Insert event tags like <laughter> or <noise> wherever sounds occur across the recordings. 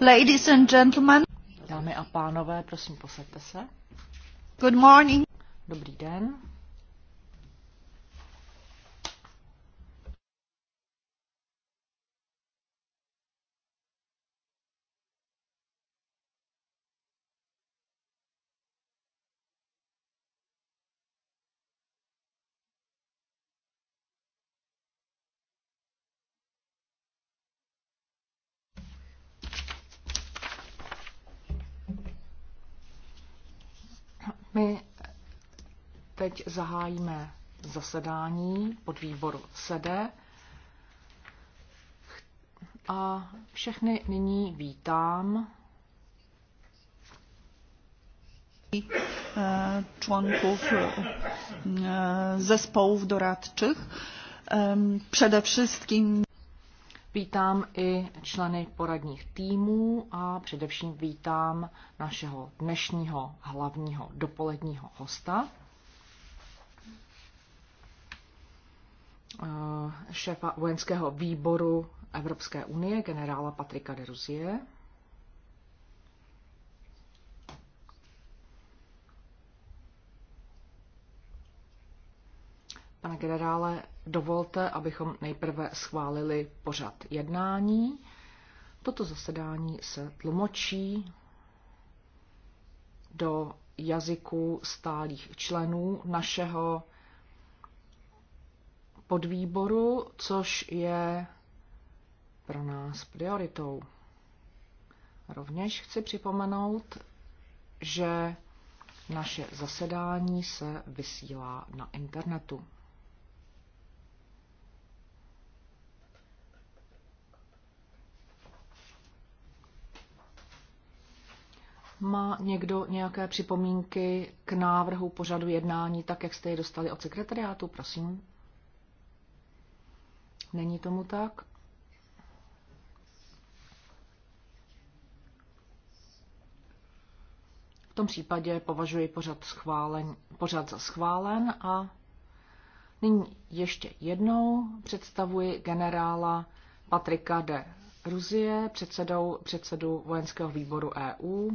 Ladies and gentlemen. Dámy a pánové, prosím, posaďte se. Good morning. Dobrý den. My teď zahájíme zasedání pod výboru SEDE a všechny nyní vítám. E, członków e, zespołów doradczych. E, przede wszystkim Vítám i členy poradních týmů a především vítám našeho dnešního hlavního dopoledního hosta, eh, šéfa vojenského výboru Evropské unie, generála Patrika de Ruzie. Pane generále, dovolte, abychom nejprve schválili pořad jednání. Toto zasedání se tlumočí do jazyku stálých členů našeho podvýboru, což je pro nás prioritou. Rovněž chci připomenout, že naše zasedání se vysílá na internetu. Má někdo nějaké připomínky k návrhu pořadu jednání, tak jak jste je dostali od sekretariátu, prosím? Není tomu tak? V tom případě považuji pořad, schválen, pořad za schválen a nyní ještě jednou představuji generála Patrika de Ruzie, předsedou, předsedu vojenského výboru EU.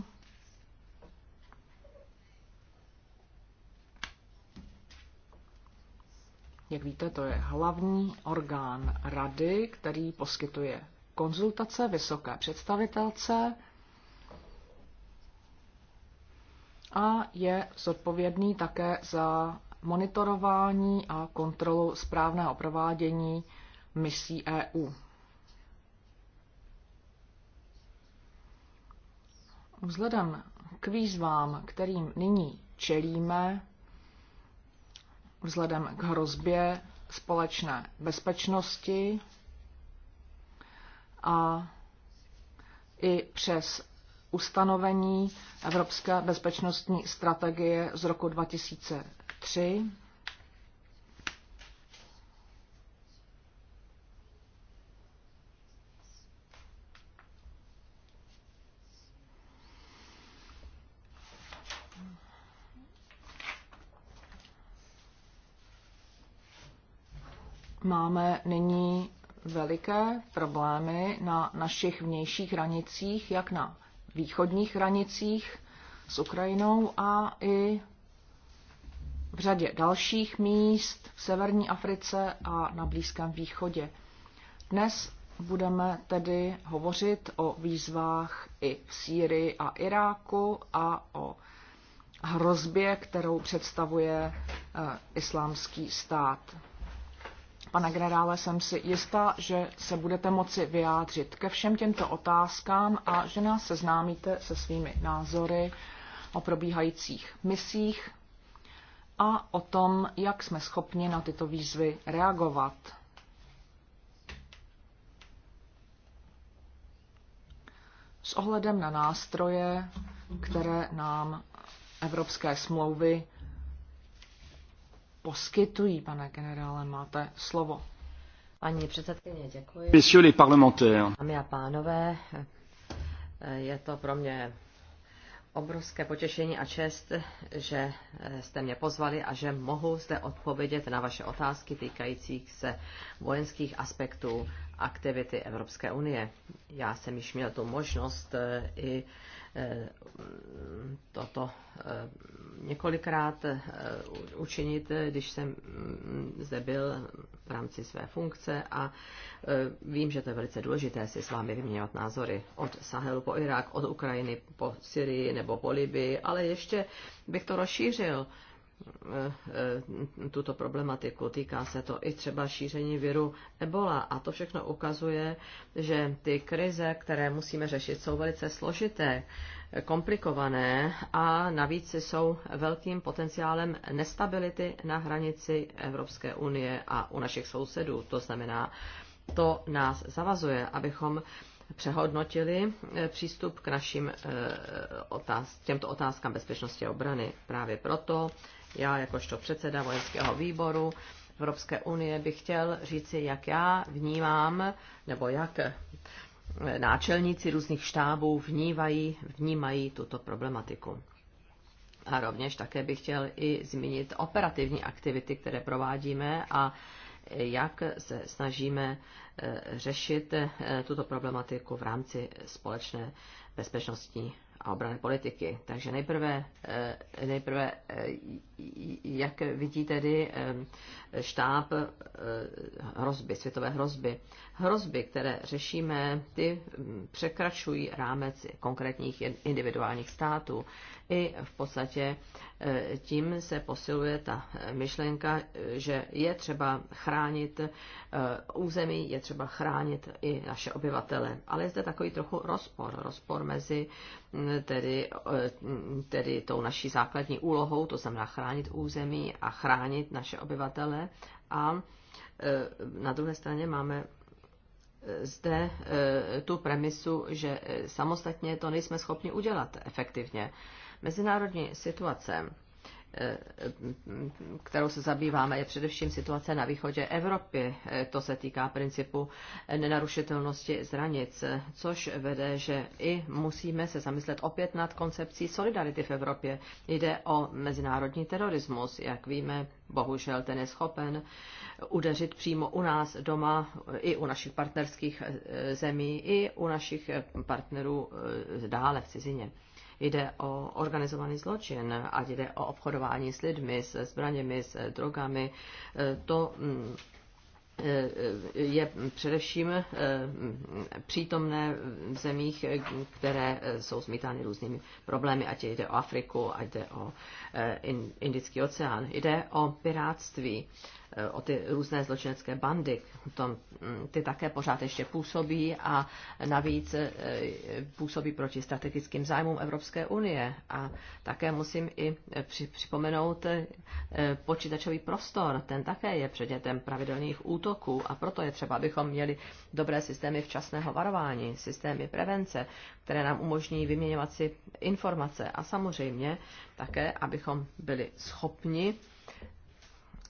Jak víte, to je hlavní orgán rady, který poskytuje konzultace vysoké představitelce a je zodpovědný také za monitorování a kontrolu správného provádění misí EU. Vzhledem k výzvám, kterým nyní čelíme, vzhledem k hrozbě společné bezpečnosti a i přes ustanovení Evropské bezpečnostní strategie z roku 2003 Máme nyní veliké problémy na našich vnějších hranicích, jak na východních hranicích s Ukrajinou a i v řadě dalších míst v severní Africe a na Blízkém východě. Dnes budeme tedy hovořit o výzvách i v Sýrii a Iráku a o hrozbě, kterou představuje eh, islámský stát. Pane generále, jsem si jistá, že se budete moci vyjádřit ke všem těmto otázkám a že nás seznámíte se svými názory o probíhajících misích a o tom, jak jsme schopni na tyto výzvy reagovat. S ohledem na nástroje, které nám evropské smlouvy poskytují. Pane generále, máte slovo. Paní předsedkyně, děkuji. Messieurs les parlementaires. Dámy a pánové, je to pro mě obrovské potěšení a čest, že jste mě pozvali a že mohu zde odpovědět na vaše otázky týkající se vojenských aspektů aktivity Evropské unie. Já jsem již měl tu možnost eh, i eh, toto eh, několikrát učinit, když jsem mm, zde byl v rámci své funkce a vím, že to je velice důležité si s vámi vyměňovat názory od Sahelu po Irák, od Ukrajiny po Syrii nebo po Libii, ale ještě bych to rozšířil Eh, tuto problematiku. Týká se to i třeba šíření viru Ebola a to všechno ukazuje, že ty krize, které musíme řešit, jsou velice složité, komplikované a navíc jsou velkým potenciálem nestability na hranici Evropské unie a u našich sousedů. To znamená, to nás zavazuje, abychom přehodnotili eh, přístup k našim eh, otáz, těmto otázkám bezpečnosti a obrany. Právě proto já jakožto předseda vojenského výboru Evropské unie bych chtěl říci, jak já vnímám, nebo jak eh, náčelníci různých štábů vnívají, vnímají tuto problematiku. A rovněž také bych chtěl i zmínit operativní aktivity, které provádíme a jak se snažíme eh, řešit eh, tuto problematiku v rámci společné bezpečnostní a obrané politiky. Takže nejprve, nejprve jak vidí tedy štáb eh, hrozby, světové hrozby. Hrozby, které řešíme, ty mm, překračují rámec konkrétních individuálních států. I v podstatě eh, tím se posiluje ta eh, myšlenka, že je třeba chránit území, je třeba chránit i naše obyvatele. Ale je zde takový trochu rozpor. Rozpor mezi mm, tedy, mm, tedy tou naší základní úlohou, to znamená chránit chránit území a chránit naše obyvatele. A e, na druhé straně máme e, zde e, tu premisu, že samostatně to nejsme schopni udělat efektivně. Mezinárodní situace kterou se zabýváme, je především situace na východě Evropy. To se týká principu nenarušitelnosti zranic, což vede, že i musíme se zamyslet opět nad koncepcí solidarity v Evropě. Jde o mezinárodní terorismus, jak víme, bohužel ten je schopen udeřit přímo u nás doma, i u našich partnerských e, zemí, i u našich partnerů e, dále v cizině jde o organizovaný zločin, ať jde o obchodování s lidmi, se zbraněmi, s drogami. E, to mm, e, je především e, přítomné v zemích, které jsou zmítány různými problémy, ať jde o Afriku, ať jde o Indický oceán. Jde o piráctví Eh, o ty různé zločinecké bandy. Tom, mm, ty také pořád ještě působí a navíc eh, působí proti strategickým zájmům Evropské unie. A také musím i eh, připomenout počítačový prostor. Ten také je předmětem pravidelných útoků a proto je třeba, abychom měli dobré systémy včasného varování, systémy prevence, které nám umožní vyměňovat si informace a samozřejmě také, abychom byli schopni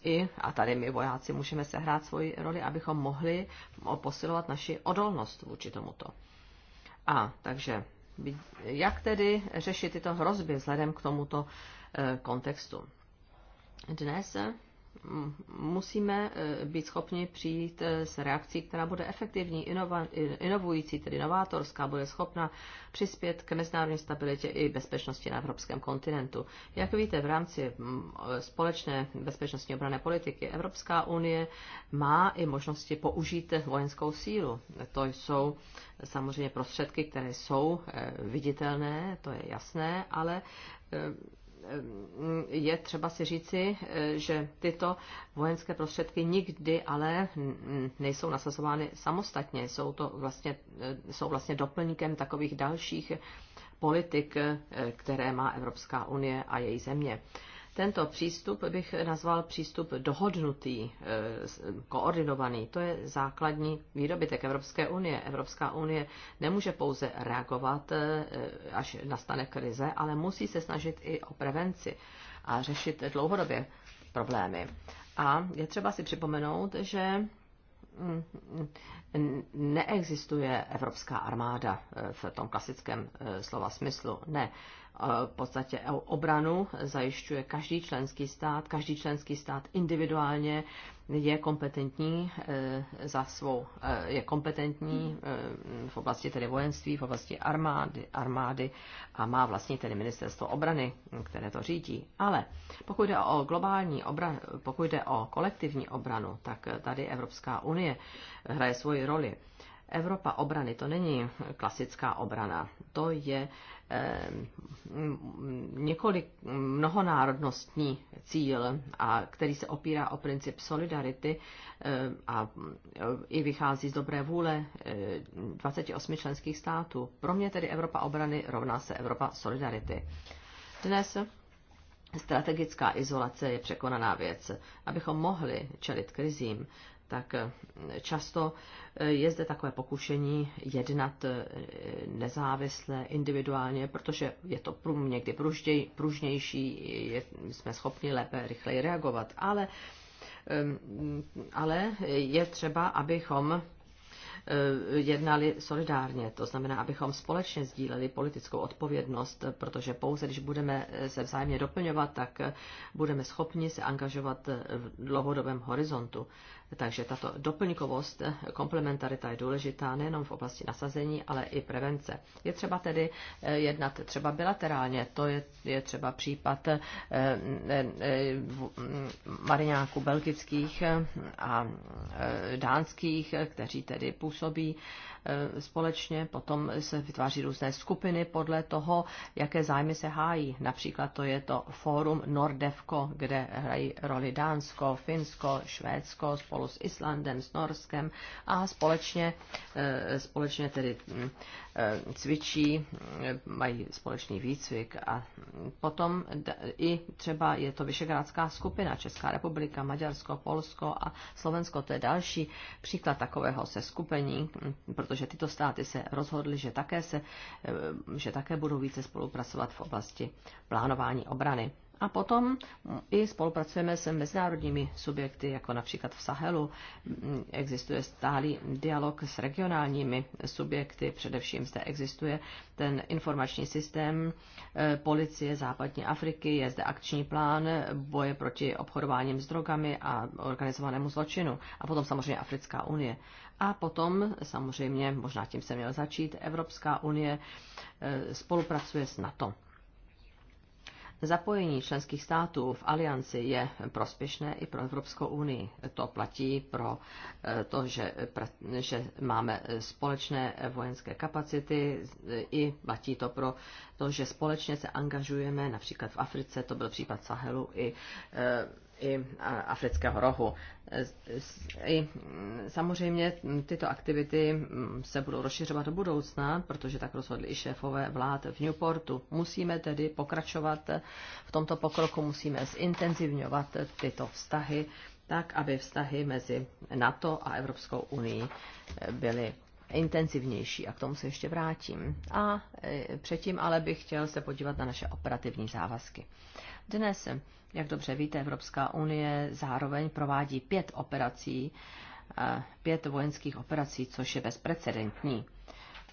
i, a tady my vojáci můžeme sehrát svoji roli, abychom mohli posilovat naši odolnost vůči tomuto. A takže jak tedy řešit tyto hrozby vzhledem k tomuto eh, kontextu? Dnes musíme eh, být schopni přijít eh, s reakcí, která bude efektivní, inova, inovující, tedy novátorská, bude schopna přispět k mezinárodní stabilitě i bezpečnosti na evropském kontinentu. Jak víte, v rámci mm, společné bezpečnostní obrané politiky Evropská unie má i možnosti použít vojenskou sílu. To jsou samozřejmě prostředky, které jsou eh, viditelné, to je jasné, ale je třeba si říci, že tyto vojenské prostředky nikdy ale nejsou nasazovány samostatně. Jsou, to vlastně, jsou vlastně doplníkem takových dalších politik, které má Evropská unie a její země. Tento přístup bych nazval přístup dohodnutý, e, koordinovaný. To je základní výdobytek Evropské unie. Evropská unie nemůže pouze reagovat, e, až nastane krize, ale musí se snažit i o prevenci a řešit dlouhodobě problémy. A je třeba si připomenout, že mm, neexistuje evropská armáda e, v tom klasickém slova smyslu. Ne, v podstatě obranu zajišťuje každý členský stát. Každý členský stát individuálně je kompetentní eh, za svou, eh, je kompetentní eh, v oblasti tedy vojenství, v oblasti armády, armády a má vlastně tedy ministerstvo obrany, které to řídí. Ale pokud jde o globální obranu, pokud jde o kolektivní obranu, tak tady Evropská unie hraje svoji roli Evropa obrany to není klasická obrana, to je eh, několik mnohonárodnostní cíl, a který se opírá o princip solidarity eh, a eh, i vychází z dobré vůle 28 členských států. Pro mě tedy Evropa obrany rovná se Evropa solidarity. Dnes strategická izolace je překonaná věc. Abychom mohli čelit krizím, tak eh, často eh, je zde takové pokušení jednat eh, nezávisle, individuálně, protože je to někdy pružděj, pružnější, je, jsme schopni lépe, rychleji reagovat, ale, ehm, ale je třeba, abychom jednali solidárně, to znamená, abychom společně sdíleli politickou odpovědnost, protože pouze když budeme se vzájemně doplňovat, tak budeme schopni se angažovat v dlouhodobém horizontu. Takže tato doplňkovost, eh, komplementarita je důležitá nejenom v oblasti nasazení, ale i prevence. Je třeba tedy eh, jednat třeba bilaterálně, to je, je třeba případ eh, mm, mariňáků belgických a dánských, kteří tedy působí společně, potom se vytváří různé skupiny podle toho, jaké zájmy se hájí. Například to je to fórum Nordevko, kde hrají roli Dánsko, Finsko, Švédsko spolu spolu s Islandem, s Norskem a společně, eh, společně tedy hm, eh, cvičí, hm, mají společný výcvik a hm, potom i třeba je to Vyšegrádská skupina, Česká republika, Maďarsko, Polsko a Slovensko, to je další příklad takového seskupení, protože tyto státy se rozhodly, že také, se, eh, že také budou více spolupracovat v oblasti plánování obrany. A potom i spolupracujeme s mezinárodními subjekty, jako například v Sahelu. Existuje stálý dialog s regionálními subjekty, především zde existuje ten informační systém eh, policie západní Afriky, je zde akční plán boje proti obchodováním s drogami a organizovanému zločinu. A potom samozřejmě Africká unie. A potom samozřejmě, možná tím se měl začít, Evropská unie eh, spolupracuje s NATO. Zapojení členských států v alianci je prospěšné i pro Evropskou unii. To platí pro eh, to, že, že máme eh, společné eh, vojenské kapacity i platí to pro to, že společně se angažujeme, například v Africe, to byl případ Sahelu, i i afrického rohu. I samozřejmě tyto aktivity se budou rozšiřovat do budoucna, protože tak rozhodli i šéfové vlád v Newportu. Musíme tedy pokračovat v tomto pokroku, musíme zintenzivňovat tyto vztahy, tak aby vztahy mezi NATO a Evropskou unii byly intenzivnější a k tomu se ještě vrátím. A e, předtím ale bych chtěl se podívat na naše operativní závazky. Dnes, jak dobře víte, Evropská unie zároveň provádí pět operací, e, pět vojenských operací, což je bezprecedentní.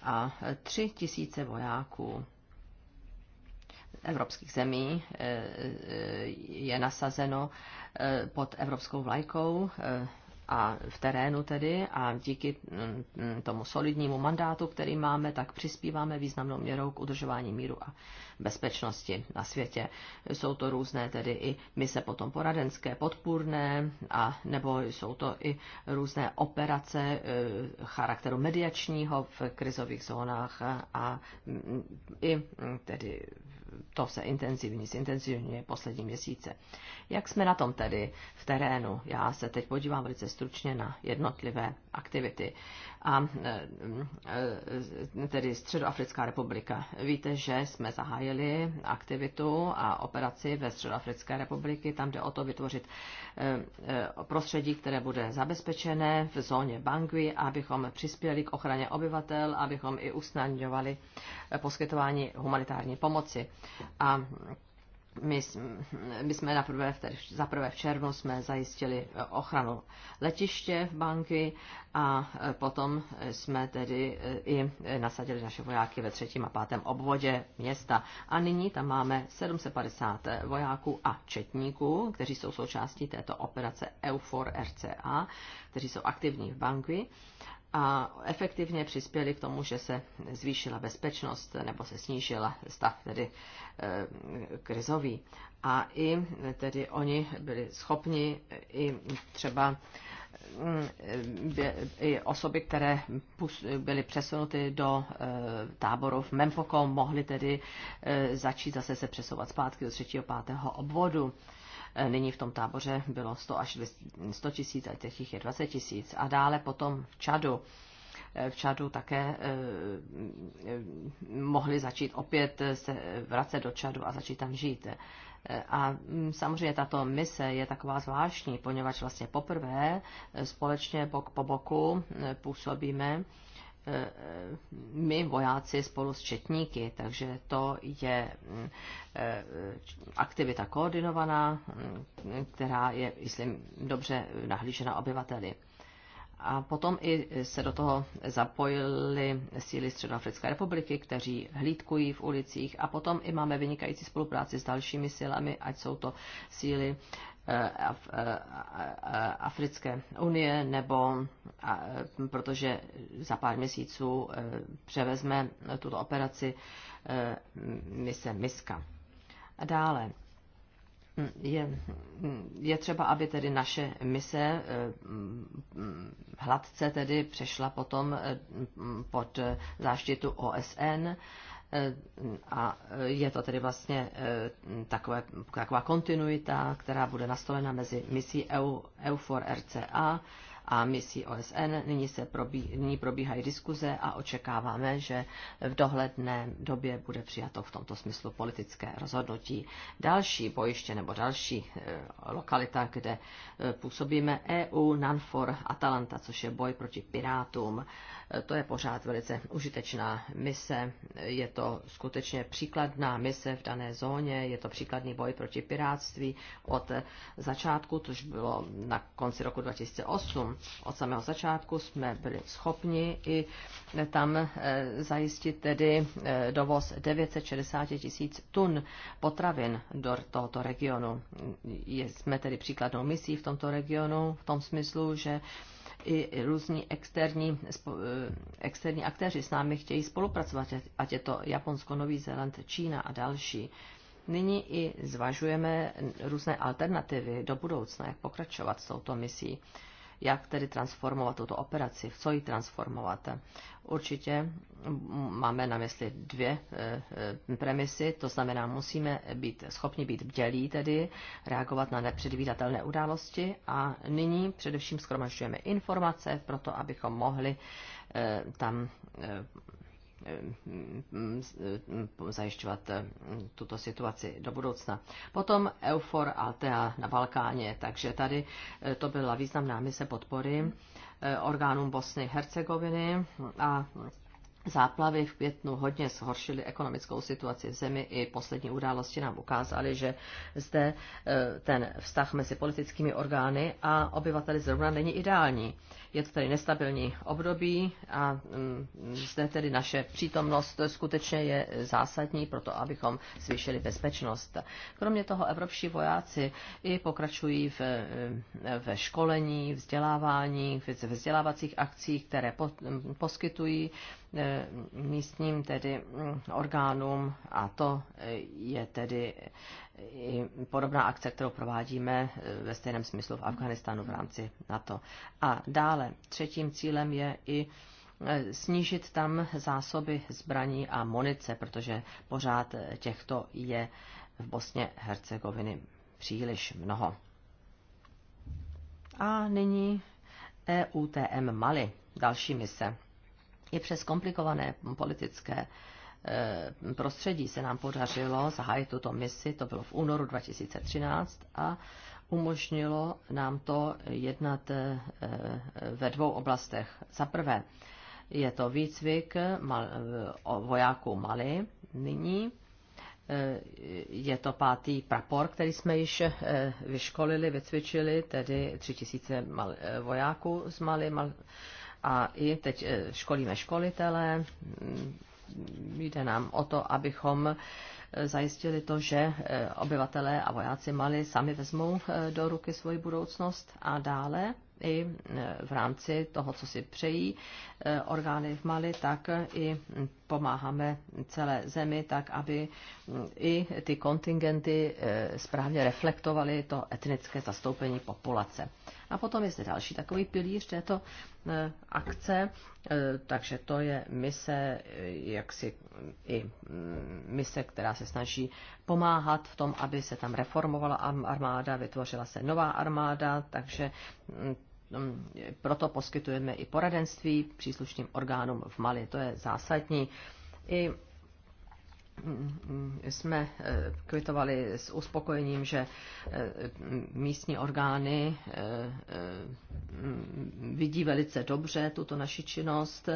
A tři tisíce vojáků evropských zemí e, je nasazeno pod evropskou vlajkou a v terénu tedy a díky mm, tomu solidnímu mandátu, který máme, tak přispíváme významnou měrou k udržování míru a bezpečnosti na světě. Jsou to různé tedy i mise potom poradenské, podpůrné a nebo jsou to i různé operace e, charakteru mediačního v krizových zónách a mm, i mm, tedy to se intenzivní, zintenzivňuje poslední měsíce. Jak jsme na tom tedy v terénu? Já se teď podívám velice stručně na jednotlivé aktivity a e, e, tedy Středoafrická republika. Víte, že jsme zahájili aktivitu a operaci ve Středoafrické republiky. Tam jde o to vytvořit e, prostředí, které bude zabezpečené v zóně Bangui, abychom přispěli k ochraně obyvatel, abychom i usnadňovali poskytování humanitární pomoci. A my, my jsme naprvé, zaprvé v červnu jsme zajistili eh, ochranu letiště v banky a eh, potom eh, jsme tedy i nasadili naše vojáky ve třetím a pátém obvodě města. A nyní tam máme 750 vojáků a četníků, kteří jsou součástí této operace EUFOR RCA, kteří jsou aktivní v banky a efektivně přispěli k tomu, že se zvýšila bezpečnost nebo se snížila stav tedy eh, krizový. A i tedy oni byli schopni i třeba mm, eh, i osoby, které byly přesunuty do eh, táboru v Mempokom, mohly tedy začít zase se přesouvat zpátky do třetího, pátého obvodu. Eh, nyní v tom táboře bylo 100 až 100 tisíc, a těch je 20 tisíc. A dále potom v Čadu eh, v Čadu také eh, mohli začít opět se vracet do Čadu a začít tam žít. A hm, samozřejmě tato mise je taková zvláštní, poněvadž vlastně poprvé společně bok po boku působíme Eh, my vojáci spolu s četníky, takže to je eh, aktivita koordinovaná, mm, která je, myslím, dobře nahlížena obyvateli. A potom i se do toho zapojili síly Středoafrické republiky, kteří hlídkují v ulicích. A potom i máme vynikající spolupráci s dalšími silami, ať jsou to síly Eh, eh, eh, Africké unie, nebo protože za pár měsíců převezme tuto operaci mise MISKA. A dále hm, je, hm, je třeba, aby tedy naše mise hm, hladce tedy přešla potom pod záštitu OSN a je to tedy vlastně eh, takové, taková kontinuita, která bude nastolena mezi misí EU, EUFOR RCA a misí OSN. Nyní, se probí, nyní probíhají diskuze a očekáváme, že v dohledné době bude přijato v tomto smyslu politické rozhodnutí. Další bojiště nebo další eh, lokalita, kde eh, působíme EU, NANFOR, Atalanta, což je boj proti pirátům. Eh, to je pořád velice užitečná mise. Je to skutečně příkladná mise v dané zóně. Je to příkladný boj proti pirátství od začátku, což bylo na konci roku 2008 od samého začátku jsme byli schopni i tam e, zajistit tedy e, dovoz 960 tisíc tun potravin do tohoto regionu. Jsme tedy příkladnou misí v tomto regionu v tom smyslu, že i různí externí, e, externí aktéři s námi chtějí spolupracovat, ať je to Japonsko, Nový Zéland, Čína a další. Nyní i zvažujeme různé alternativy do budoucna, jak pokračovat s touto misí jak tedy transformovat tuto operaci, co ji transformovat. Určitě máme na mysli dvě eh, premisy, to znamená, musíme být schopni být bdělí, tedy reagovat na nepředvídatelné události a nyní především schromažďujeme informace pro to, abychom mohli eh, tam eh, Eh, eh, zajišťovat eh, tuto situaci do budoucna. Potom EUFOR Altea na Balkáně, takže tady to byla významná mise podpory orgánům Bosny Hercegoviny a Záplavy v květnu hodně zhoršily ekonomickou situaci v zemi i poslední události nám ukázaly, že zde e, ten vztah mezi politickými orgány a obyvateli zrovna není ideální. Je to tedy nestabilní období a mm, zde tedy naše přítomnost skutečně je zásadní pro to, abychom zvýšili bezpečnost. Kromě toho evropští vojáci i pokračují v, e, ve školení, vzdělávání, ve vzdělávacích akcích, které poskytují E, místním tedy mm, orgánům a to e, je tedy e, i podobná akce, kterou provádíme ve stejném smyslu v Afganistánu v rámci NATO. A dále třetím cílem je i snížit tam zásoby zbraní a munice, protože pořád těchto je v Bosně Hercegoviny příliš mnoho. A nyní EUTM Mali, další mise. I přes komplikované politické eh, prostředí se nám podařilo zahájit tuto misi, to bylo v únoru 2013 a umožnilo nám to jednat eh, eh, ve dvou oblastech. Za prvé je to výcvik vojáků Mali nyní, je to pátý prapor, který jsme již vyškolili, vycvičili, tedy 3000 vojáků z Mali, a i teď eh, školíme školitele. Jde nám o to, abychom eh, zajistili to, že eh, obyvatelé a vojáci Mali sami vezmou do ruky svoji budoucnost a dále i v rámci toho, co si přejí orgány v Mali, tak i pomáháme celé zemi tak, aby i ty kontingenty eh, správně reflektovaly to etnické zastoupení populace. A potom je zde další takový pilíř této eh, akce, eh, takže to je mise, jaksi i mm, mise, která se snaží pomáhat v tom, aby se tam reformovala armáda, vytvořila se nová armáda, takže mm, Hm, proto poskytujeme i poradenství příslušným orgánům v Mali. To je zásadní. I jsme eh, kvitovali s uspokojením, že eh, místní orgány eh, vidí velice dobře tuto naši činnost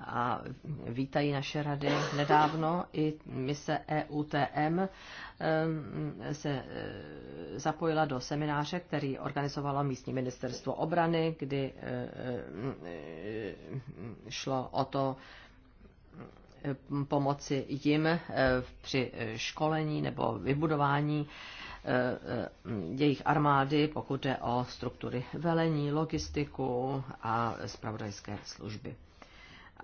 a vítají naše rady nedávno. I mise EUTM se zapojila do semináře, který organizovalo místní ministerstvo obrany, kdy šlo o to, pomoci jim eh, při školení nebo vybudování eh, eh, jejich armády, pokud jde o struktury velení, logistiku a spravodajské služby.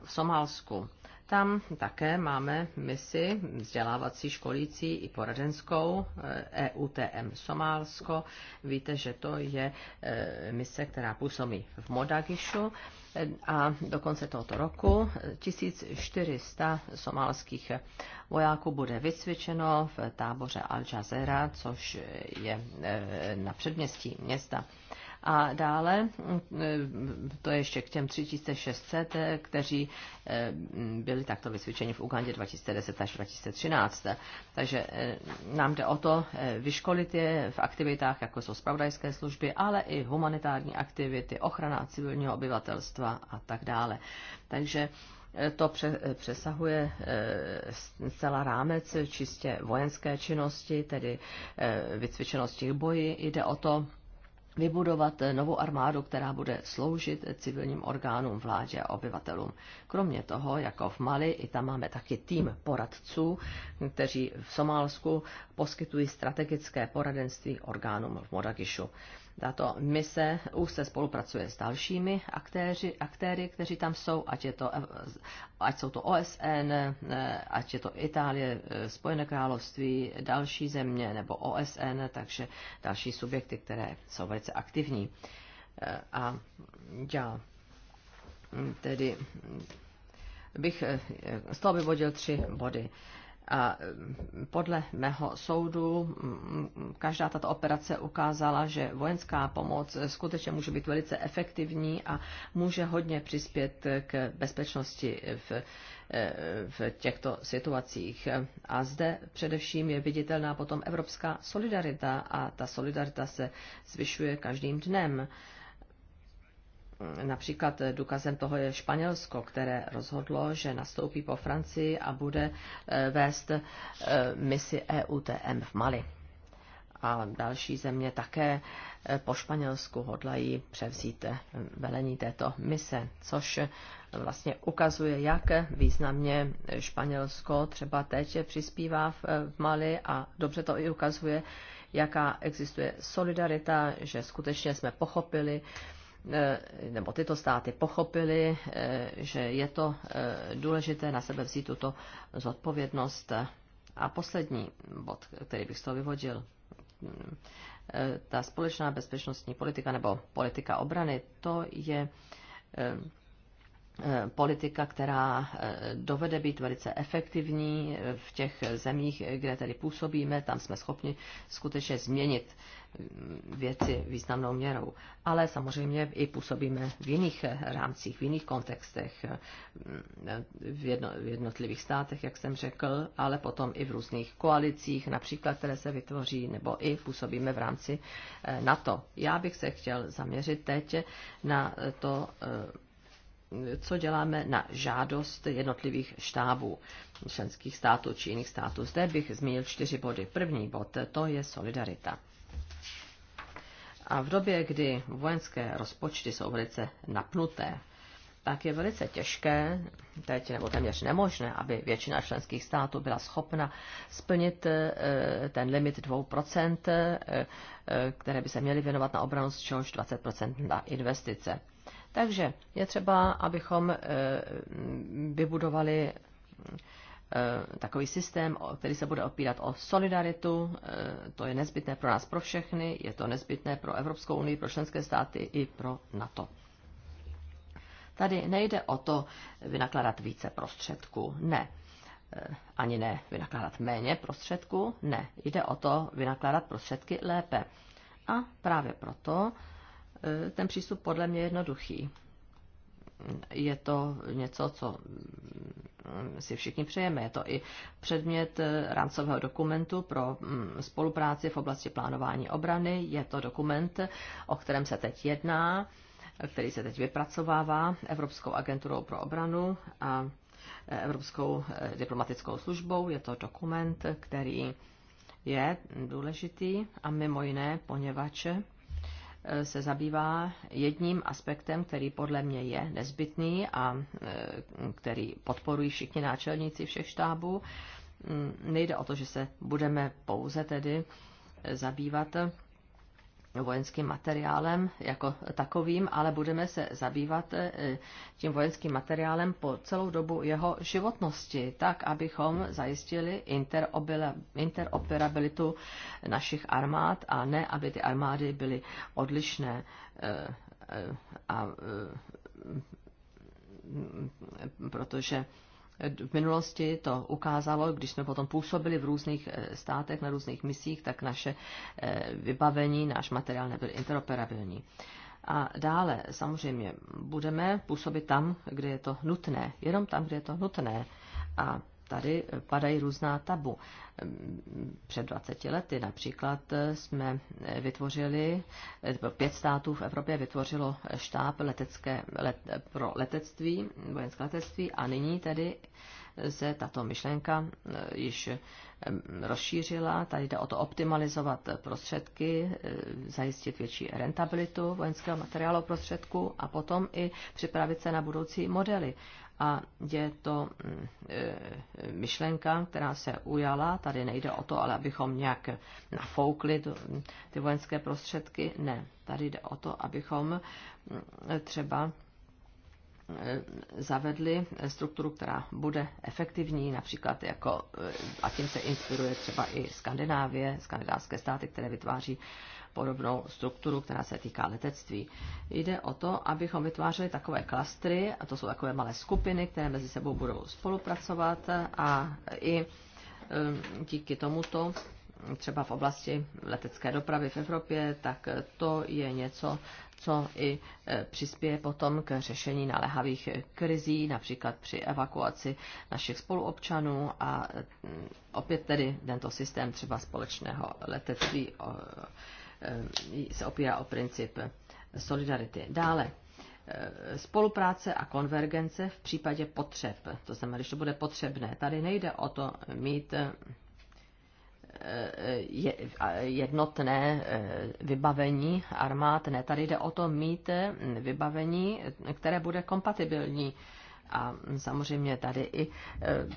V Somálsku tam také máme misi vzdělávací, školící i poradenskou EUTM eh, e Somálsko. Víte, že to je eh, mise, která působí v Modagišu eh, a do konce tohoto roku 1400 somálských vojáků bude vycvičeno v táboře Al Jazeera, což je na předměstí města. A dále, mm, to je ještě k těm 3600, kteří mm, byli takto vysvědčeni v Ugandě 2010 až 2013. Takže mm, nám jde o to eh, vyškolit je v aktivitách, jako jsou spravodajské služby, ale i humanitární aktivity, ochrana civilního obyvatelstva a tak dále. Takže eh, to přesahuje eh, zcela rámec čistě vojenské činnosti, tedy vycvičenosti k boji. Jde o to vybudovat novou armádu, která bude sloužit civilním orgánům, vládě a obyvatelům. Kromě toho, jako v Mali, i tam máme taky tým poradců, kteří v Somálsku poskytují strategické poradenství orgánům v Modagišu. Tato mise už se spolupracuje s dalšími aktéři, aktéry, kteří tam jsou, ať, je to, eh, ať jsou to OSN, eh, ať je to Itálie, eh, Spojené království, další země nebo OSN, takže další subjekty, které jsou velice aktivní. A já hm, tedy hm, bych z toho vyvodil tři body. Mm, podle mého soudu mm, každá tato operace ukázala, že vojenská pomoc skutečně může být velice efektivní a může hodně přispět k bezpečnosti v, e, v těchto situacích. A zde především je viditelná potom evropská solidarita a ta solidarita se zvyšuje každým dnem. Hmm. Například důkazem toho je Španělsko, které rozhodlo, že nastoupí po Francii a bude eh, vést eh, misi EUTM v Mali. A další země také eh, po Španělsku hodlají převzít velení této mise, což vlastně ukazuje, jak významně Španělsko třeba teď přispívá v Mali a dobře to i ukazuje, jaká existuje solidarita, že skutečně jsme pochopili, E, nebo tyto státy pochopily, e, že je to e, důležité na sebe vzít tuto zodpovědnost. A poslední bod, který bych z toho vyvodil, mm, ta společná bezpečnostní politika nebo politika obrany, to je Eh, politika, která eh, dovede být velice efektivní eh, v těch zemích, kde tedy působíme, tam jsme schopni skutečně změnit mm, věci významnou měrou. Ale samozřejmě i působíme v jiných rámcích, v jiných kontextech, mm, v, jedno, v jednotlivých státech, jak jsem řekl, ale potom i v různých koalicích, například, které se vytvoří, nebo i působíme v rámci NATO. Já bych se chtěl zaměřit teď na to, co děláme na žádost jednotlivých štábů členských států či jiných států. Zde bych zmínil čtyři body. První bod, to je solidarita. A v době, kdy vojenské rozpočty jsou velice napnuté, tak je velice těžké, teď nebo téměř nemožné, aby většina členských států byla schopna splnit eh, ten limit 2%, eh, eh, které by se měly věnovat na obranu, z čehož 20% na investice. Takže je třeba, abychom eh, vybudovali eh, takový systém, který se bude opírat o solidaritu. Eh, to je nezbytné pro nás, pro všechny, je to nezbytné pro Evropskou unii, pro členské státy i pro NATO. Tady nejde o to vynakládat více prostředků, ne. Ani ne vynakládat méně prostředků, ne. Jde o to vynakládat prostředky lépe. A právě proto ten přístup podle mě je jednoduchý. Je to něco, co si všichni přejeme. Je to i předmět eh, rámcového dokumentu pro mm, spolupráci v oblasti plánování obrany. Je to dokument, o kterém se teď jedná, který se teď vypracovává Evropskou agenturou pro obranu a eh, Evropskou eh, diplomatickou službou. Je to dokument, který je důležitý a mimo jiné, poněvadž Eh, se zabývá jedním aspektem, který podle mě je nezbytný a eh, který podporují všichni náčelníci všech štábů. Mm, nejde o to, že se budeme pouze tedy zabývat vojenským materiálem jako takovým, ale budeme se zabývat tím vojenským materiálem po celou dobu jeho životnosti, tak abychom zajistili interoperabilitu našich armád a ne, aby ty armády byly odlišné a protože v minulosti to ukázalo, když jsme potom působili v různých eh, státech, na různých misích, tak naše eh, vybavení, náš materiál nebyl interoperabilní. A dále samozřejmě budeme působit tam, kde je to nutné, jenom tam, kde je to nutné. A tady eh, padají různá tabu. Ehm, před 20 lety například eh, jsme eh, vytvořili, pět států v Evropě vytvořilo štáb letecké, let, pro letectví, vojenské letectví a nyní tedy se tato myšlenka již ehm, rozšířila. Tady jde o to optimalizovat prostředky, zajistit větší rentabilitu vojenského materiálu prostředku a potom i připravit se na budoucí modely a je to mm, e, myšlenka, která se ujala. Tady nejde o to, ale abychom nějak nafoukli mm, ty vojenské prostředky. Ne, tady jde o to, abychom mm, třeba Eh, zavedli strukturu, která bude efektivní, například jako, eh, a tím se inspiruje třeba i Skandinávie, skandinávské státy, které vytváří podobnou strukturu, která se týká letectví. Jde o to, abychom vytvářeli takové klastry, a to jsou takové malé skupiny, které mezi sebou budou spolupracovat a i eh, díky tomuto třeba v oblasti letecké dopravy v Evropě, tak to je něco, co i e, přispěje potom k řešení naléhavých krizí, například při evakuaci našich spoluobčanů a mm, opět tedy tento systém třeba společného letectví e, se opírá o princip solidarity. Dále, e, spolupráce a konvergence v případě potřeb. To znamená, když to bude potřebné. Tady nejde o to mít jednotné e, vybavení armád. Ne, tady jde o to mít e, vybavení, které bude kompatibilní. A samozřejmě tady i e,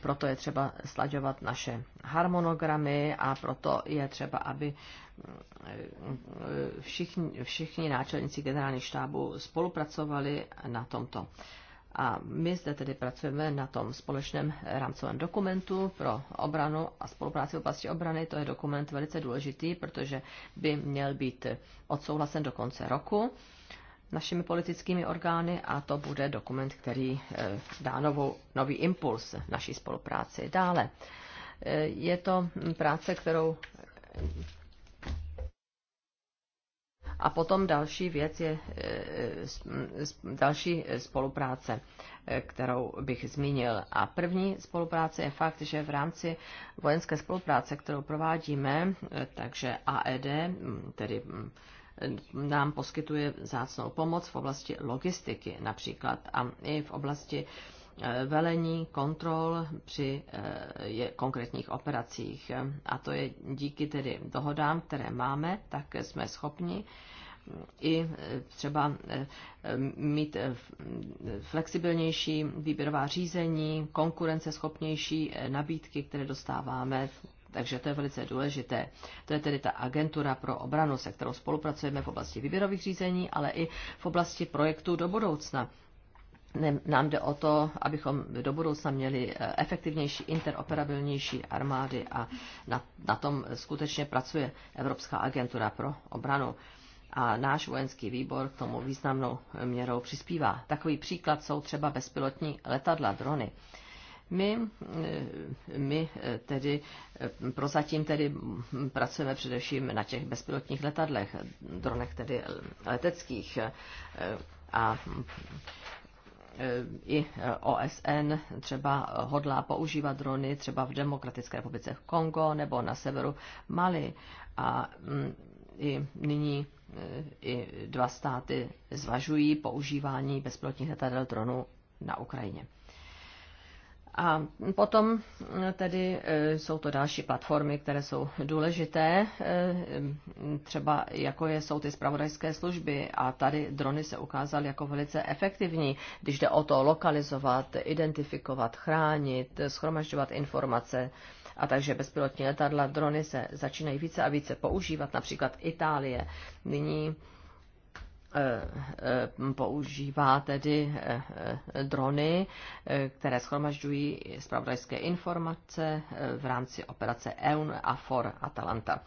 proto je třeba slaďovat naše harmonogramy a proto je třeba, aby všichni, všichni náčelníci generálních štábu spolupracovali na tomto. A my zde tedy pracujeme na tom společném rámcovém dokumentu pro obranu a spolupráci v oblasti obrany. To je dokument velice důležitý, protože by měl být odsouhlasen do konce roku našimi politickými orgány a to bude dokument, který eh, dá novou, nový impuls naší spolupráci. Dále eh, je to práce, kterou a potom další věc je eh, další spolupráce, eh, kterou bych zmínil. A první spolupráce je fakt, že v rámci vojenské spolupráce, kterou provádíme, eh, takže AED, mm, tedy mm, nám poskytuje zácnou pomoc v oblasti logistiky například a i v oblasti Eh, velení kontrol při eh, konkrétních operacích. A to je díky tedy dohodám, které máme, tak jsme schopni mm, i eh, třeba mm, mít mm, flexibilnější výběrová řízení, konkurenceschopnější nabídky, které dostáváme. Takže to je velice důležité. To je tedy ta agentura pro obranu, se kterou spolupracujeme v oblasti výběrových řízení, ale i v oblasti projektů do budoucna nám jde o to, abychom do budoucna měli eh, efektivnější, interoperabilnější armády a na, na tom skutečně pracuje Evropská agentura pro obranu. A náš vojenský výbor k tomu významnou měrou přispívá. Takový příklad jsou třeba bezpilotní letadla, drony. My, eh, my eh, tedy prozatím tedy pracujeme především na těch bezpilotních letadlech, dronech tedy leteckých. A E, i e, OSN třeba hodlá používat drony třeba v Demokratické republice v Kongo nebo na severu Mali. A mm, i nyní e, i dva státy zvažují používání bezpilotních letadel dronů na Ukrajině. A potom eh, tedy eh, jsou to další platformy, které jsou důležité, eh, třeba jako je, jsou ty zpravodajské služby a tady drony se ukázaly jako velice efektivní, když jde o to lokalizovat, identifikovat, chránit, schromažďovat informace. A takže bezpilotní letadla, drony se začínají více a více používat, například Itálie. Nyní Eh, eh, používá tedy eh, drony, které schromažďují zpravodajské informace v rámci operace EUN a FOR Atalanta.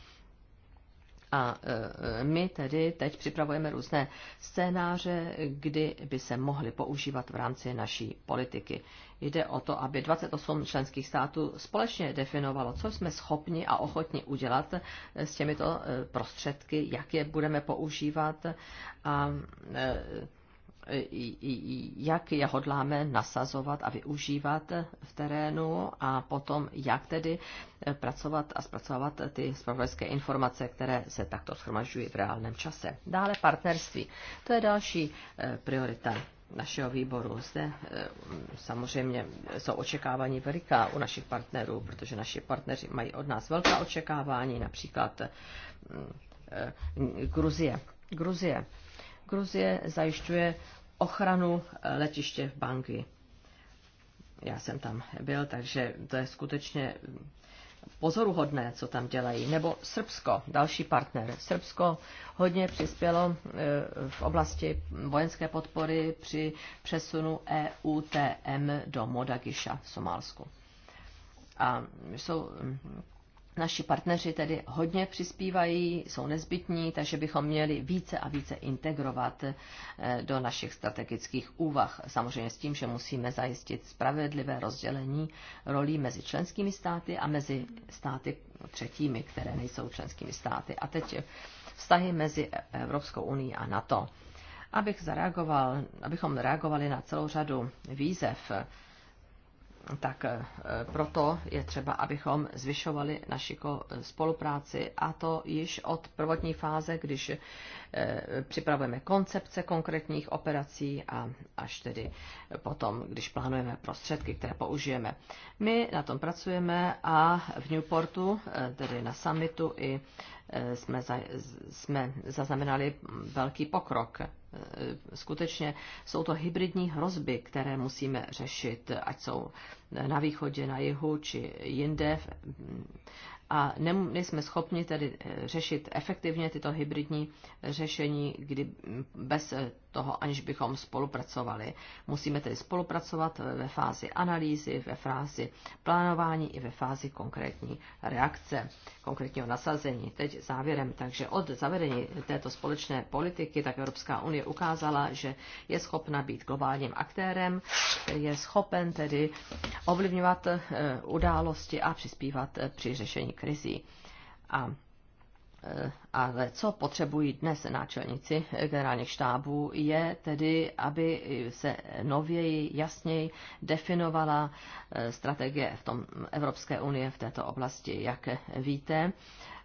A e, my tedy teď připravujeme různé scénáře, kdy by se mohly používat v rámci naší politiky. Jde o to, aby 28 členských států společně definovalo, co jsme schopni a ochotni udělat e, s těmito e, prostředky, jak je budeme používat a jak je hodláme nasazovat a využívat v terénu a potom jak tedy pracovat a zpracovat ty spravodajské informace, které se takto schromažďují v reálném čase. Dále partnerství. To je další eh, priorita našeho výboru. Zde eh, samozřejmě jsou očekávání veliká u našich partnerů, protože naši partneři mají od nás velká očekávání, například mm, eh, Gruzie. Gruzie Gruzie zajišťuje ochranu eh, letiště v Bangui. Já jsem tam byl, takže to je skutečně mm, pozoruhodné, co tam dělají. Nebo Srbsko, další partner. Srbsko hodně přispělo eh, v oblasti vojenské podpory při přesunu EUTM do Modagiša v Somálsku. A jsou mm, Naši partneři tedy hodně přispívají, jsou nezbytní, takže bychom měli více a více integrovat eh, do našich strategických úvah. Samozřejmě s tím, že musíme zajistit spravedlivé rozdělení rolí mezi členskými státy a mezi státy třetími, které nejsou členskými státy. A teď vztahy mezi Evropskou unii a NATO. Abych zareagoval, abychom reagovali na celou řadu výzev, tak eh, proto je třeba, abychom zvyšovali naši spolupráci a to již od prvotní fáze, když eh, připravujeme koncepce konkrétních operací a až tedy potom, když plánujeme prostředky, které použijeme. My na tom pracujeme a v Newportu, eh, tedy na summitu i Eh, jsme, za, jsme zaznamenali velký pokrok. Eh, skutečně jsou to hybridní hrozby, které musíme řešit, ať jsou na východě, na jihu či jinde. A nejsme schopni tedy eh, řešit efektivně tyto hybridní řešení kdy, bez toho, aniž bychom spolupracovali. Musíme tedy spolupracovat ve fázi analýzy, ve fázi plánování i ve fázi konkrétní reakce, konkrétního nasazení. Teď závěrem, takže od zavedení této společné politiky, tak Evropská unie ukázala, že je schopna být globálním aktérem, je schopen tedy ovlivňovat eh, události a přispívat eh, při řešení krizí. A Eh, ale co potřebují dnes náčelníci eh, generálních štábů, je tedy, aby se nověji, jasněji definovala eh, strategie v tom Evropské unie v této oblasti. Jak víte,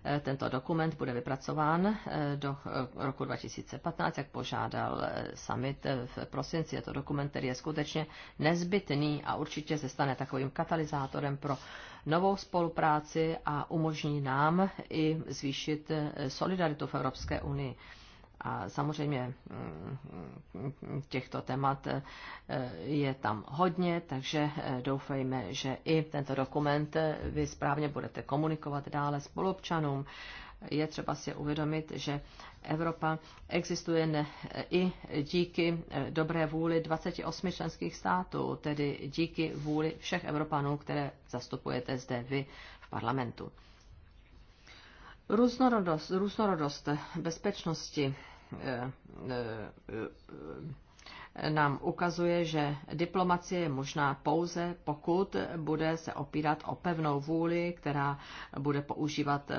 Eh, tento dokument bude vypracován eh, do eh, roku 2015, jak požádal summit v prosinci. Je to dokument, který je skutečně nezbytný a určitě se stane takovým katalyzátorem pro novou spolupráci a umožní nám i zvýšit solidaritu v Evropské unii. A samozřejmě mm, těchto témat eh, je tam hodně, takže eh, doufejme, že i tento dokument eh, vy správně budete komunikovat dále spolupčanům. Je třeba si uvědomit, že Evropa existuje ne, i díky dobré vůli 28 členských států, tedy díky vůli všech Evropanů, které zastupujete zde vy v parlamentu. Různorodost, různorodost bezpečnosti eh, eh, eh, nám ukazuje, že diplomacie je možná pouze, pokud bude se opírat o pevnou vůli, která bude používat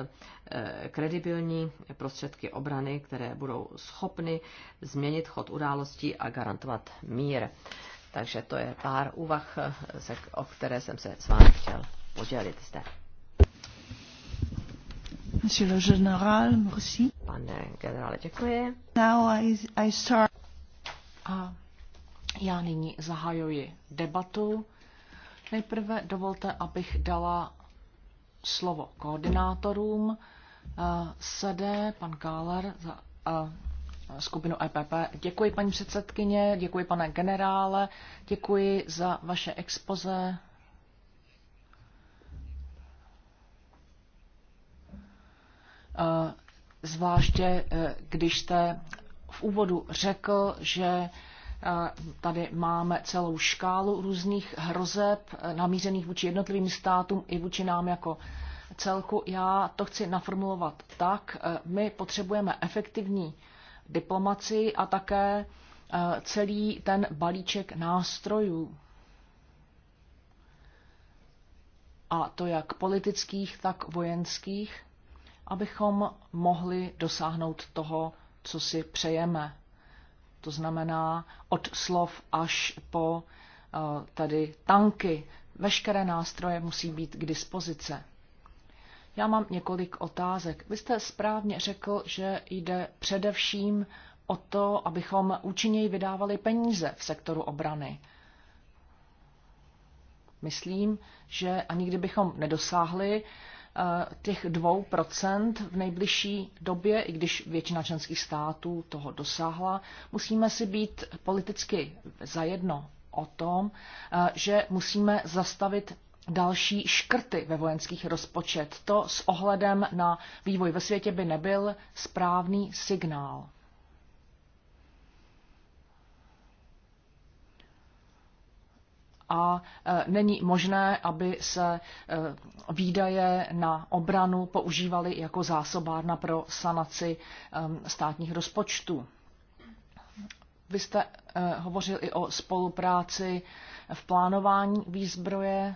kredibilní prostředky obrany, které budou schopny změnit chod událostí a garantovat mír. Takže to je pár úvah, o které jsem se s vámi chtěl podělit zde. Monsieur le général, merci. Pane generále, děkuji. Now I, I start. A já nyní zahajuji debatu. Nejprve dovolte, abych dala slovo koordinátorům. Eh, SD, pan Káler za eh, skupinu EPP. Děkuji, paní předsedkyně, děkuji, pane generále, děkuji za vaše expoze, Eh, zvláště eh, když jste v úvodu řekl, že eh, tady máme celou škálu různých hrozeb namířených vůči jednotlivým státům i vůči nám jako celku. Já to chci naformulovat tak. My potřebujeme efektivní diplomaci a také celý ten balíček nástrojů. A to jak politických, tak vojenských abychom mohli dosáhnout toho, co si přejeme. To znamená od slov až po eh, tady tanky. Veškeré nástroje musí být k dispozici. Já mám několik otázek. Vy jste správně řekl, že jde především o to, abychom účinněji vydávali peníze v sektoru obrany. Myslím, že ani kdybychom nedosáhli Eh, těch 2% v nejbližší době, i když většina členských států toho dosáhla, musíme si být politicky zajedno o tom, eh, že musíme zastavit další škrty ve vojenských rozpočet. To s ohledem na vývoj ve světě by nebyl správný signál. a e, není možné, aby se e, výdaje na obranu používaly jako zásobárna pro sanaci státních rozpočtů. Vy jste e, hovořil i o spolupráci v plánování výzbroje.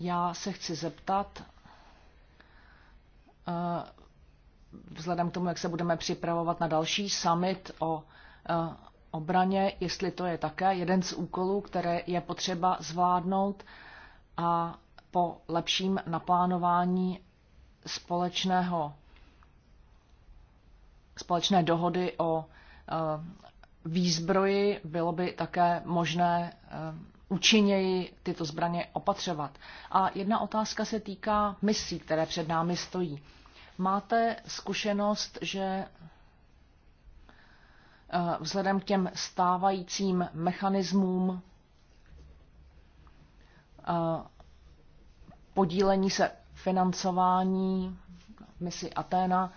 Já se chci zeptat, vzhledem k tomu, jak se budeme připravovat na další summit o obraně, jestli to je také jeden z úkolů, které je potřeba zvládnout a po lepším naplánování společného, společné dohody o eh, výzbroji bylo by také možné eh, účinněji tyto zbraně opatřovat. A jedna otázka se týká misí, které před námi stojí. Máte zkušenost, že Eh, vzhledem k těm stávajícím mechanismům eh, podílení se financování misi Aténa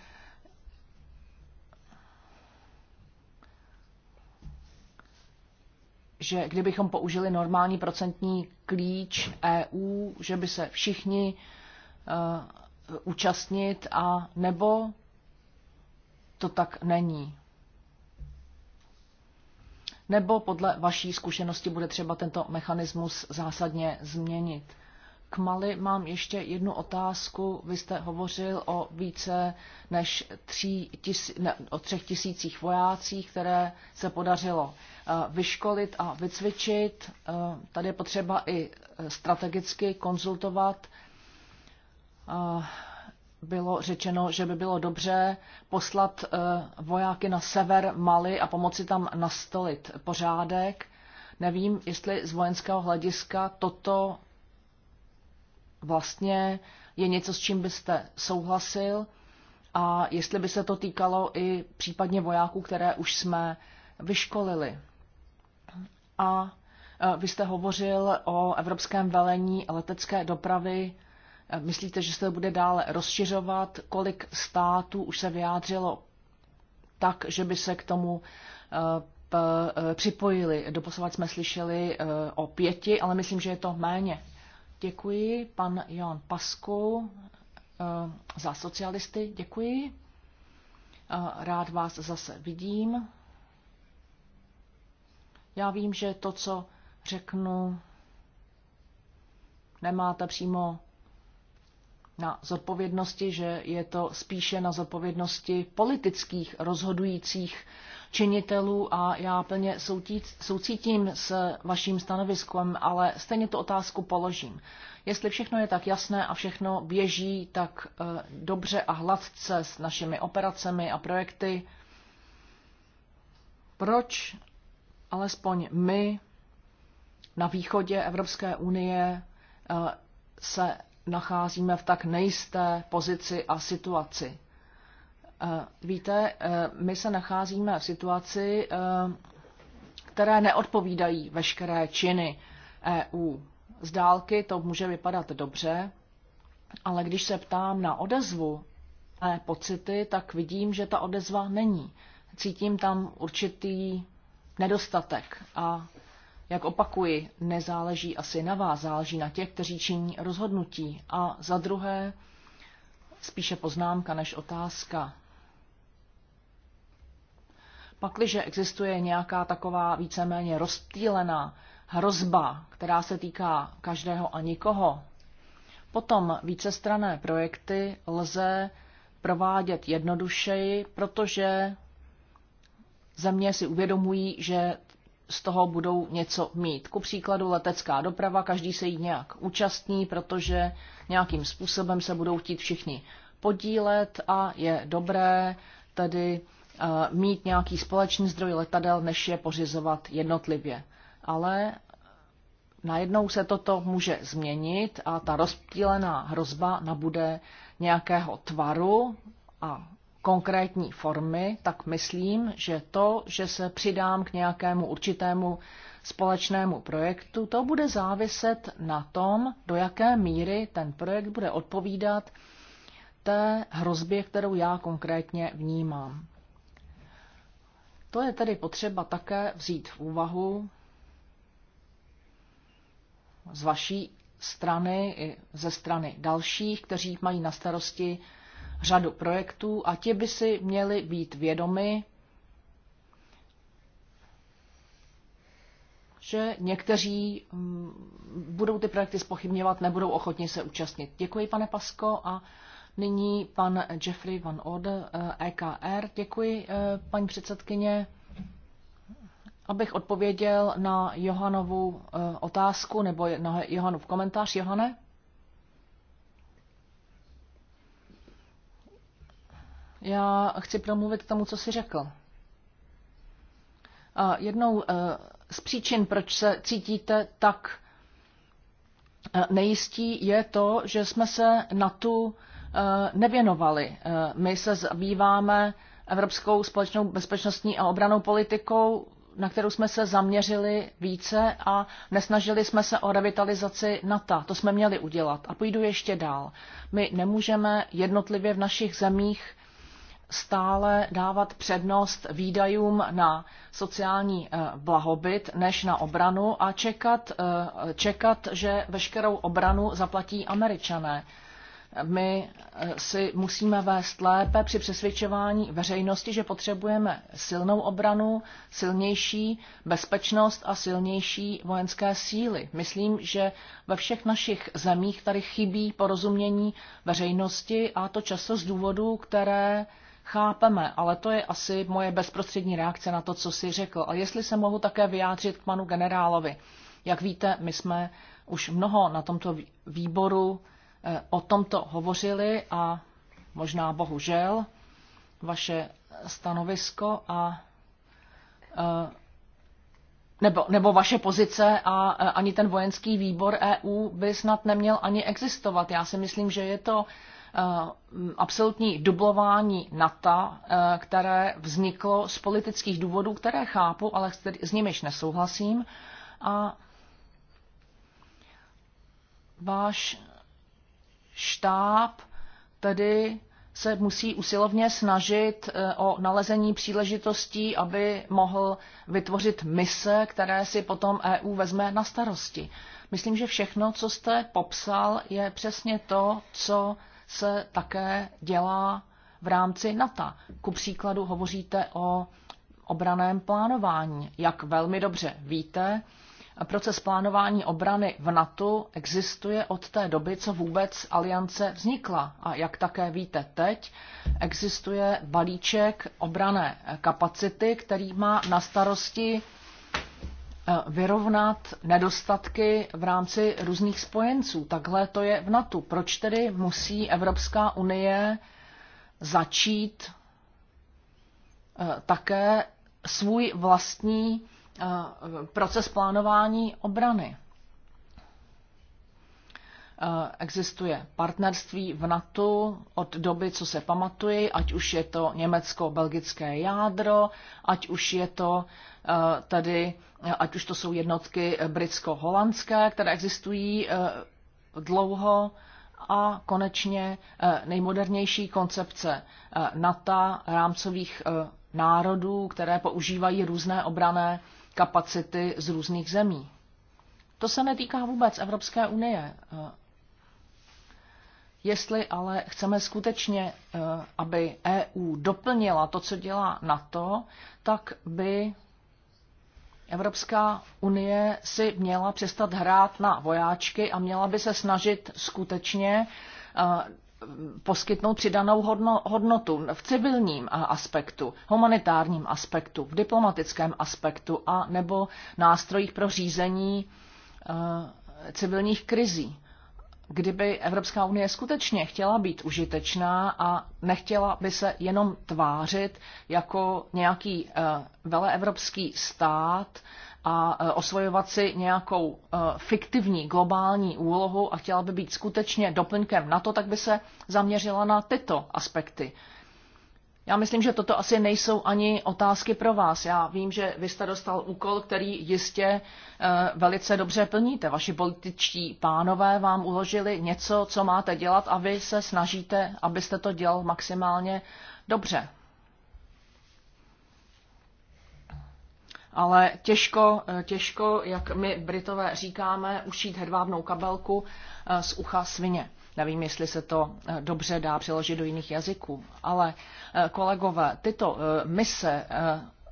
že kdybychom použili normální procentní klíč EU, že by se všichni uh, účastnit a nebo to tak není. Nebo podle vaší zkušenosti bude třeba tento mechanismus zásadně změnit? K Mali mám ještě jednu otázku. Vy jste hovořil o více než tří tis, ne, o třech tisících vojácích, které se podařilo eh, vyškolit a vycvičit. Eh, tady je potřeba i eh, strategicky konzultovat bylo řečeno, že by bylo dobře poslat eh, vojáky na sever Mali a pomoci tam nastolit pořádek. Nevím, jestli z vojenského hlediska toto vlastně je něco, s čím byste souhlasil a jestli by se to týkalo i případně vojáků, které už jsme vyškolili. A eh, vy jste hovořil o evropském velení letecké dopravy Myslíte, že se to bude dále rozšiřovat? Kolik států už se vyjádřilo tak, že by se k tomu eh, eh, připojili? Doposovat jsme slyšeli eh, o pěti, ale myslím, že je to méně. Děkuji. Pan Jan Pasku za socialisty. Děkuji. Rád vás zase vidím. Já vím, že to, co řeknu, nemáte přímo na zodpovědnosti, že je to spíše na zodpovědnosti politických rozhodujících činitelů a já plně soucítím s vaším stanoviskem, ale stejně tu otázku položím. Jestli všechno je tak jasné a všechno běží tak eh, dobře a hladce s našimi operacemi a projekty, proč alespoň my na východě Evropské unie eh, se nacházíme v tak nejisté pozici a situaci. Eh, víte, eh, my se nacházíme v situaci, eh, které neodpovídají veškeré činy EU. Z dálky to může vypadat dobře, ale když se ptám na odezvu a pocity, tak vidím, že ta odezva není. Cítím tam určitý nedostatek a jak opakuji, nezáleží asi na vás, záleží na těch, kteří činí rozhodnutí. A za druhé, spíše poznámka než otázka. Pakliže existuje nějaká taková víceméně rozptýlená hrozba, která se týká každého a nikoho, potom vícestrané projekty lze provádět jednodušeji, protože země si uvědomují, že z toho budou něco mít. Ku příkladu letecká doprava, každý se jí nějak účastní, protože nějakým způsobem se budou chtít všichni podílet a je dobré tedy eh, mít nějaký společný zdroj letadel, než je pořizovat jednotlivě. Ale najednou se toto může změnit a ta rozptýlená hrozba nabude nějakého tvaru a konkrétní formy, tak myslím, že to, že se přidám k nějakému určitému společnému projektu, to bude záviset na tom, do jaké míry ten projekt bude odpovídat té hrozbě, kterou já konkrétně vnímám. To je tedy potřeba také vzít v úvahu z vaší strany i ze strany dalších, kteří mají na starosti řadu projektů a ti by si měli být vědomi, že někteří mm, budou ty projekty spochybňovat, nebudou ochotni se účastnit. Děkuji, pane Pasko, a nyní pan Jeffrey Van Ode, EKR. Eh, e Děkuji, eh, paní předsedkyně. Abych odpověděl na Johanovu eh, otázku nebo na Johanův komentář. Johane? Já chci promluvit k tomu, co jsi řekl. A jednou eh, z příčin, proč se cítíte tak eh, nejistí, je to, že jsme se na tu eh, nevěnovali. My se zabýváme evropskou společnou bezpečnostní a obranou politikou, na kterou jsme se zaměřili více a nesnažili jsme se o revitalizaci NATO. To jsme měli udělat. A půjdu ještě dál. My nemůžeme jednotlivě v našich zemích stále dávat přednost výdajům na sociální eh, blahobyt než na obranu a čekat, eh, čekat že veškerou obranu zaplatí američané. My eh, si musíme vést lépe při přesvědčování veřejnosti, že potřebujeme silnou obranu, silnější bezpečnost a silnější vojenské síly. Myslím, že ve všech našich zemích tady chybí porozumění veřejnosti a to často z důvodů, které chápeme, ale to je asi moje bezprostřední reakce na to, co si řekl. A jestli se mohu také vyjádřit k panu generálovi. Jak víte, my jsme už mnoho na tomto výboru eh, o tomto hovořili a možná bohužel vaše stanovisko a eh, nebo, nebo vaše pozice a eh, ani ten vojenský výbor EU by snad neměl ani existovat. Já si myslím, že je to Eh, absolutní dublování NATO, eh, které vzniklo z politických důvodů, které chápu, ale s nimiž nesouhlasím. A váš štáb tedy se musí usilovně snažit eh, o nalezení příležitostí, aby mohl vytvořit mise, které si potom EU vezme na starosti. Myslím, že všechno, co jste popsal, je přesně to, co se také dělá v rámci NATO. Ku příkladu hovoříte o obraném plánování. Jak velmi dobře víte, proces plánování obrany v NATO existuje od té doby, co vůbec aliance vznikla. A jak také víte teď, existuje balíček obrané kapacity, který má na starosti Eh, vyrovnat nedostatky v rámci různých spojenců. Takhle to je v NATO. Proč tedy musí Evropská unie začít eh, také svůj vlastní eh, proces plánování obrany? Eh, existuje partnerství v NATO od doby, co se pamatuje, ať už je to německo-belgické jádro, ať už je to eh, tady, ať už to jsou jednotky britsko-holandské, které existují eh, dlouho a konečně nejmodernější koncepce NATO rámcových národů, které používají různé obrané kapacity z různých zemí. To se netýká vůbec Evropské unie. Jestli ale chceme skutečně, eh, aby EU doplnila to, co dělá NATO, tak by Evropská unie si měla přestat hrát na vojáčky a měla by se snažit skutečně eh, poskytnout přidanou hodnotu v civilním eh, aspektu, humanitárním aspektu, v diplomatickém aspektu a nebo nástrojích pro řízení civilních krizí kdyby Evropská unie skutečně chtěla být užitečná a nechtěla by se jenom tvářit jako nějaký eh, veleevropský stát a eh, osvojovat si nějakou eh, fiktivní globální úlohu a chtěla by být skutečně doplňkem na to, tak by se zaměřila na tyto aspekty. Já myslím, že toto asi nejsou ani otázky pro vás. Já vím, že vy jste dostal úkol, který jistě eh, velice dobře plníte. Vaši političtí pánové vám uložili něco, co máte dělat a vy se snažíte, abyste to dělal maximálně dobře. Ale těžko, eh, těžko, jak my Britové říkáme, ušít hedvábnou kabelku eh, z ucha svině. Nevím, jestli se to eh, dobře dá přeložit do jiných jazyků. Ale eh, kolegové, tyto eh, mise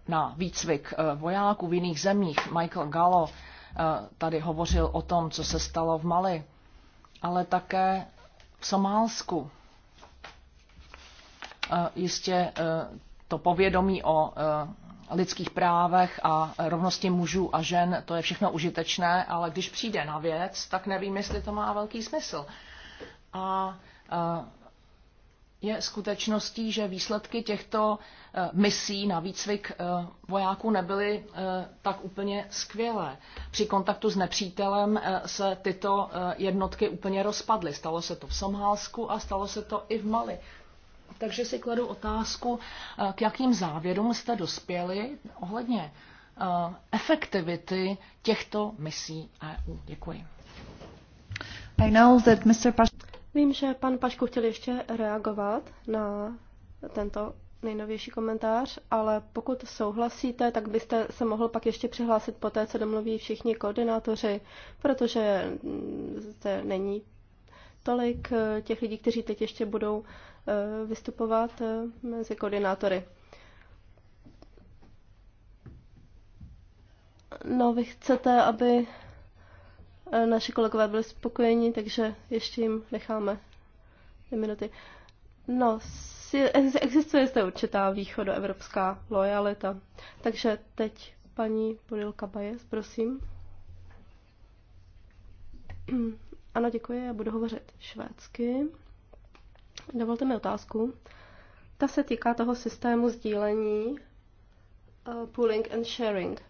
na výcvik vojáků v jiných zemích, Michael Gallo tady hovořil o tom, co se stalo v Mali, ale také v Somálsku. Jistě to povědomí o lidských právech a rovnosti mužů a žen, to je všechno užitečné, ale když přijde na věc, tak nevím, jestli to má velký smysl a e, je skutečností, že výsledky těchto e, misí na výcvik e, vojáků nebyly tak úplně skvělé. Při kontaktu s nepřítelem se tyto jednotky úplně rozpadly. Stalo se to v Somhálsku a stalo se to i v Mali. Takže si kladu otázku, k jakým závěrům jste dospěli ohledně efektivity těchto misí EU. Děkuji. I know that Mr. Vím, že pan Pašku chtěl ještě reagovat na tento nejnovější komentář, ale pokud souhlasíte, tak byste se mohl pak ještě přihlásit po té, co domluví všichni koordinátoři, protože zde není tolik eh, těch lidí, kteří teď ještě budou eh, vystupovat eh, mezi koordinátory. No, vy chcete, aby Eh, naši kolegové byli spokojeni, takže ještě jim necháme dvě minuty. No, existuje zde určitá východoevropská lojalita. Takže teď paní Podilka Bajes, prosím. <clears throat> Ano, děkuji, já budu hovořit švédsky. Dovolte mi otázku. Ta se týká toho systému sdílení uh, pooling and sharing.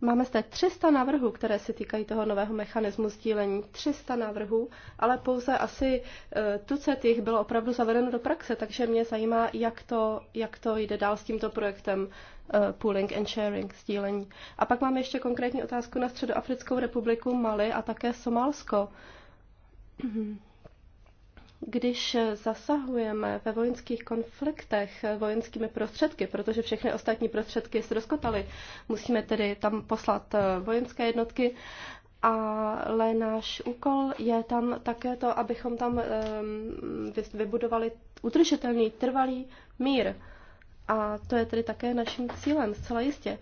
Máme zde 300 návrhů, které se týkají toho nového mechanismu sdílení. 300 návrhů, ale pouze asi eh, tucet jich bylo opravdu zavedeno do praxe, takže mě zajímá, jak to, jak to jde dál s tímto projektem eh, pooling and sharing, sdílení. A pak mám ještě konkrétní otázku na Středoafrickou republiku, Mali a také Somálsko. <clears throat> když zasahujeme ve vojenských konfliktech vojenskými prostředky, protože všechny ostatní prostředky se rozkotaly, musíme tedy tam poslat eh, vojenské jednotky, ale náš úkol je tam také to, abychom tam ehm, vybudovali udržitelný, trvalý mír. A to je tedy také naším cílem, zcela jistě.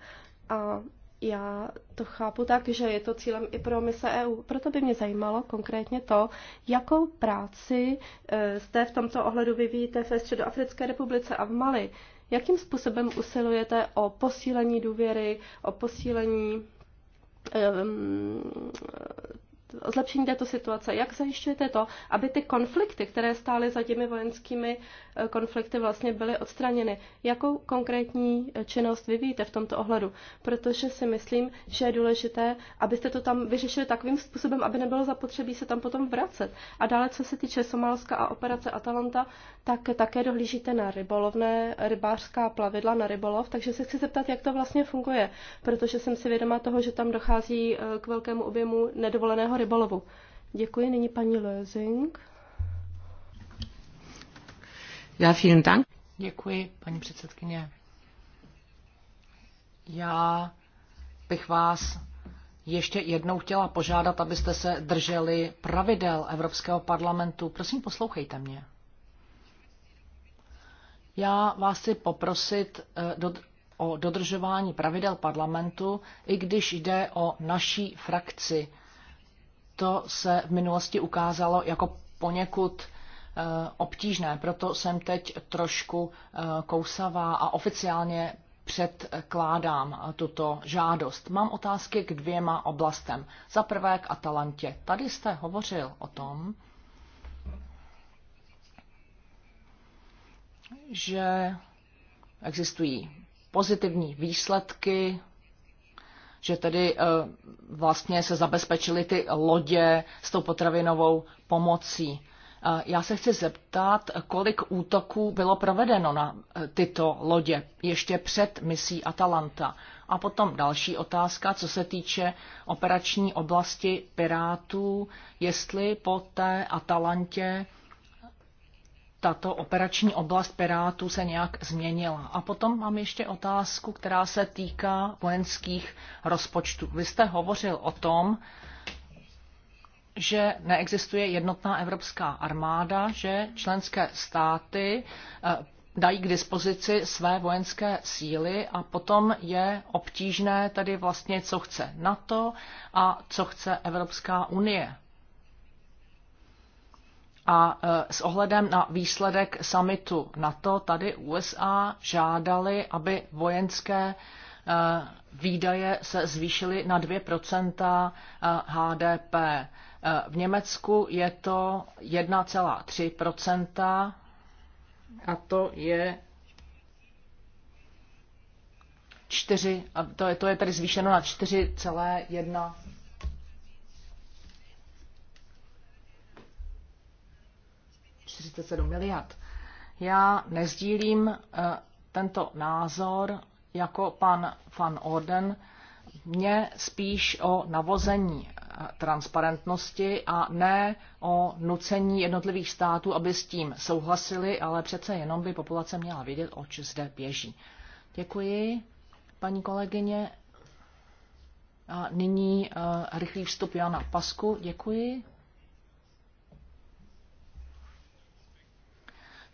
A já to chápu tak, že je to cílem i pro mise EU. Proto by mě zajímalo konkrétně to, jakou práci eh, jste v tomto ohledu vyvíjíte ve Středoafrické republice a v Mali. Jakým způsobem usilujete o posílení důvěry, o posílení ehm, o zlepšení této situace? Jak zajišťujete to, aby ty konflikty, které stály za těmi vojenskými konflikty vlastně byly odstraněny. Jakou konkrétní činnost vyvíjíte v tomto ohledu? Protože si myslím, že je důležité, abyste to tam vyřešili takovým způsobem, aby nebylo zapotřebí se tam potom vracet. A dále, co se týče Somálska a operace Atalanta, tak také dohlížíte na rybolovné, rybářská plavidla, na rybolov, takže se chci zeptat, jak to vlastně funguje, protože jsem si vědoma toho, že tam dochází eh, k velkému objemu nedovoleného rybolovu. Děkuji, nyní paní Lezing. Ja, vielen Dank. Děkuji, paní předsedkyně. Já bych vás ještě jednou chtěla požádat, abyste se drželi pravidel Evropského parlamentu. Prosím, poslouchejte mě. Já vás chci poprosit eh, o dodržování pravidel parlamentu, i když jde o naší frakci. To se v minulosti ukázalo jako poněkud Eh, obtížné, proto jsem teď trošku eh, kousavá a oficiálně předkládám eh, tuto žádost. Mám otázky k dvěma oblastem. Za prvé k Atalantě. Tady jste hovořil o tom, že existují pozitivní výsledky, že tedy vlastně se zabezpečily ty lodě s tou potravinovou pomocí. Eh, já se chci zeptat, kolik útoků bylo provedeno na eh, tyto lodě ještě před misí Atalanta. A potom další otázka, co se týče operační oblasti Pirátů, jestli po té Atalantě tato operační oblast Pirátů se nějak změnila. A potom mám ještě otázku, která se týká vojenských rozpočtů. Vy jste hovořil o tom, že neexistuje jednotná evropská armáda, že členské státy eh, dají k dispozici své vojenské síly a potom je obtížné tady vlastně, co chce NATO a co chce Evropská unie. A eh, s ohledem na výsledek samitu NATO tady USA žádali, aby vojenské eh, výdaje se zvýšily na 2 HDP. Eh, v Německu je to 1,3 a to je 4, a to je, to je tady zvýšeno na 4,1 miliard. Já nezdílím eh, tento názor jako pan Van Orden. Mně spíš o navození transparentnosti a ne o nucení jednotlivých států, aby s tím souhlasili, ale přece jenom by populace měla vědět, čem zde běží. Děkuji, paní kolegyně. A nyní uh, rychlý vstup Jana Pasku. Děkuji.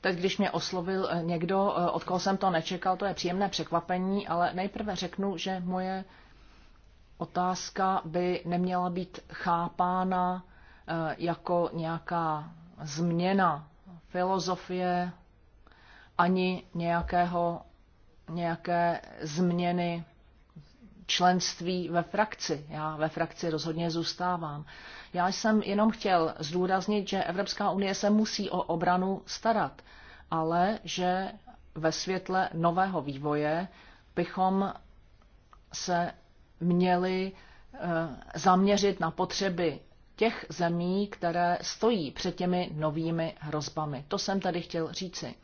Teď, když mě oslovil eh, někdo, eh, od koho jsem to nečekal, to je příjemné překvapení, ale nejprve řeknu, že moje otázka by neměla být chápána eh, jako nějaká změna filozofie ani nějakého, nějaké změny členství ve frakci. Já ve frakci rozhodně zůstávám. Já jsem jenom chtěl zdůraznit, že Evropská unie se musí o obranu starat, ale že ve světle nového vývoje bychom se měli eh, zaměřit na potřeby těch zemí, které stojí před těmi novými hrozbami. To jsem tady chtěl říci.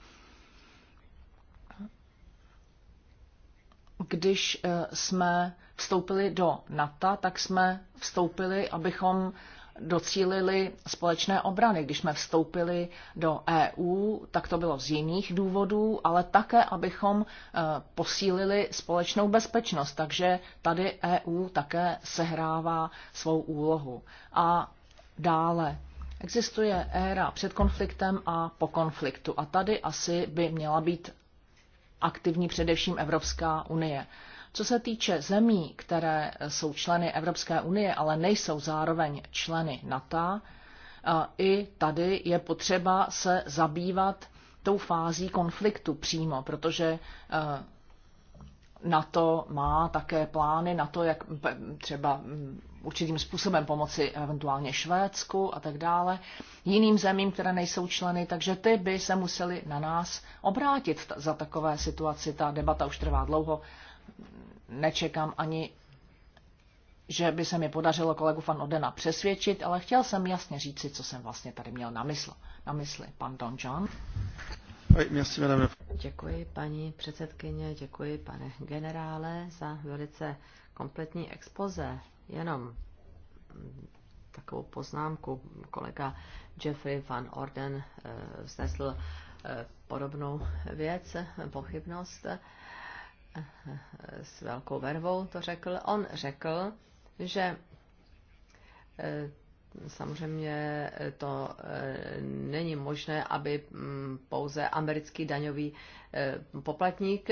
Když eh, jsme vstoupili do NATO, tak jsme vstoupili, abychom docílili společné obrany. Když jsme vstoupili do EU, tak to bylo z jiných důvodů, ale také, abychom eh, posílili společnou bezpečnost. Takže tady EU také sehrává svou úlohu. A dále. Existuje éra před konfliktem a po konfliktu. A tady asi by měla být aktivní především Evropská unie. Co se týče zemí, které jsou členy Evropské unie, ale nejsou zároveň členy NATO, i tady je potřeba se zabývat tou fází konfliktu přímo, protože e, na to má také plány na to, jak třeba určitým způsobem pomoci eventuálně Švédsku a tak dále, jiným zemím, které nejsou členy, takže ty by se museli na nás obrátit za takové situaci. Ta debata už trvá dlouho nečekám ani, že by se mi podařilo kolegu Van Odena přesvědčit, ale chtěl jsem jasně říci, co jsem vlastně tady měl na mysli. Na mysli pan Don John. Děkuji paní předsedkyně, děkuji pane generále za velice kompletní expoze. Jenom mm, takovou poznámku. Kolega Jeffrey Van Orden eh, vznesl eh, podobnou věc, eh, pochybnost s velkou vervou to řekl. On řekl, že eh, samozřejmě eh, to eh, není možné, aby mm, pouze americký daňový poplatník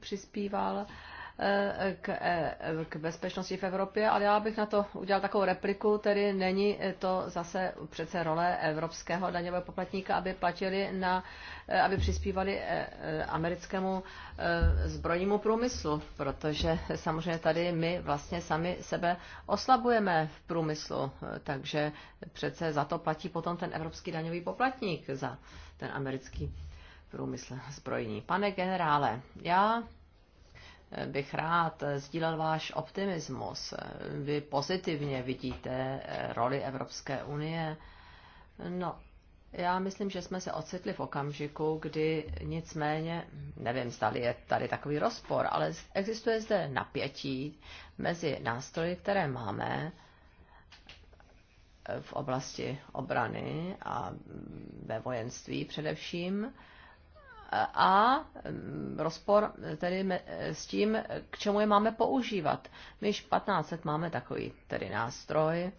přispíval Eh, k, eh, k bezpečnosti v Evropě, ale já bych na to udělal takovou repliku, tedy není to zase přece role evropského daňového poplatníka, aby platili na, eh, aby přispívali americkému zbrojnímu průmyslu, protože samozřejmě tady my vlastně sami sebe oslabujeme v průmyslu, takže přece za to platí potom ten evropský daňový poplatník, za ten americký průmysl zbrojní. Pane generále, já bych rád sdílel váš optimismus. Vy pozitivně vidíte eh, roli Evropské unie. No, já myslím, že jsme se ocitli v okamžiku, kdy nicméně, nevím, zdali je tady takový rozpor, ale existuje zde napětí mezi nástroji, které máme eh, v oblasti obrany a ve vojenství především, a mm, rozpor e, tedy e, s tím, k čemu je máme používat. My již 15 let máme takový tedy nástroj,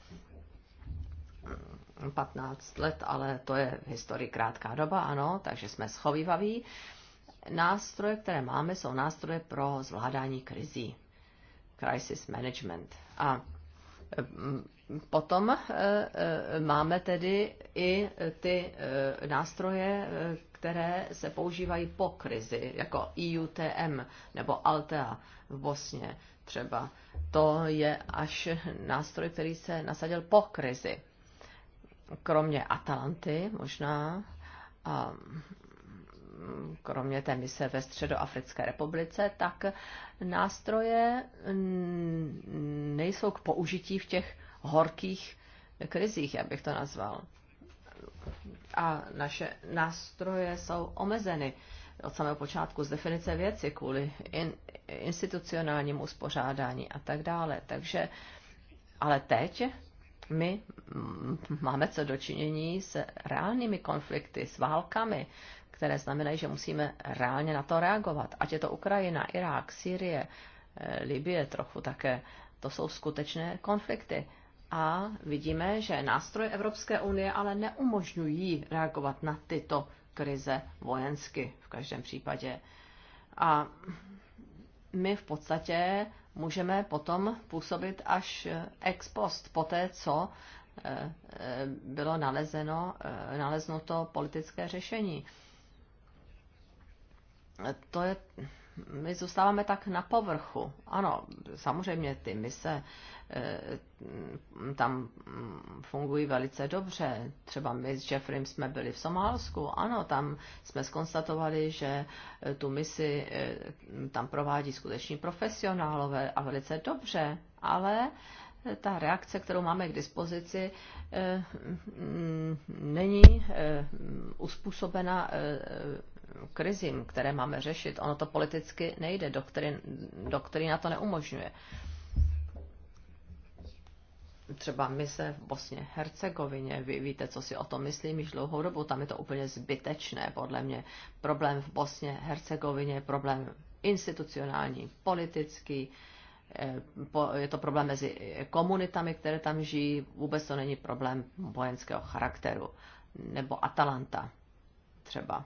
15 let, ale to je v historii krátká doba, ano, takže jsme schovývaví. Nástroje, které máme, jsou nástroje pro zvládání krizí, crisis management. A mm, potom e, máme tedy i ty nástroje které se používají po krizi, jako IUTM e nebo Altea v Bosně třeba. To je až nástroj, který se nasadil po krizi. Kromě Atalanty možná, a kromě té mise ve Středoafrické republice, tak nástroje nejsou k použití v těch horkých krizích, abych bych to nazval a naše nástroje jsou omezeny od samého počátku z definice věci kvůli in, institucionálnímu uspořádání a tak dále. Takže, ale teď my máme co dočinění s reálnými konflikty, s válkami, které znamenají, že musíme reálně na to reagovat. Ať je to Ukrajina, Irák, Sýrie, eh, Libie trochu také. To jsou skutečné konflikty a vidíme, že nástroje Evropské unie ale neumožňují reagovat na tyto krize vojensky v každém případě. A my v podstatě můžeme potom působit až eh, ex post, po té, co eh, eh, bylo nalezeno, naleznuto politické řešení. To je my zůstáváme tak na povrchu. Ano, samozřejmě ty mise eh, tam mm, fungují velice dobře. Třeba my s Jeffrem jsme byli v Somálsku. Ano, tam jsme skonstatovali, že eh, tu misi eh, tam provádí skuteční profesionálové a velice dobře, ale ta reakce, kterou máme k dispozici, mm, není mm, uspůsobena krizím, které máme řešit. Ono to politicky nejde, který doktrina to neumožňuje. Třeba my se v Bosně Hercegovině, vy víte, co si o tom myslím již dlouhou dobu, tam je to úplně zbytečné, podle mě. Problém v Bosně Hercegovině je problém institucionální, politický, eh, je to problém mezi komunitami, které tam žijí, vůbec to není problém vojenského charakteru. Nebo Atalanta třeba.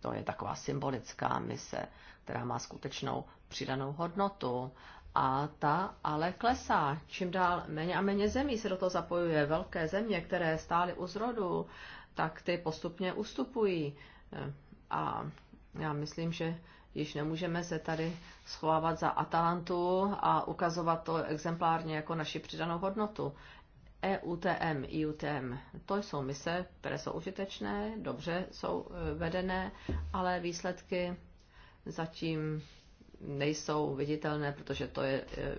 To je taková symbolická mise, která má skutečnou přidanou hodnotu. A ta ale klesá. Čím dál méně a méně zemí se do toho zapojuje. Velké země, které stály u zrodu, tak ty postupně ustupují. A já myslím, že již nemůžeme se tady schovávat za Atalantu a ukazovat to exemplárně jako naši přidanou hodnotu. EUTM, IUTM, to jsou mise, které jsou užitečné, dobře jsou e, vedené, ale výsledky zatím nejsou viditelné, protože to je e,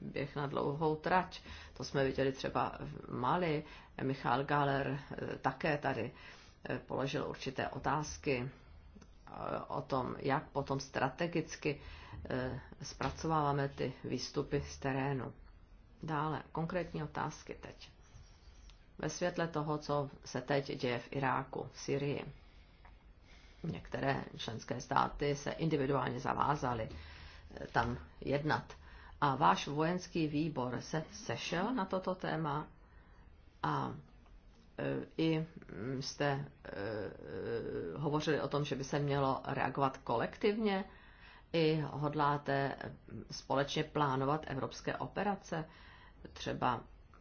běh na dlouhou trať. To jsme viděli třeba v Mali. Michal Galer e, také tady položil určité otázky o tom, jak potom strategicky zpracováváme ty výstupy z terénu. Dále konkrétní otázky teď. Ve světle toho, co se teď děje v Iráku, v Syrii, některé členské státy se individuálně zavázaly eh, tam jednat. A váš vojenský výbor se sešel na toto téma a eh, i hm, jste eh, hovořili o tom, že by se mělo reagovat kolektivně, i hodláte hm, společně plánovat evropské operace třeba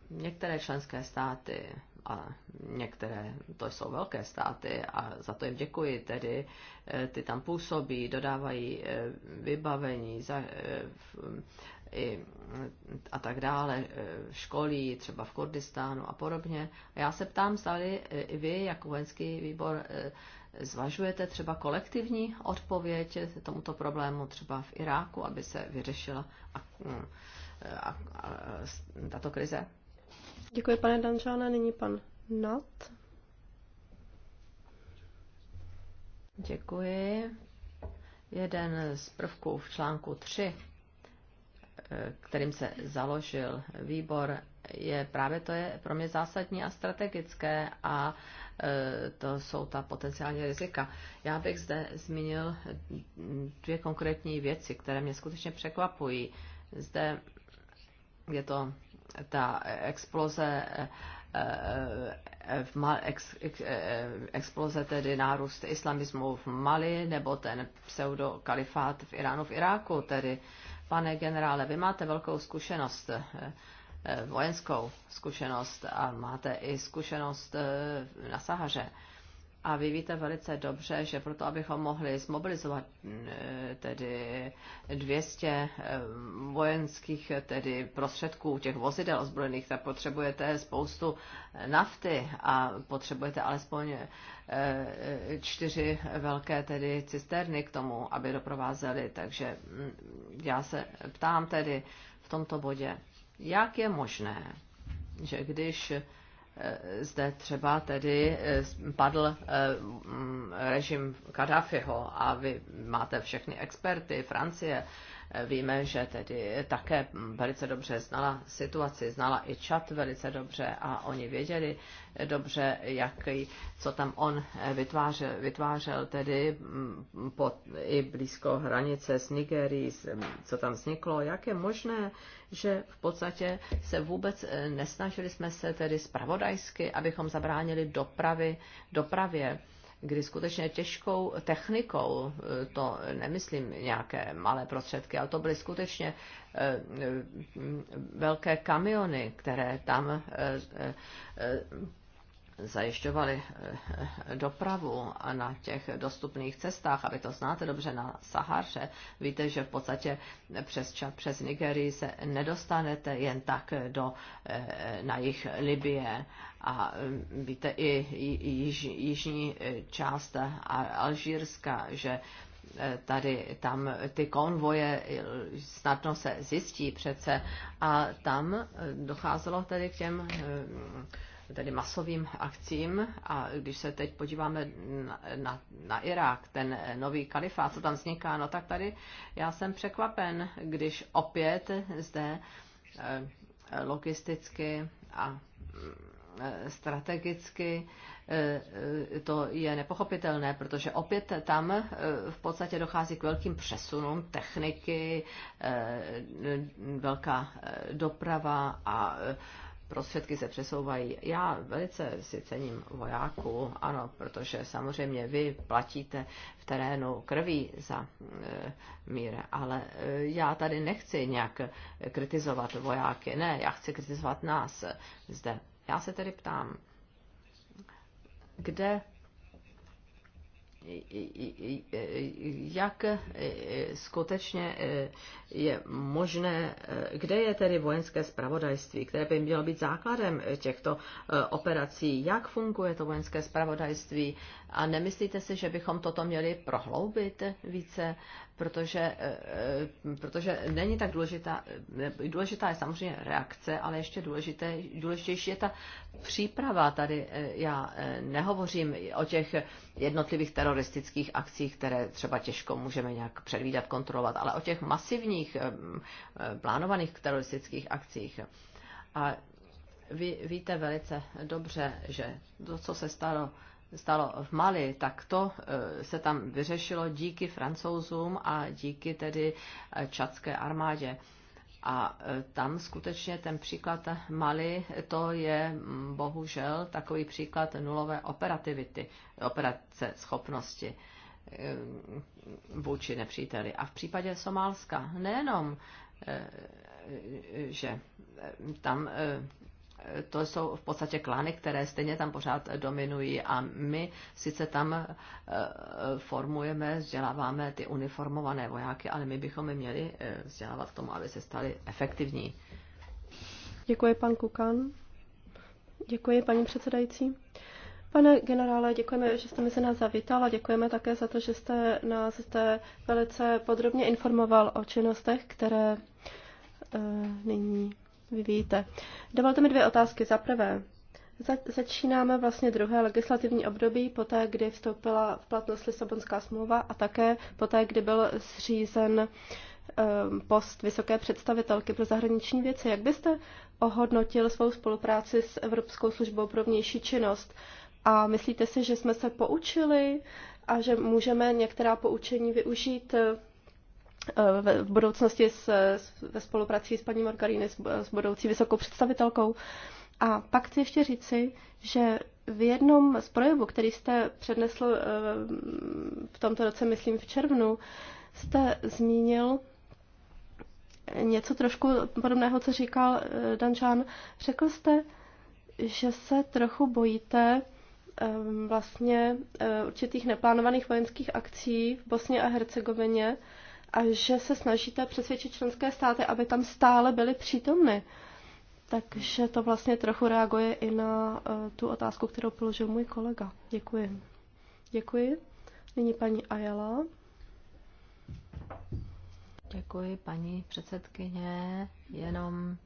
některé členské státy, a některé to jsou velké státy a za to jim děkuji, tedy eh, ty tam působí, dodávají eh, vybavení za, eh, i, a tak dále, školí třeba v Kurdistánu a podobně. A já se ptám, zdali i vy jako vojenský výbor zvažujete třeba kolektivní odpověď tomuto problému třeba v Iráku, aby se vyřešila hm, tato krize. Děkuji, pane Dančáne. Nyní pan Nat. Děkuji. Jeden z prvků v článku 3, eh, kterým se založil výbor, je právě to je pro mě zásadní a strategické a eh, to jsou ta potenciální rizika. Já bych zde zmínil dvě konkrétní věci, které mě skutečně překvapují. Zde je to ta exploze eh, eh, v Mal, ex, ex, eh, exploze tedy nárůst islamismu v Mali nebo ten pseudokalifát v Iránu, v Iráku. Tedy, pane generále, vy máte velkou zkušenost, vojenskou zkušenost a máte i zkušenost na Sahaře. A vy víte velice dobře, že proto, abychom mohli zmobilizovat e, tedy 200 e, vojenských tedy prostředků těch vozidel ozbrojených, tak potřebujete spoustu nafty a potřebujete alespoň e, čtyři velké tedy cisterny k tomu, aby doprovázely. Takže já se ptám tedy v tomto bodě, jak je možné, že když Eh, zde třeba tedy eh, padl eh, mm, režim Kadáfiho a vy máte všechny experty Francie, Víme, že tedy také velice dobře znala situaci, znala i čat velice dobře a oni věděli dobře, jak, co tam on eh, vytvářel, vytvářel tedy mm, pod, i blízko hranice s Nigerií, mm, co tam vzniklo, jak je možné, že v podstatě se vůbec eh, nesnažili jsme se tedy spravodajsky, abychom zabránili dopravy, dopravě kdy skutečně těžkou technikou, eh, to nemyslím nějaké malé prostředky, ale to byly skutečně eh, velké kamiony, které tam eh, zajišťovali dopravu a na těch dostupných cestách, a vy to znáte dobře na Saharře. víte, že v podstatě přes, přes Nigerii se nedostanete jen tak do, na jich Libie a eh, víte i již, jižní eh, část eh, Alžírska, že tady, tam ty konvoje snadno se zjistí přece a tam docházelo tedy k těm tedy masovým akcím a když se teď podíváme na, na, na Irák, ten nový kalifát, co tam vzniká, no tak tady já jsem překvapen, když opět zde logisticky a strategicky eh, eh, to je nepochopitelné, protože opět tam eh, v podstatě dochází k velkým přesunům techniky, velká doprava a prostředky se přesouvají. Já velice si cením vojáků, ano, protože samozřejmě vy platíte v terénu krví za e, mír, ale e, já tady nechci nějak kritizovat vojáky, ne, já chci kritizovat nás zde já se tedy ptám, kde jak e, e, skutečně e, je možné, kde je tedy vojenské spravodajství, které by mělo být základem těchto operací, jak funguje to vojenské spravodajství a nemyslíte si, že bychom toto měli prohloubit více, protože, eh, protože není tak důležitá, eh, důležitá je samozřejmě reakce, ale ještě důležité, důležitější je ta příprava. Tady eh, já nehovořím o těch jednotlivých teroristických akcích, které třeba těžko můžeme nějak předvídat, kontrolovat, ale o těch masivních plánovaných teroristických akcích. A vy víte velice dobře, že to, co se stalo stalo v Mali, tak to eh, se tam vyřešilo díky francouzům a díky tedy eh, čadské armádě. A eh, tam skutečně ten příklad Mali, to je mm, bohužel takový příklad nulové operativity, operace schopnosti vůči nepříteli. A v případě Somálska nejenom, že tam to jsou v podstatě klany, které stejně tam pořád dominují a my sice tam eh, formujeme, vzděláváme ty uniformované vojáky, ale my bychom měli eh, vzdělávat k tomu, aby se stali efektivní. Děkuji, pan Kukan. Děkuji, paní předsedající. Pane generále, děkujeme, že jste mezi nás zavítal a děkujeme také za to, že jste nás zde velice podrobně informoval o činnostech, které e, nyní vyvíjíte. Dovolte mi dvě otázky. Za prvé, začínáme vlastně druhé legislativní období, poté, kdy vstoupila v platnost Lisabonská smlouva a také poté, kdy byl zřízen ehm, post vysoké představitelky pro zahraniční věci. Jak byste ohodnotil svou spolupráci s Evropskou službou pro vnější činnost? A myslíte si, že jsme se poučili a že můžeme některá poučení využít v budoucnosti s, ve spolupráci s paní Margarini, s, s budoucí vysokou představitelkou. A pak chci ještě říci, že v jednom z projevů, který jste přednesl eh, v tomto roce, myslím v červnu, jste zmínil něco trošku podobného, co říkal eh, Dančan. Řekl jste, že se trochu bojíte eh, vlastně určitých neplánovaných vojenských akcí v Bosně a Hercegovině, a že se snažíte přesvědčit členské státy, aby tam stále byly přítomny. Takže to vlastně trochu reaguje i na eh, tu otázku, kterou položil můj kolega. Děkuji. Děkuji. Nyní paní Ajala. Děkuji, paní předsedkyně. Jenom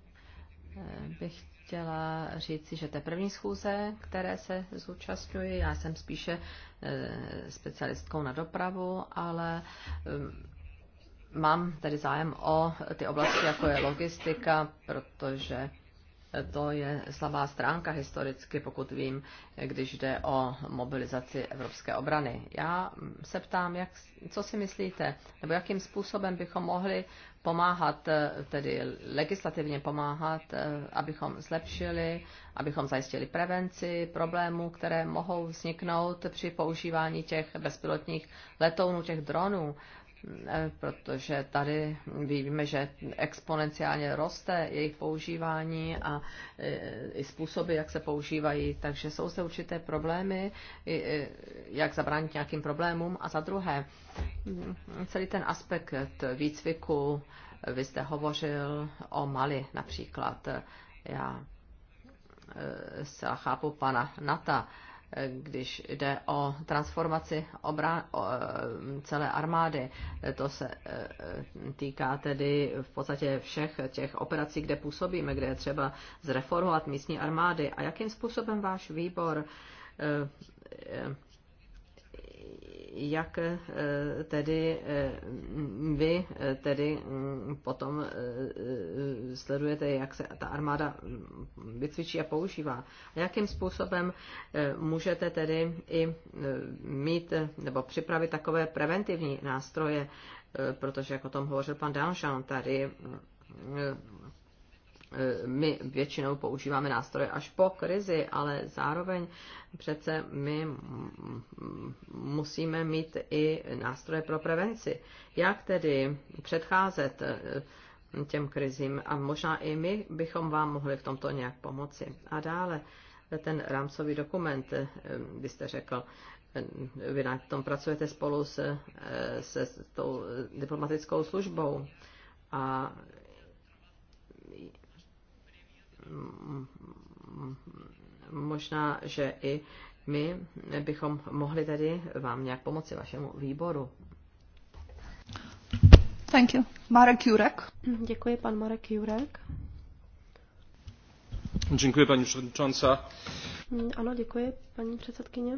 eh, bych chtěla říci, že to je první schůze, které se zúčastňuji. Já jsem spíše eh, specialistkou na dopravu, ale hm, mám tedy zájem o ty oblasti, jako je logistika, protože to je slabá stránka historicky, pokud vím, když jde o mobilizaci evropské obrany. Já se ptám, jak, co si myslíte, nebo jakým způsobem bychom mohli pomáhat, tedy legislativně pomáhat, abychom zlepšili, abychom zajistili prevenci problémů, které mohou vzniknout při používání těch bezpilotních letounů, těch dronů, protože tady víme, že exponenciálně roste jejich používání a e, i způsoby, jak se používají, takže jsou zde určité problémy, e, jak zabránit nějakým problémům. A za druhé, celý ten aspekt výcviku, vy jste hovořil o Mali například. Já e, zcela chápu pana Nata, když jde o transformaci obra- o, e, celé armády. To se e, e, týká tedy v podstatě všech těch operací, kde působíme, kde je třeba zreformovat místní armády. A jakým způsobem váš výbor jak eh, tedy eh, vy eh, tedy mm, potom sledujete, jak se ta armáda mm, vycvičí a používá. A jakým způsobem můžete tedy i mít nebo připravit takové preventivní nástroje, protože jak o tom hovořil pan Danšan tady, mm, Eh, my většinou používáme nástroje až po krizi, ale zároveň přece my musíme mít i nástroje pro prevenci. Jak tedy předcházet eh, těm krizím a možná i my bychom vám mohli v tomto nějak pomoci. A dále eh, ten rámcový dokument, vy jste řekl, vy na tom pracujete spolu se, se s tou diplomatickou službou a možná, že i my bychom mohli tady vám nějak pomoci vašemu výboru. Thank you. Marek Jurek. Děkuji, pan Marek Jurek. Děkuji, paní předsedkyně. Ano, děkuji, paní předsedkyně.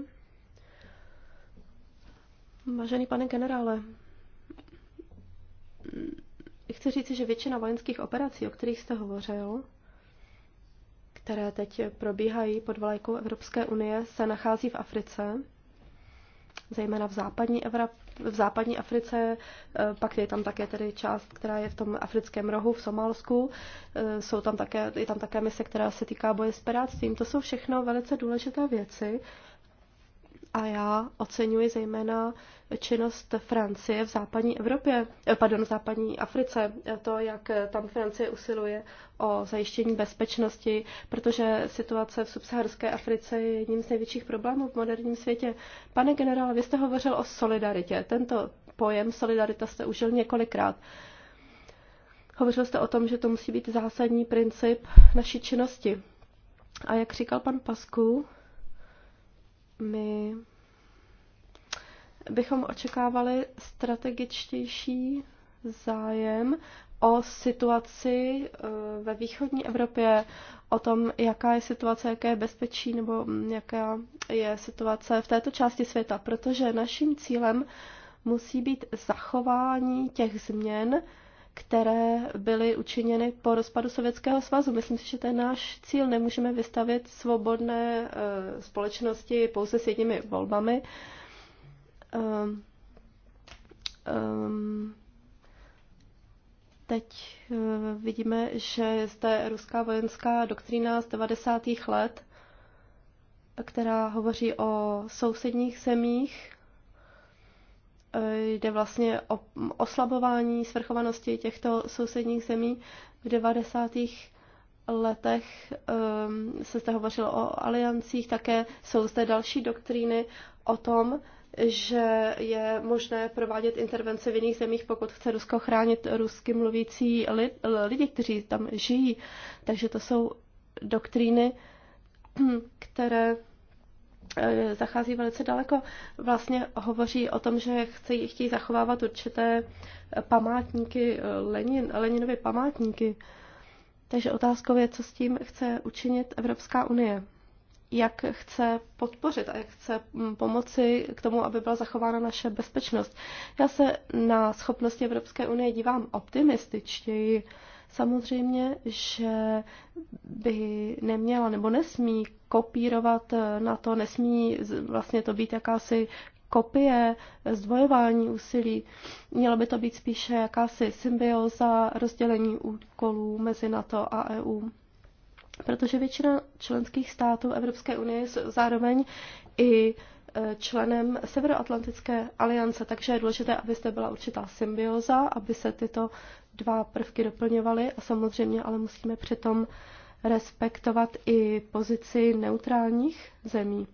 Vážený pane generále, chci říci, že většina vojenských operací, o kterých jste hovořil, které teď probíhají pod vlajkou Evropské unie, se nachází v Africe, zejména v západní, Evra, v západní Africe, e, pak je tam také tedy část, která je v tom africkém rohu v Somálsku, e, jsou tam také, je tam také mise, která se týká boje s piráctvím. To jsou všechno velice důležité věci, a já oceňuji zejména činnost Francie v západní Evropě, eh, pardon, v západní Africe, to, jak tam Francie usiluje o zajištění bezpečnosti, protože situace v subsaharské Africe je jedním z největších problémů v moderním světě. Pane generále, vy jste hovořil o solidaritě. Tento pojem solidarita jste užil několikrát. Hovořil jste o tom, že to musí být zásadní princip naší činnosti. A jak říkal pan Pasku, my bychom očekávali strategičtější zájem o situaci eh, ve východní Evropě, o tom, jaká je situace, jaké je bezpečí nebo mm, jaká je situace v této části světa, protože naším cílem musí být zachování těch změn, které byly učiněny po rozpadu Sovětského svazu. Myslím si, že to je náš cíl. Nemůžeme vystavit svobodné eh, společnosti pouze s jedními volbami. Um, um, teď eh, vidíme, že zde ruská vojenská doktrína z 90. let, která hovoří o sousedních zemích, jde vlastně o oslabování svrchovanosti těchto sousedních zemí. V 90. letech ehm, se zde hovořilo o aliancích, také jsou zde další doktríny o tom, že je možné provádět intervence v jiných zemích, pokud chce Rusko chránit rusky mluvící lidi, kteří tam žijí. Takže to jsou doktríny, <clears throat> které Eh, zachází velice daleko. Vlastně hovoří o tom, že chce, chtějí zachovávat určité památníky, eh, Lenin, Leninovy památníky. Takže otázkou je, co s tím chce učinit Evropská unie. Jak chce podpořit a jak chce hm, pomoci k tomu, aby byla zachována naše bezpečnost. Já se na schopnosti Evropské unie dívám optimističtěji. Uh, Samozřejmě, že by neměla nebo nesmí kopírovat na to, nesmí vlastně to být jakási kopie, zdvojování úsilí. Mělo by to být spíše jakási symbioza rozdělení úkolů mezi NATO a EU. Protože většina členských států Evropské unie je zároveň i e, členem Severoatlantické aliance, takže je důležité, aby zde byla určitá symbioza, aby se tyto dva prvky doplňovaly a samozřejmě ale musíme přitom respektovat i pozici neutrálních zemí.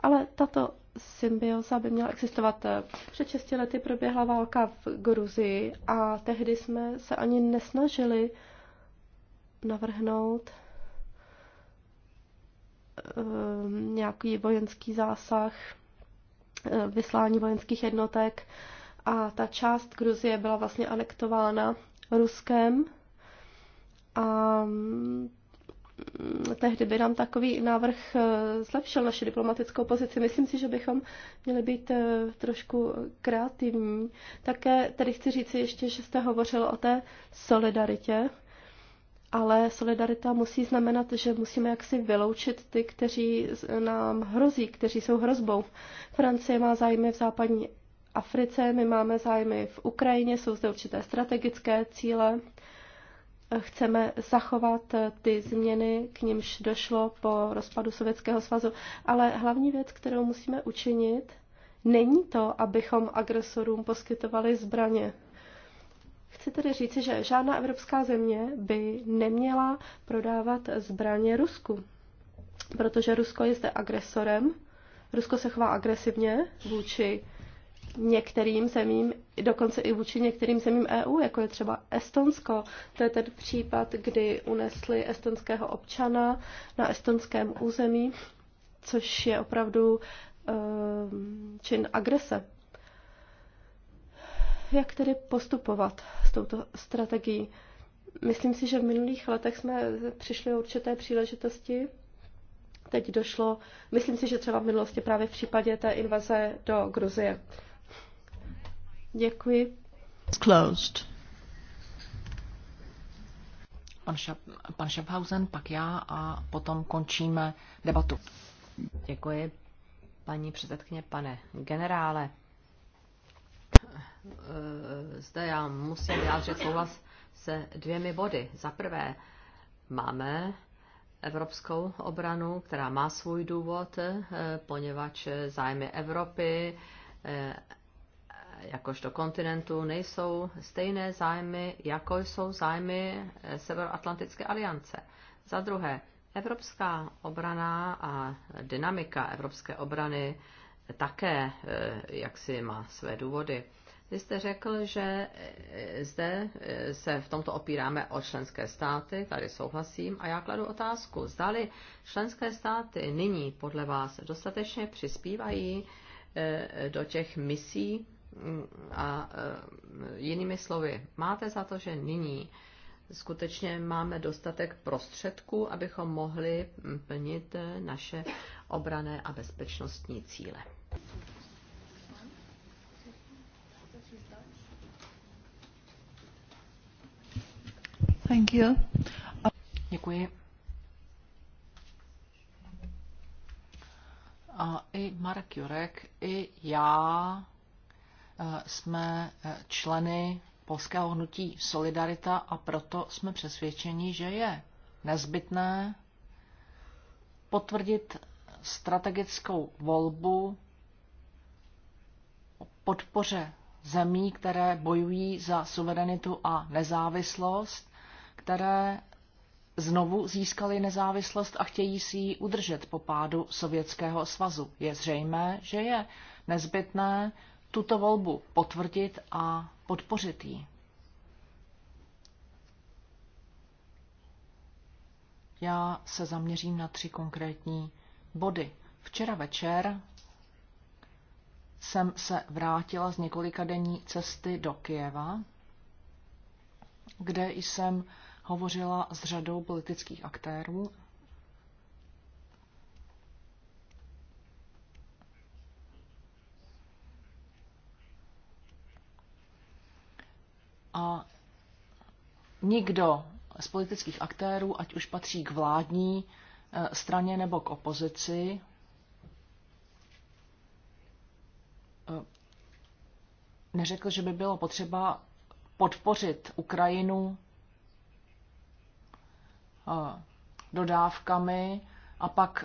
Ale tato symbioza by měla existovat. Před 6 lety proběhla válka v Gruzii a tehdy jsme se ani nesnažili navrhnout ehm, nějaký vojenský zásah, ehm, vyslání vojenských jednotek a ta část Gruzie byla vlastně anektována Ruskem. A mm, tehdy by nám takový návrh e, zlepšil naši diplomatickou pozici. Myslím si, že bychom měli být e, trošku kreativní. Také tedy chci říct, ještě, že jste hovořil o té solidaritě, ale solidarita musí znamenat, že musíme jaksi vyloučit ty, kteří nám hrozí, kteří jsou hrozbou. Francie má zájmy v západní Africe, my máme zájmy v Ukrajině, jsou zde určité strategické cíle. Chceme zachovat ty změny, k nimž došlo po rozpadu Sovětského svazu. Ale hlavní věc, kterou musíme učinit, není to, abychom agresorům poskytovali zbraně. Chci tedy říci, že žádná evropská země by neměla prodávat zbraně Rusku, protože Rusko je zde agresorem, Rusko se chová agresivně vůči některým zemím, dokonce i vůči některým zemím EU, jako je třeba Estonsko. To je ten případ, kdy unesli estonského občana na estonském území, což je opravdu eh, čin agrese. Jak tedy postupovat s touto strategií? Myslím si, že v minulých letech jsme přišli o určité příležitosti. Teď došlo, myslím si, že třeba v minulosti právě v případě té invaze do Gruzie. Děkuji. Closed. Pan, Šap, pan Schaffhausen, pak já a potom končíme debatu. Děkuji, paní předsedkyně, pane generále. Eh, zde já musím vyjádřit souhlas se dvěmi body. Za prvé, máme evropskou obranu, která má svůj důvod, eh, poněvadž zájmy Evropy, eh, jakožto kontinentu nejsou stejné zájmy, jako jsou zájmy eh, Severoatlantické aliance. Za druhé, evropská obrana a dynamika evropské obrany eh, také eh, jak si má své důvody. Vy jste řekl, že zde se v tomto opíráme o členské státy, tady souhlasím, a já kladu otázku. Zdali členské státy nyní podle vás dostatečně přispívají do těch misí a e, jinými slovy, máte za to, že nyní skutečně máme dostatek prostředků, abychom mohli plnit e, naše obrané a bezpečnostní cíle. Thank you. Děkuji. A i Marek Jurek, i já Eh, jsme eh, členy polského hnutí Solidarita a proto jsme přesvědčeni, že je nezbytné potvrdit strategickou volbu o podpoře zemí, které bojují za suverenitu a nezávislost, které znovu získali nezávislost a chtějí si ji udržet po pádu Sovětského svazu. Je zřejmé, že je nezbytné tuto volbu potvrdit a podpořit ji. Já se zaměřím na tři konkrétní body. Včera večer jsem se vrátila z několika denní cesty do Kijeva, kde jsem hovořila s řadou politických aktérů A nikdo z politických aktérů, ať už patří k vládní eh, straně nebo k opozici, eh, neřekl, že by bylo potřeba podpořit Ukrajinu eh, dodávkami a pak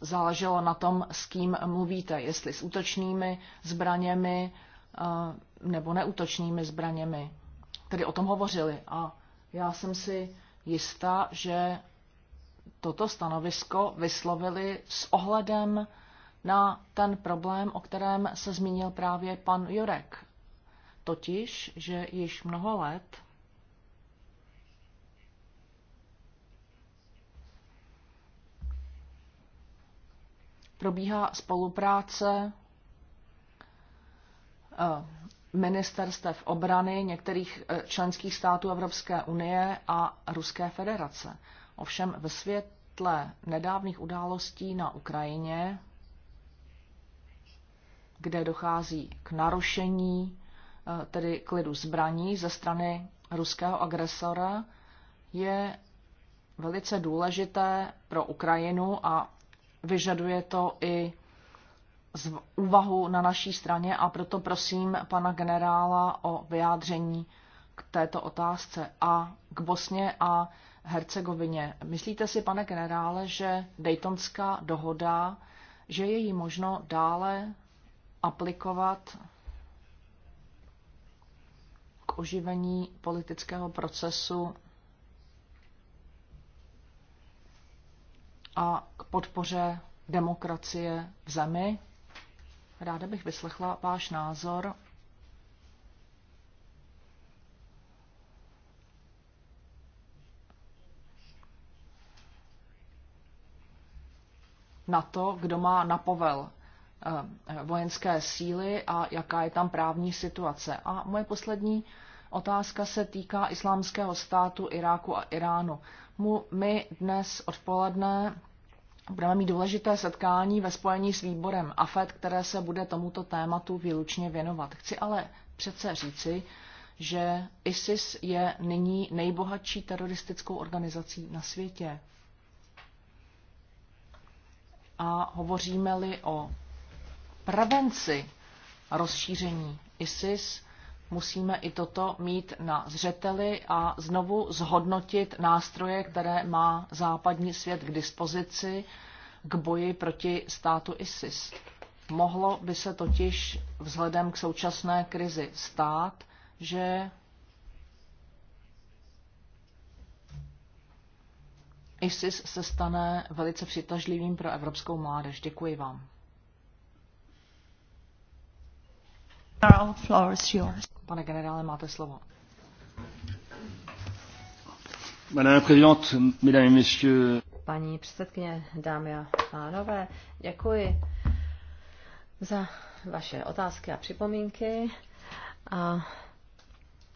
záleželo na tom, s kým mluvíte, jestli s útočnými zbraněmi nebo neútočnými zbraněmi tedy o tom hovořili. A já jsem si jistá, že toto stanovisko vyslovili s ohledem na ten problém, o kterém se zmínil právě pan Jurek. Totiž, že již mnoho let probíhá spolupráce eh, ministerstev obrany některých eh, členských států Evropské unie a Ruské federace. Ovšem ve světle nedávných událostí na Ukrajině, kde dochází k narušení eh, tedy klidu zbraní ze strany ruského agresora, je velice důležité pro Ukrajinu a vyžaduje to i z úvahu na naší straně a proto prosím pana generála o vyjádření k této otázce a k Bosně a Hercegovině. Myslíte si, pane generále, že Daytonská dohoda, že je ji možno dále aplikovat k oživení politického procesu a k podpoře demokracie v zemi? Ráda bych vyslechla váš názor na to, kdo má napovel eh, vojenské síly a jaká je tam právní situace. A moje poslední otázka se týká islámského státu Iráku a Iránu. My dnes odpoledne Budeme mít důležité setkání ve spojení s výborem AFED, které se bude tomuto tématu výlučně věnovat. Chci ale přece říci, že ISIS je nyní nejbohatší teroristickou organizací na světě. A hovoříme-li o prevenci rozšíření ISIS, Musíme i toto mít na zřeteli a znovu zhodnotit nástroje, které má západní svět k dispozici k boji proti státu ISIS. Mohlo by se totiž vzhledem k současné krizi stát, že ISIS se stane velice přitažlivým pro evropskou mládež. Děkuji vám. Pane generále, máte slovo. Madame la présidente, mesdames et messieurs. Paní předsedkyně, dámy a pánové, děkuji za vaše otázky a připomínky. A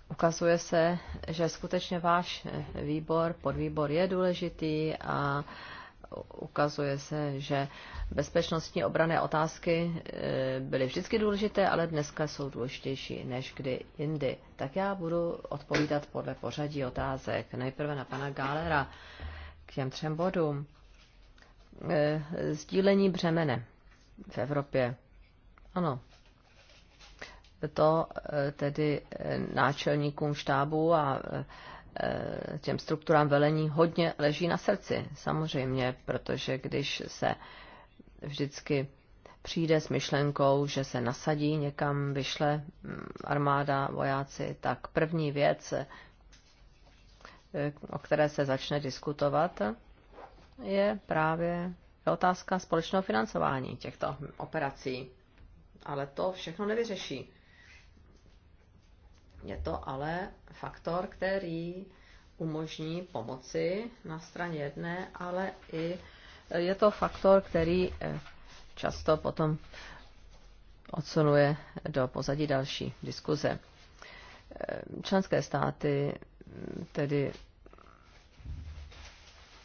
ukazuje se, že skutečně váš výbor, podvýbor je důležitý a ukazuje se, že bezpečnostní obrané otázky e, byly vždycky důležité, ale dneska jsou důležitější než kdy jindy. Tak já budu odpovídat podle pořadí otázek. Nejprve na pana Gálera k těm třem bodům. E, sdílení břemene v Evropě. Ano. To e, tedy náčelníkům štábu a Eh, těm strukturám velení hodně leží na srdci, samozřejmě, protože když se vždycky přijde s myšlenkou, že se nasadí někam, vyšle mm, armáda, vojáci, tak první věc, eh, o které se začne diskutovat, je právě otázka společného financování těchto operací. Ale to všechno nevyřeší je to ale faktor, který umožní pomoci na straně jedné, ale i je to faktor, který eh, často potom odsunuje do pozadí další diskuze. Eh, členské státy mm, tedy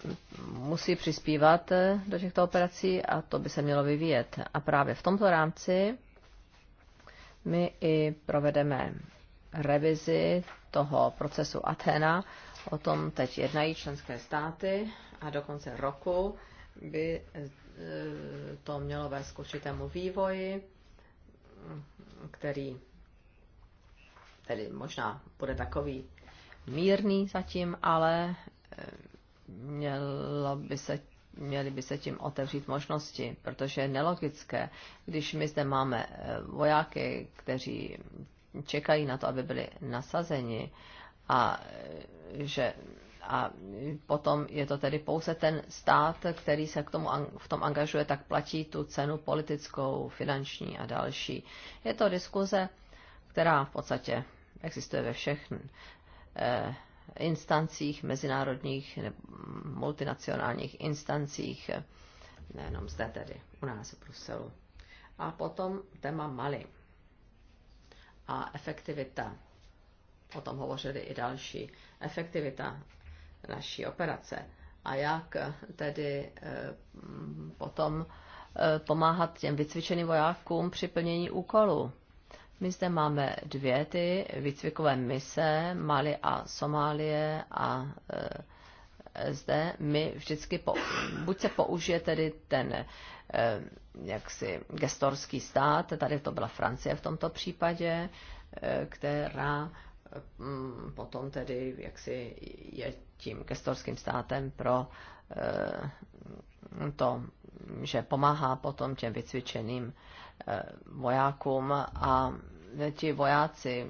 mm, musí přispívat eh, do těchto operací a to by se mělo vyvíjet. A právě v tomto rámci my i provedeme revizi toho procesu Athena. O tom teď jednají členské státy a do konce roku by e, to mělo vést k určitému vývoji, který tedy možná bude takový mírný zatím, ale e, mělo by se, měly by se tím otevřít možnosti, protože je nelogické, když my zde máme e, vojáky, kteří čekají na to, aby byli nasazeni a že a potom je to tedy pouze ten stát, který se k tomu, v tom angažuje, tak platí tu cenu politickou, finanční a další. Je to diskuze, která v podstatě existuje ve všech eh, instancích, mezinárodních, multinacionálních instancích, nejenom zde tedy, u nás v Bruselu. A potom téma Mali a efektivita. O tom hovořili i další. Efektivita naší operace a jak tedy eh, potom eh, pomáhat těm vycvičeným vojákům při plnění úkolu. My zde máme dvě ty výcvikové mise, Mali a Somálie a e, zde my vždycky, po, buď se použije tedy ten eh, jaksi gestorský stát, tady to byla Francie v tomto případě, eh, která mm, potom tedy jaksi je tím gestorským státem pro eh, to, že pomáhá potom těm vycvičeným vojákům a ti vojáci,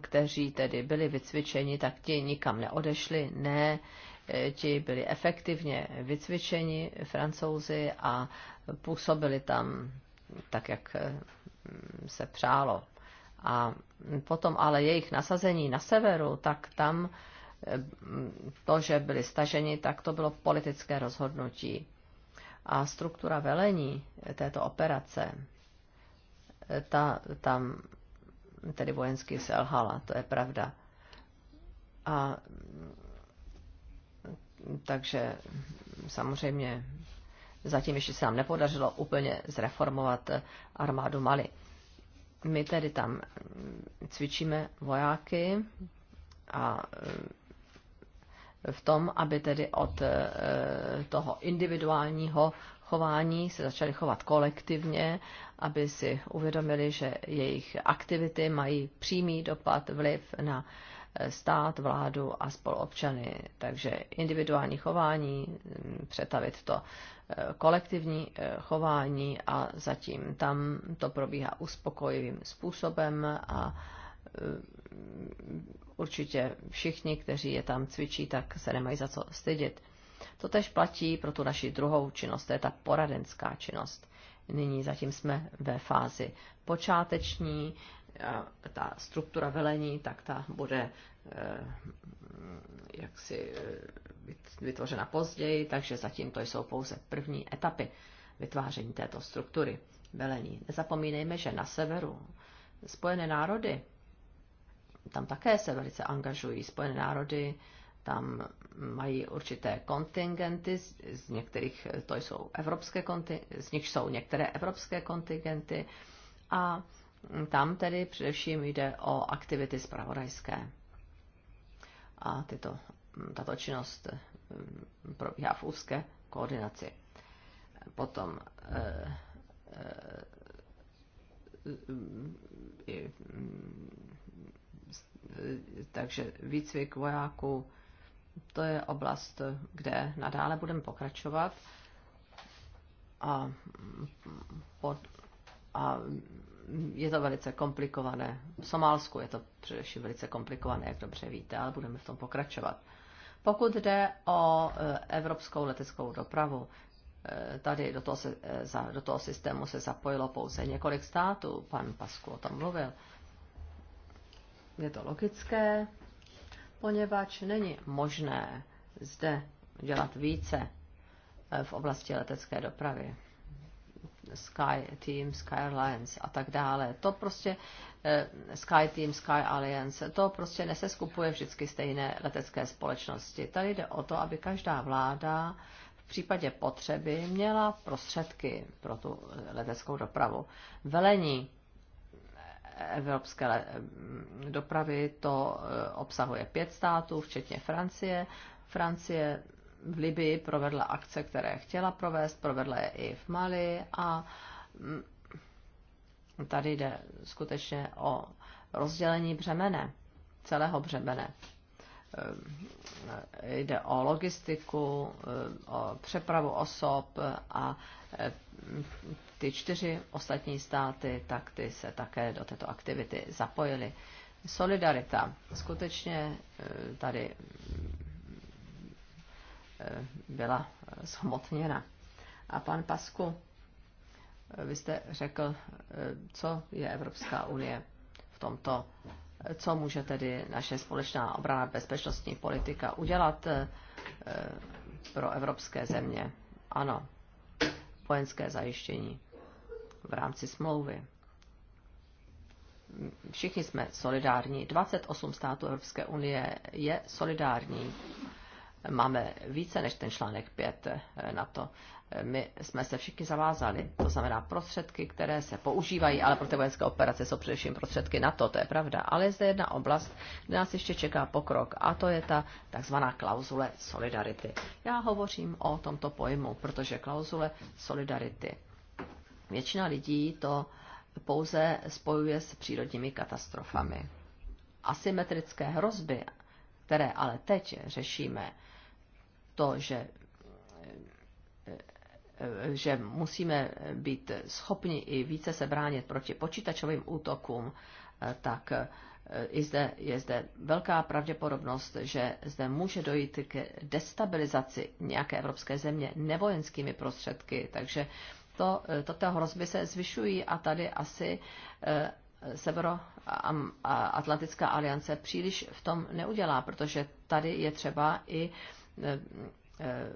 kteří tedy byli vycvičeni, tak ti nikam neodešli, ne, ti byli efektivně vycvičeni francouzi a působili tam tak, jak mm, se přálo. A potom ale jejich nasazení na severu, tak tam mm, to, že byli staženi, tak to bylo politické rozhodnutí. A struktura velení této operace, ta, tam tedy vojensky selhala, to je pravda. A takže samozřejmě zatím ještě se nám nepodařilo úplně zreformovat armádu Mali. My tedy tam cvičíme vojáky a e, v tom, aby tedy od e, toho individuálního chování se začali chovat kolektivně, aby si uvědomili, že jejich aktivity mají přímý dopad, vliv na stát, vládu a spolobčany. Takže individuální chování, mm, přetavit to e, kolektivní e, chování a zatím tam to probíhá uspokojivým způsobem a e, určitě všichni, kteří je tam cvičí, tak se nemají za co stydět. To tež platí pro tu naši druhou činnost, to je ta poradenská činnost. Nyní zatím jsme ve fázi počáteční, ta struktura velení, tak ta bude eh, jaksi eh, vytvořena později, takže zatím to jsou pouze první etapy vytváření této struktury velení. Nezapomínejme, že na severu Spojené národy tam také se velice angažují. Spojené národy tam mají určité kontingenty, z, některých to jsou evropské konti, z nich jsou některé evropské kontingenty a tam tedy především jde o aktivity zpravodajské. A tyto, tato činnost mm, probíhá v úzké koordinaci. Potom e, e, takže výcvik vojáků, to je oblast, kde nadále budeme pokračovat a, mm, pod, a je to velice komplikované. V Somálsku je to především velice komplikované, jak dobře víte, ale budeme v tom pokračovat. Pokud jde o eh, evropskou leteckou dopravu, eh, tady do toho, se, eh, do toho systému se zapojilo pouze několik států, pan Pasku o tom mluvil. Je to logické, poněvadž není možné zde dělat více v oblasti letecké dopravy. Sky Team, Sky Alliance a tak dále. To prostě eh, Sky Team, Sky Alliance, to prostě neseskupuje vždycky stejné letecké společnosti. Tady jde o to, aby každá vláda v případě potřeby měla prostředky pro tu leteckou dopravu. Velení evropské dopravy to eh, obsahuje pět států, včetně Francie. Francie v Libii provedla akce, které chtěla provést, provedla je i v Mali a mm, tady jde skutečně o rozdělení břemene, celého břemene. Ehm, jde o logistiku, ehm, o přepravu osob a ehm, ty čtyři ostatní státy, tak ty se také do této aktivity zapojily. Solidarita. Skutečně tady Eh, byla eh, zhmotněna. A pan Pasku, eh, vy jste řekl, co je Evropská unie v tomto, co může tedy naše společná obrana bezpečnostní politika udělat pro evropské země. Ano, vojenské zajištění v rámci smlouvy. Všichni jsme solidární. 28 států Evropské unie je solidární máme více než ten článek 5 eh, na to. Eh, my jsme se všichni zavázali, to znamená prostředky, které se používají, ale pro ty vojenské operace jsou především prostředky na to, to je pravda. Ale je zde jedna oblast, kde nás ještě čeká pokrok a to je ta takzvaná klauzule solidarity. Já hovořím o tomto pojmu, protože klauzule solidarity. Většina lidí to pouze spojuje s přírodními katastrofami. Asymetrické hrozby, které ale teď řešíme, to, že že musíme být schopni i více se bránit proti počítačovým útokům, tak i zde, je zde velká pravděpodobnost, že zde může dojít k destabilizaci nějaké evropské země nevojenskými prostředky. Takže to, toto hrozby se zvyšují a tady asi eh, Severoatlantická aliance příliš v tom neudělá, protože tady je třeba i Eh,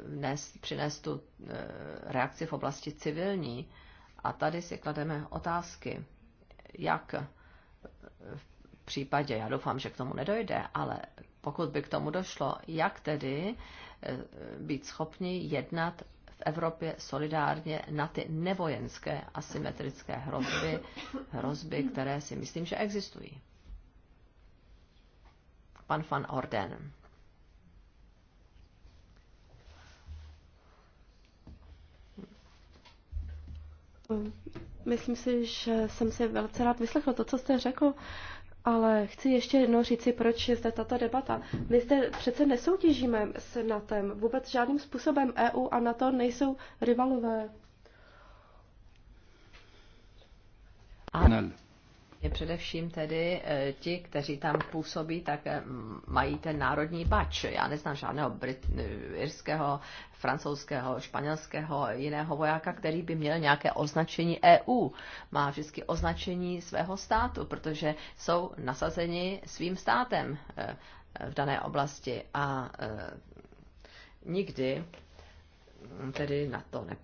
vnést, přinést tu eh, reakci v oblasti civilní. A tady si klademe otázky, jak eh, v případě, já doufám, že k tomu nedojde, ale pokud by k tomu došlo, jak tedy být schopni jednat v Evropě solidárně na ty nevojenské asymetrické hrozby, hrozby, které si myslím, že existují. Pan van Orden. Mm. Myslím si, že jsem si velice rád vyslechla to, co jste řekl, ale chci ještě jednou říci, proč je zde tato debata. My zde přece nesoutěžíme s NATEM. Vůbec žádným způsobem EU a NATO nejsou rivalové. A... Vlastně především tedy eh, ti, kteří tam působí, tak eh, mají ten národní bač. Já neznám žádného brit, eh, irského, francouzského, španělského, jiného vojáka, který by měl nějaké označení EU. Má vždycky označení svého státu, protože jsou nasazeni svým státem v dané oblasti a nikdy tedy na to ne,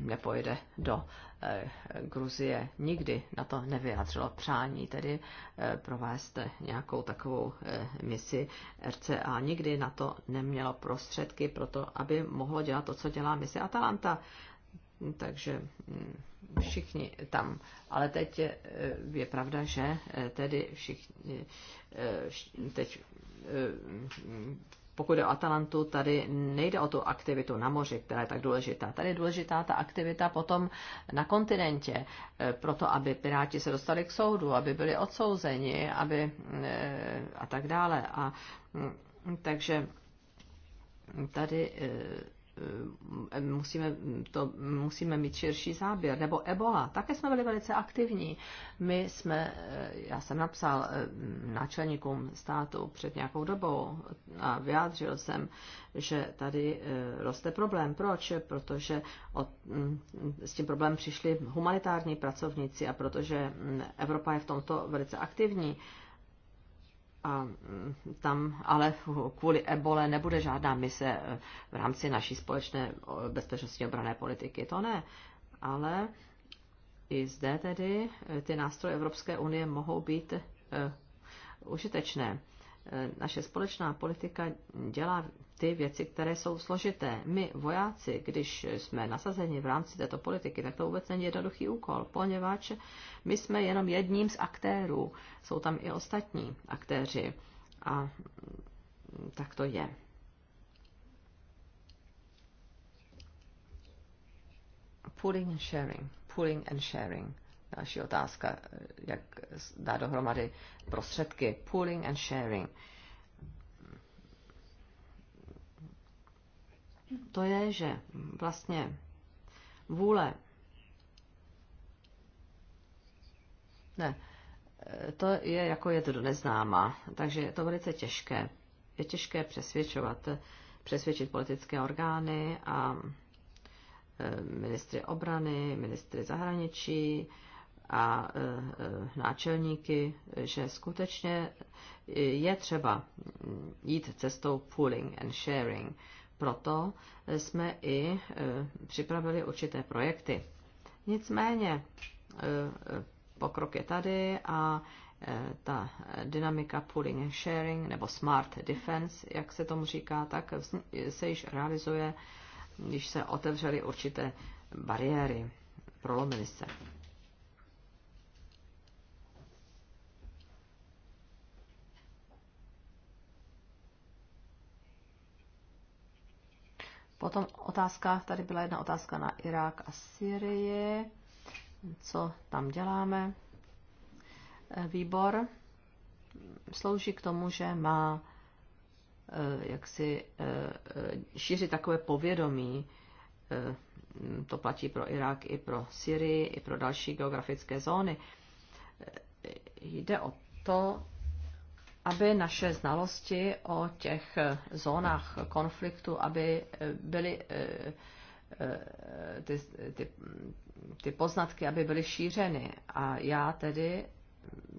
nepojde do eh, Gruzie nikdy, na to nevyjádřilo přání, tedy eh, provést nějakou takovou eh, misi RCA. Nikdy na to nemělo prostředky pro to, aby mohlo dělat to, co dělá misi Atalanta. Takže hm, všichni tam. Ale teď je, eh, je pravda, že eh, tedy všichni, eh, teď pokud je o Atalantu, tady nejde o tu aktivitu na moři, která je tak důležitá. Tady je důležitá ta aktivita potom na kontinentě, eh, proto aby piráti se dostali k soudu, aby byli odsouzeni, aby eh, a tak dále. A, mm, takže mm, tady eh, Eh, musíme, to, musíme mít širší záběr. Nebo Ebola, také jsme byli velice aktivní. My jsme, eh, já jsem napsal eh, náčelníkům státu před nějakou dobou a vyjádřil jsem, že tady roste problém. Proč? Protože od, mm, s tím problémem přišli humanitární pracovníci a protože mm, Evropa je v tomto velice aktivní a mm, tam ale kvůli ebole nebude žádná mise e, v rámci naší společné e, bezpečnostní obrané politiky, to ne. Ale i zde tedy e, ty nástroje Evropské unie mohou být uh, užitečné. Naše společná politika dělá ty věci, které jsou složité. My, vojáci, když jsme nasazeni v rámci této politiky, tak to vůbec není jednoduchý úkol, poněvadž my jsme jenom jedním z aktérů. Jsou tam i ostatní aktéři. A tak to je. Pooling and sharing. Pooling and sharing. Další otázka, jak dá dohromady prostředky. Pooling and sharing. Uh, to je, že vlastně vůle ne, to je jako je to do neznáma, takže je to velice těžké. Je těžké přesvědčovat, přesvědčit politické orgány a e, ministry obrany, ministry zahraničí a e, e, náčelníky, že skutečně je třeba jít cestou pooling and sharing, proto jsme i e, připravili určité projekty. Nicméně e, e, pokrok je tady a ta dynamika pooling and sharing nebo smart defense, jak se tomu říká, tak se již realizuje, když se otevřely určité bariéry, prolomily se. Potom otázka, tady byla jedna otázka na Irák a Syrii. Co tam děláme? Eh, výbor slouží k tomu, že má eh, jak si eh, šířit takové povědomí. To platí pro Irák i pro Syrii, i pro další geografické zóny. Jde o to, aby naše znalosti o těch zónách konfliktu, aby eh, byly eh, eh, ty, ty, ty poznatky, aby byly šířeny. A já tedy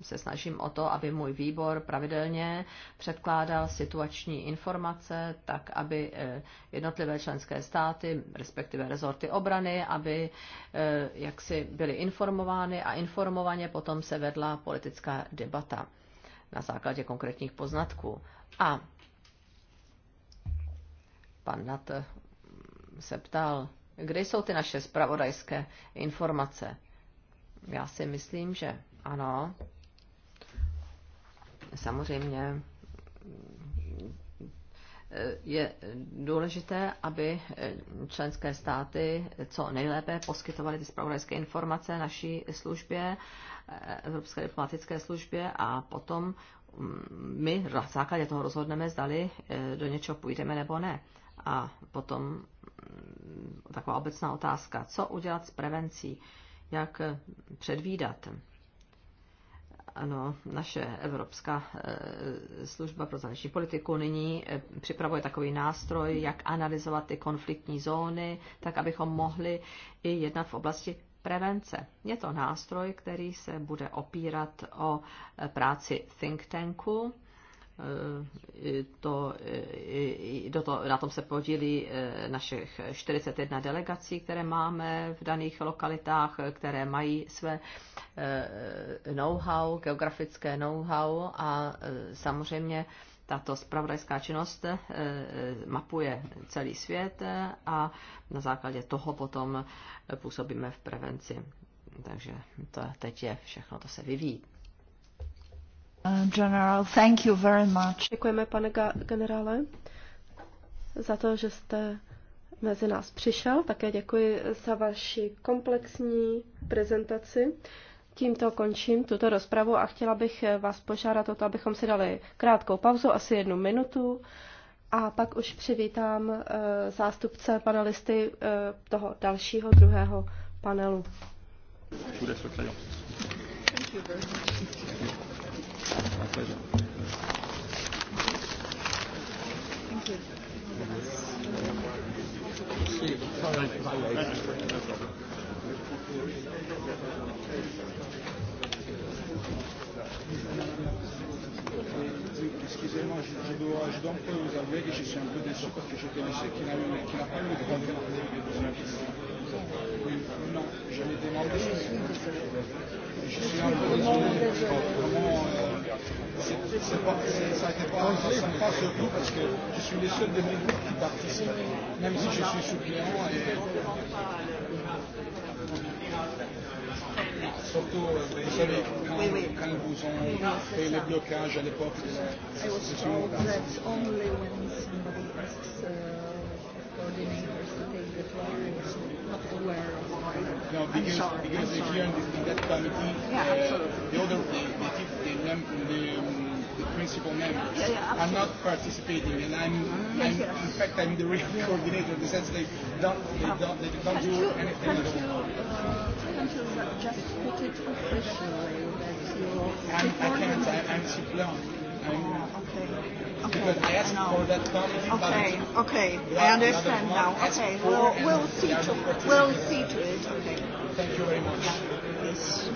se snažím o to, aby můj výbor pravidelně předkládal situační informace, tak aby jednotlivé členské státy, respektive rezorty obrany, aby jaksi byly informovány a informovaně potom se vedla politická debata na základě konkrétních poznatků. A pan Nat eh, se ptal, kde jsou ty naše spravodajské informace. Já si myslím, že ano. Samozřejmě je důležité, aby členské státy co nejlépe poskytovaly ty spravodajské informace naší službě, Evropské diplomatické službě a potom mm, my na základě toho rozhodneme, zdali eh, do něčeho půjdeme nebo ne. A potom mm, taková obecná otázka, co udělat s prevencí, jak eh, předvídat ano, naše Evropská eh, služba pro zahraniční politiku nyní eh, připravuje takový nástroj, jak analyzovat ty konfliktní zóny, tak abychom mohli i jednat v oblasti prevence. Je to nástroj, který se bude opírat o eh, práci think tanku Eh, to, eh, do to, na tom se podílí eh, našich 41 delegací, které máme v daných lokalitách, které mají své know-how, geografické know-how a samozřejmě tato spravodajská činnost mapuje celý svět a na základě toho potom působíme v prevenci. Takže to teď je všechno, to se vyvíjí. Uh, General, thank you very much. Děkujeme, pane generále, za to, že jste mezi nás přišel. Také děkuji za vaši komplexní prezentaci. Tímto končím tuto rozpravu a chtěla bych vás požádat o to, abychom si dali krátkou pauzu, asi jednu minutu, a pak už přivítám eh, zástupce panelisty eh, toho dalšího, druhého panelu. Všude Excusez-moi, je, je, dois, je dois un peu vous avouer que je suis un peu déçu parce que je connaissais qu'il n'a qu pas eu de convention de journaliste. Non, je l'ai demandé. Je suis un peu désolé. Comment, euh, c'est ça a été pas, ça me passe surtout parce que je suis le seul de mes groupes qui participe, même si je suis suppléant et surtout, euh, vous savez, quand, oui, oui. quand vous ont fait les blocages à l'époque de la because, because if you're in, in that committee, yeah, uh, the other, they, they mem- the, um, the principal members yeah, yeah, are not participating, and I'm, I'm in fact I'm the real <laughs> coordinator in the sense they don't they oh. don't they don't do you, anything at all. Uh, can't you just put it officially that you're I can't. I, I'm supplant. Ah, okay. Okay. Because I asked I for that committee, okay. okay. okay. I understand now. Okay. Well, we'll see to it. we'll see to it. Okay. Thank you very much. Yeah. Yes.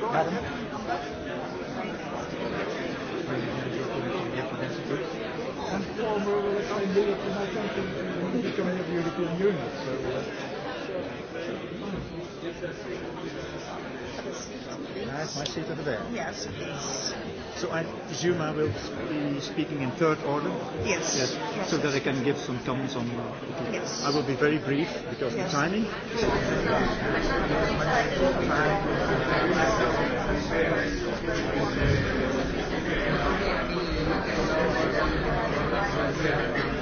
Pardon? presume I will be speaking in third order? Yes. Yes. So that I can give some comments on. Uh, yes. I will be very brief because yes. the timing. Thank you.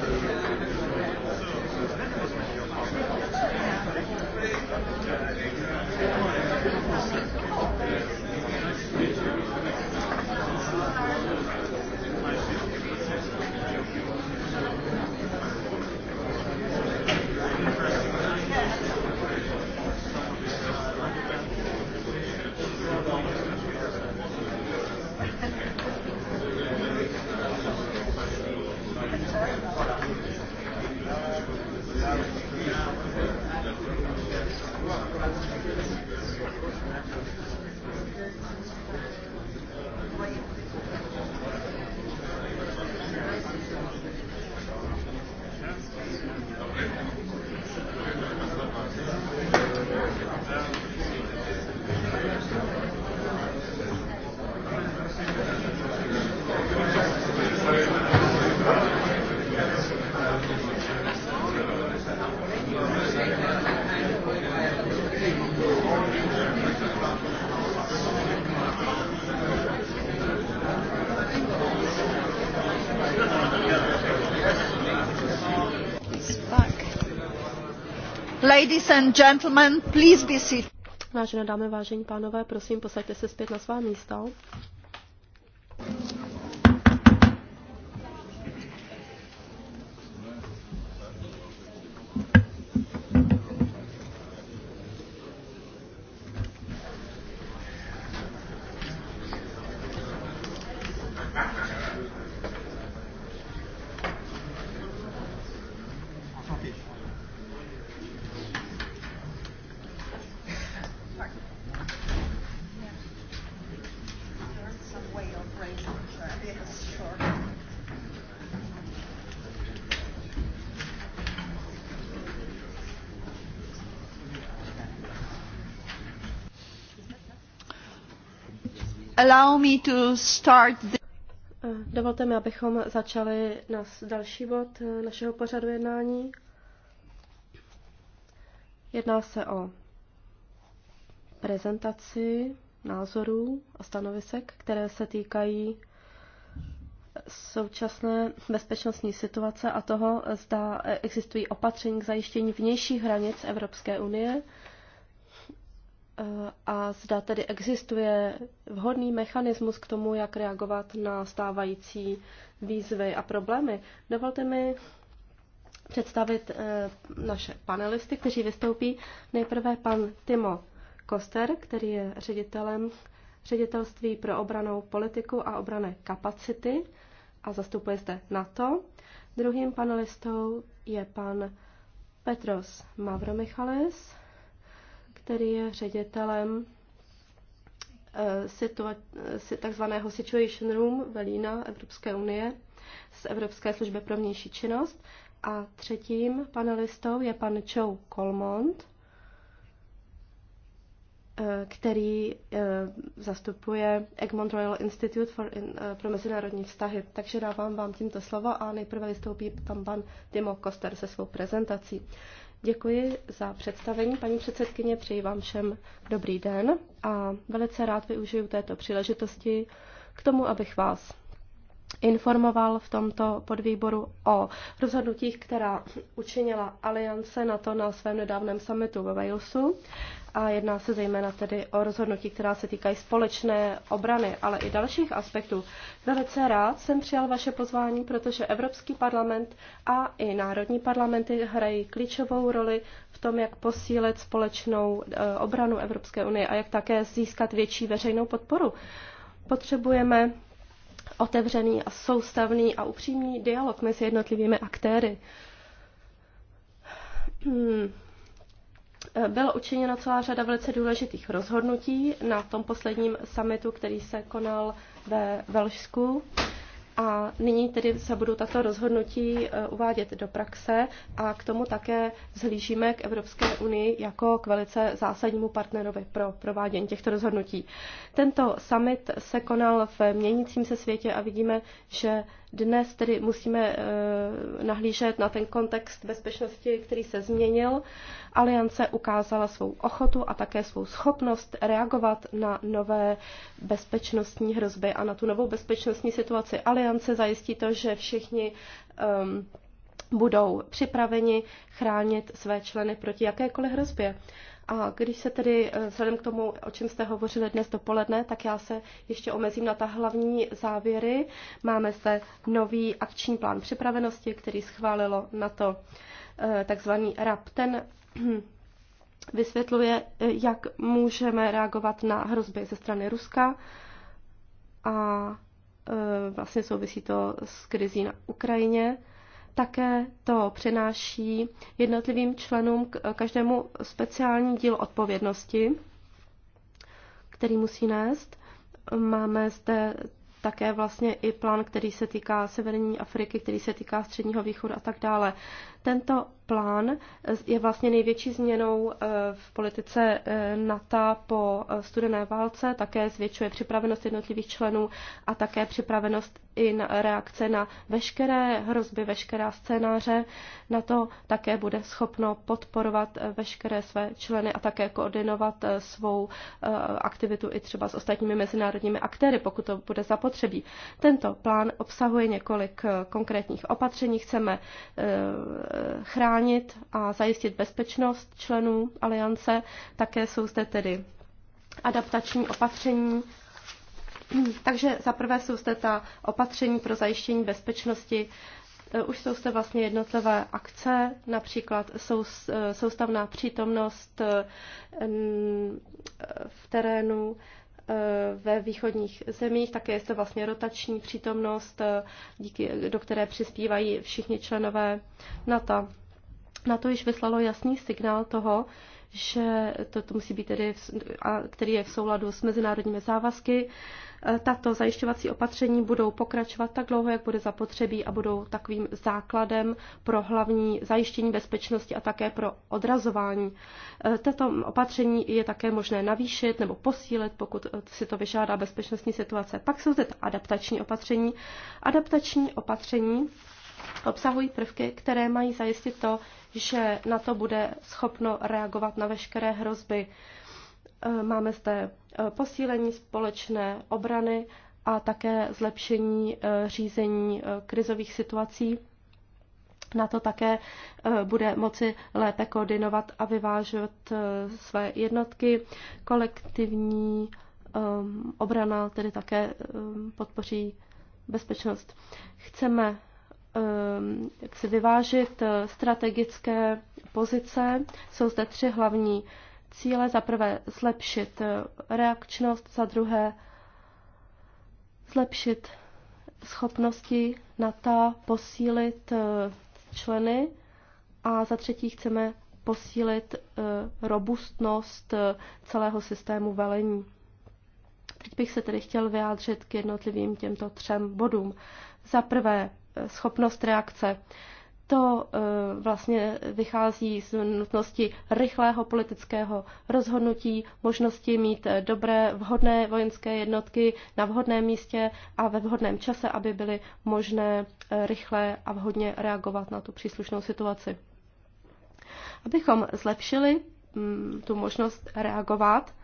Ladies and gentlemen, please be seated. Vážené dámy, vážení pánové, prosím, posaďte se zpět na svá místa. allow me to start the... Dovolte mi, abychom začali nás další bod eh, našeho pořadu jednání. Jedná se o prezentaci názorů a stanovisek, které se týkají současné bezpečnostní situace a toho, eh, zda eh, existují opatření k zajištění vnějších hranic Evropské unie Eh, a zda tedy existuje vhodný mechanismus k tomu, jak reagovat na stávající výzvy a problémy. Dovolte mi představit eh, naše panelisty, kteří vystoupí. Nejprve pan Timo Koster, který je ředitelem ředitelství pro obranou politiku a obrané kapacity a zastupuje zde NATO. Druhým panelistou je pan Petros Mavromichalis, který je ředitelem eh, eh, takzvaného Situation Room Velína Evropské unie z Evropské služby pro vnější činnost. A třetím panelistou je pan Joe Colmont, eh, který zastupuje Egmont Royal Institute for, in, pro mezinárodní vztahy. Takže dávám vám tímto slovo a nejprve vystoupí tam pan Timo Koster se svou prezentací. Děkuji za představení, paní předsedkyně, přeji vám všem dobrý den a velice rád využiju této příležitosti k tomu, abych vás informoval v tomto podvýboru o rozhodnutích, která učinila Aliance na to na svém nedávném summitu ve Walesu a jedná se zejména tedy o rozhodnutí, která se týkají společné obrany, ale i dalších aspektů. Velice rád jsem přijal vaše pozvání, protože Evropský parlament a i národní parlamenty hrají klíčovou roli v tom, jak posílit společnou eh, obranu Evropské unie a jak také získat větší veřejnou podporu. Potřebujeme otevřený a soustavný a upřímný dialog mezi jednotlivými aktéry. Hmm. Eh, Byla učiněna celá řada velice důležitých rozhodnutí na tom posledním summitu, který se konal ve Velšsku. A nyní tedy se budou tato rozhodnutí eh, uvádět do praxe a k tomu také zhlížíme k Evropské unii jako k velice zásadnímu partnerovi pro provádění těchto rozhodnutí. Tento summit se konal v měnícím se světě a vidíme, že dnes tedy musíme eh, nahlížet na ten kontext bezpečnosti, který se změnil. Aliance ukázala svou ochotu a také svou schopnost reagovat na nové bezpečnostní hrozby a na tu novou bezpečnostní situaci. Aliance zajistí to, že všichni um, budou připraveni chránit své členy proti jakékoliv hrozbě. A když se tedy eh, vzhledem k tomu, o čem jste hovořili dnes dopoledne, tak já se ještě omezím na ta hlavní závěry. Máme se nový akční plán připravenosti, který schválilo na to eh, takzvaný RAP. Ten <clears throat> vysvětluje, eh, jak můžeme reagovat na hrozby ze strany Ruska a vlastně souvisí to s krizí na Ukrajině. Také to přenáší jednotlivým členům každému speciální díl odpovědnosti, který musí nést. Máme zde také vlastně i plán, který se týká Severní Afriky, který se týká Středního východu a tak dále. Tento plán eh, je vlastně největší změnou eh, v politice eh, NATO po studené válce, také zvětšuje připravenost jednotlivých členů a také připravenost i na reakce na veškeré hrozby, veškerá scénáře. Na to také bude schopno podporovat veškeré své členy a také koordinovat svou aktivitu i třeba s ostatními mezinárodními aktéry, pokud to bude zapotřebí. Tento plán obsahuje několik konkrétních opatření. Chceme chránit a zajistit bezpečnost členů aliance. Také jsou zde tedy adaptační opatření. Takže zaprvé jsou zde ta opatření pro zajištění bezpečnosti. Eh, už jsou zde vlastně jednotlivé akce, například eh, soustavná přítomnost eh, v terénu, Eh, ve východních zemích, také je to vlastně rotační přítomnost, eh, díky, do které přispívají všichni členové NATO. Na to již vyslalo jasný signál toho, že to, to musí být tedy, a, který je v souladu s mezinárodními závazky, Eh, tato zajišťovací opatření budou pokračovat tak dlouho, jak bude zapotřebí a budou takovým základem pro hlavní zajištění bezpečnosti a také pro odrazování. Eh, tato opatření je také možné navýšit nebo posílit, pokud eh, si to vyžádá bezpečnostní situace. Pak jsou zde adaptační opatření. Adaptační opatření obsahují prvky, které mají zajistit to, že na to bude schopno reagovat na veškeré hrozby. Eh, máme zde eh, posílení společné obrany a také zlepšení eh, řízení krizových situací. Na to také bude moci lépe koordinovat a vyvážet své jednotky. Kolektivní obrana tedy také podpoří bezpečnost. Chceme jak si vyvážit strategické pozice. Jsou zde tři hlavní cíle. Za prvé zlepšit eh, reakčnost, za druhé zlepšit schopnosti na ta posílit eh, členy a za třetí chceme posílit eh, robustnost celého systému velení. Teď bych se tedy chtěl vyjádřit k jednotlivým těmto třem bodům. Za prvé, schopnost reakce. To eh, vlastně vychází z nutnosti rychlého politického rozhodnutí, možnosti mít eh, dobré, vhodné vojenské jednotky na vhodném místě a ve vhodném čase, aby byly možné eh, rychle a vhodně reagovat na tu příslušnou situaci. Abychom zlepšili mm, tu možnost reagovat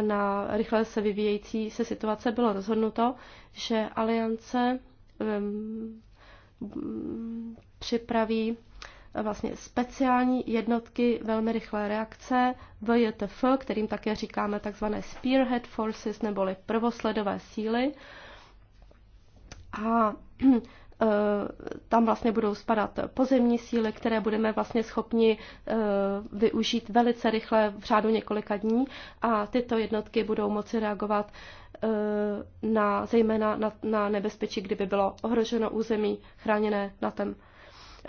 na rychle se vyvíjející se situace, bylo rozhodnuto, že aliance připraví eh, vlastně speciální jednotky velmi rychlé reakce VJTF, kterým také říkáme takzvané Spearhead Forces neboli prvosledové síly. A Eh, tam vlastně budou spadat pozemní síly, které budeme vlastně schopni eh, využít velice rychle v řádu několika dní a tyto jednotky budou moci reagovat eh, na, zejména na, na nebezpečí, kdyby bylo ohroženo území chráněné na ten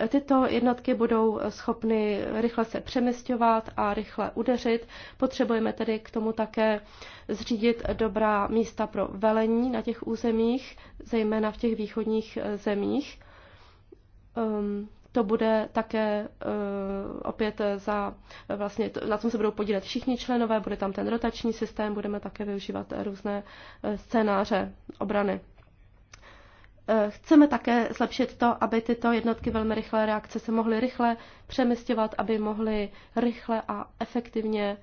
Tyto jednotky budou schopny rychle se přemysťovat a rychle udeřit. Potřebujeme tedy k tomu také zřídit dobrá místa pro velení na těch územích, zejména v těch východních eh, zemích. Ehm, to bude také eh, opět eh, za, vlastně na tom se budou podílet všichni členové, bude tam ten rotační systém, budeme také využívat různé scénáře obrany. Eh, chceme také zlepšit to, aby tyto jednotky velmi rychlé reakce se mohly rychle přemysťovat, aby mohly rychle a efektivně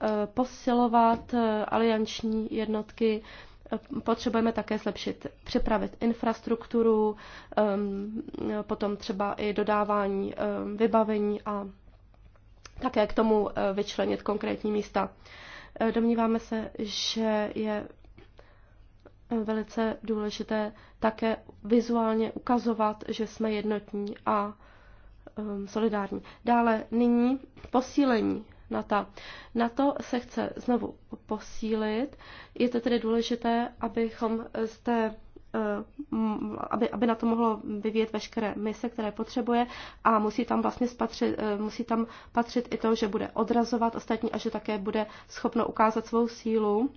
eh, posilovat eh, alianční jednotky. Potřebujeme také zlepšit, připravit infrastrukturu, ehm, potom třeba i dodávání ehm, vybavení a také k tomu vyčlenit konkrétní místa. Domníváme se, že je velice důležité také vizuálně ukazovat, že jsme jednotní a um, solidární. Dále nyní posílení NATO. NATO se chce znovu posílit. Je to tedy důležité, abychom zde eh, aby, aby na to mohlo vyvíjet veškeré mise, které potřebuje a musí tam vlastně spatřit, eh, musí tam patřit i to, že bude odrazovat ostatní a že také bude schopno ukázat svou sílu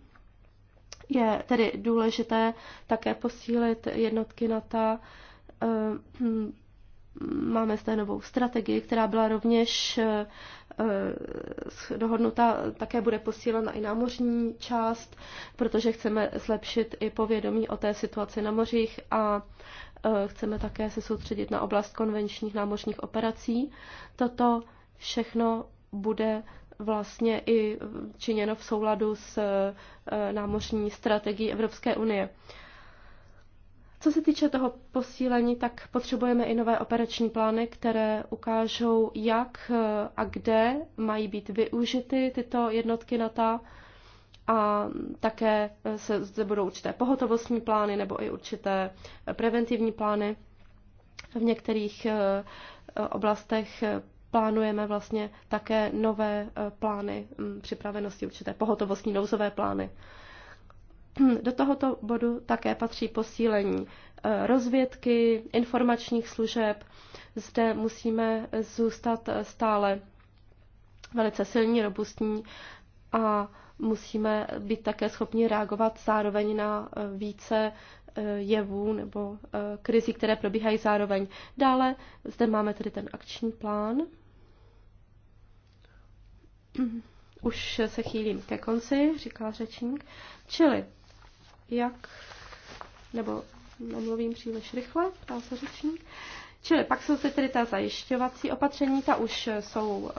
je tedy důležité také posílit jednotky NATO. Eh, hm, máme zde novou strategii, která byla rovněž eh, dohodnuta, také bude posílena i námořní část, protože chceme zlepšit i povědomí o té situaci na mořích a eh, chceme také se soustředit na oblast konvenčních námořních operací. Toto všechno bude vlastně i činěno v souladu s e, námořní strategií Evropské unie. Co se týče toho posílení, tak potřebujeme i nové operační plány, které ukážou, jak e, a kde mají být využity tyto jednotky NATO a také se zde budou určité pohotovostní plány nebo i určité preventivní plány. V některých e, oblastech plánujeme vlastně také nové eh, plány mm, připravenosti, určité pohotovostní nouzové plány. <clears throat> Do tohoto bodu také patří posílení eh, rozvědky, informačních služeb. Zde musíme zůstat eh, stále velice silní, robustní a musíme být také schopni reagovat zároveň na více jevů nebo krizí, které probíhají zároveň. Dále zde máme tedy ten akční plán, <clears throat> Už se chýlím ke konci, říká řečník. Čili, jak, nebo nemluvím příliš rychle, ptá se řečník. Čili pak jsou tedy ta zajišťovací opatření, ta už jsou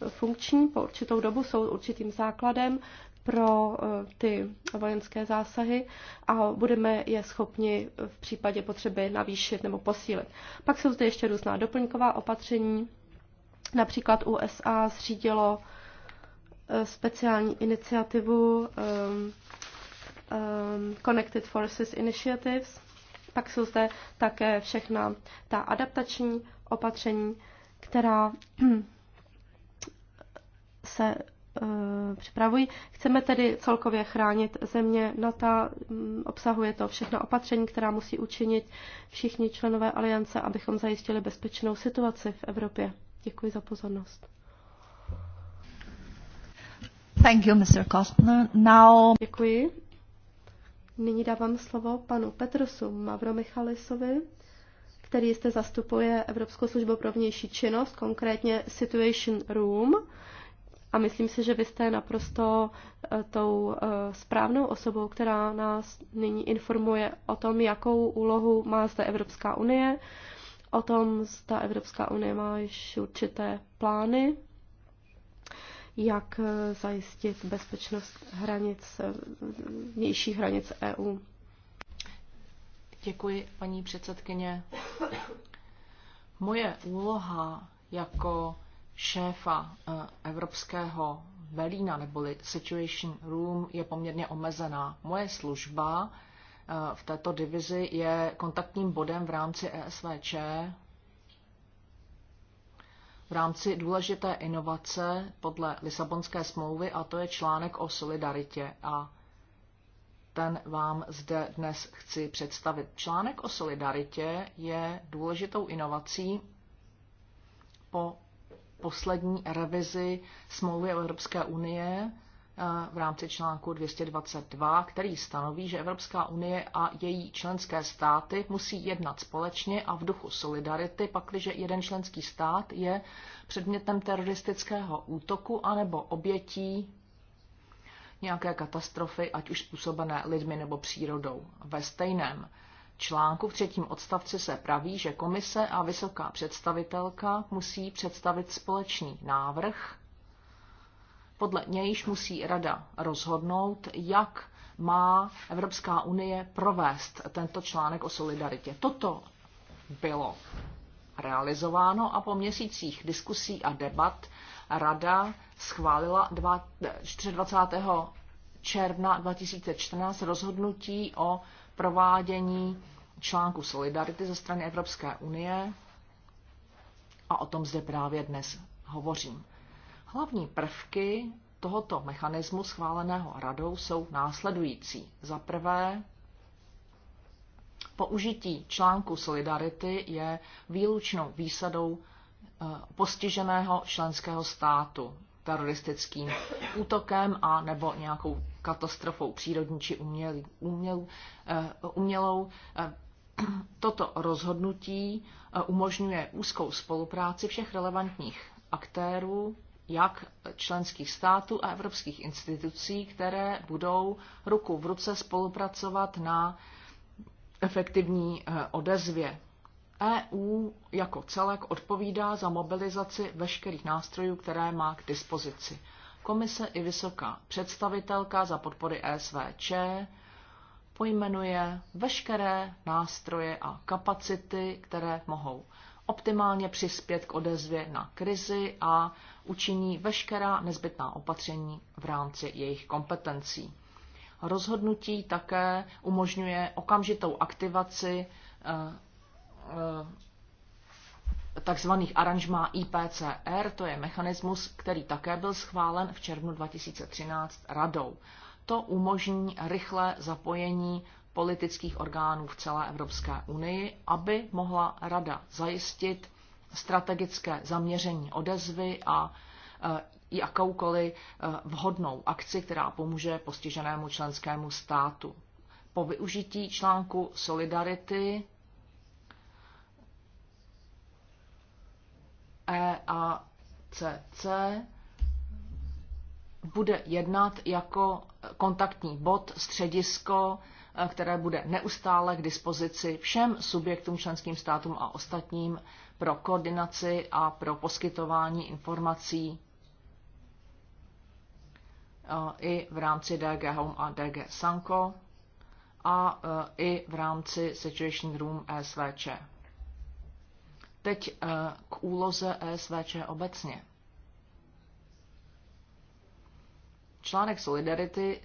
e, funkční po určitou dobu, jsou určitým základem pro e, ty vojenské zásahy a budeme je schopni v případě potřeby navýšit nebo posílit. Pak jsou zde ještě různá doplňková opatření, Například USA zřídilo eh, speciální iniciativu um, um, Connected Forces Initiatives. Pak jsou zde také všechna ta adaptační opatření, která <clears throat> se eh, připravují. Chceme tedy celkově chránit země NATO, mm, obsahuje to všechna opatření, která musí učinit všichni členové aliance, abychom zajistili bezpečnou situaci v Evropě. Děkuji za pozornost. Thank you, Mr. Kostner. Now... Děkuji. Nyní dávám slovo panu Petrosu Mavromichalisovi, který jste zastupuje Evropskou službu pro vnější činnost, konkrétně Situation Room. A myslím si, že vy jste naprosto eh, tou eh, správnou osobou, která nás nyní informuje o tom, jakou úlohu má zde Evropská unie, o tom, zda Evropská unie má již určité plány, jak eh, zajistit bezpečnost hranic, eh, vnějších hranic EU. Děkuji, paní předsedkyně. Moje úloha jako šéfa eh, evropského velína neboli Situation Room je poměrně omezená. Moje služba v této divizi je kontaktním bodem v rámci ESVČ v rámci důležité inovace podle Lisabonské smlouvy a to je článek o solidaritě a ten vám zde dnes chci představit. Článek o solidaritě je důležitou inovací po poslední revizi smlouvy o Evropské unie Eh, v rámci článku 222, který stanoví, že Evropská unie a její členské státy musí jednat společně a v duchu solidarity, pakliže jeden členský stát je předmětem teroristického útoku anebo obětí nějaké katastrofy, ať už způsobené lidmi nebo přírodou. Ve stejném článku v třetím odstavci se praví, že komise a vysoká představitelka musí představit společný návrh, podle nějž musí Rada rozhodnout, jak má Evropská unie provést tento článek o solidaritě. Toto bylo realizováno a po měsících diskusí a debat Rada schválila eh, 24. června 2014 rozhodnutí o provádění článku Solidarity ze strany Evropské unie a o tom zde právě dnes hovořím. Hlavní prvky tohoto mechanismu schváleného radou jsou následující. Za prvé, použití článku Solidarity je výlučnou výsadou eh, postiženého členského státu teroristickým útokem a nebo nějakou katastrofou přírodní či uměl, uměl, eh, umělou. Eh, toto rozhodnutí umožňuje úzkou spolupráci všech relevantních aktérů jak členských států a evropských institucí, které budou ruku v ruce spolupracovat na efektivní eh, odezvě. EU jako celek odpovídá za mobilizaci veškerých nástrojů, které má k dispozici. Komise i vysoká představitelka za podpory ESVČ pojmenuje veškeré nástroje a kapacity, které mohou optimálně přispět k odezvě na krizi a učiní veškerá nezbytná opatření v rámci jejich kompetencí. Rozhodnutí také umožňuje okamžitou aktivaci eh, eh, tzv. aranžmá IPCR, to je mechanismus, který také byl schválen v červnu 2013 radou. To umožní rychlé zapojení politických orgánů v celé Evropské unii, aby mohla Rada zajistit strategické zaměření odezvy a e, jakoukoliv e, vhodnou akci, která pomůže postiženému členskému státu. Po využití článku Solidarity EACC bude jednat jako kontaktní bod, středisko Eh, které bude neustále k dispozici všem subjektům, členským státům a ostatním pro koordinaci a pro poskytování informací eh, i v rámci DG Home a DG Sanko a eh, i v rámci Situation Room ESVČ. Teď k úloze ESVČ obecně. Článek Solidarity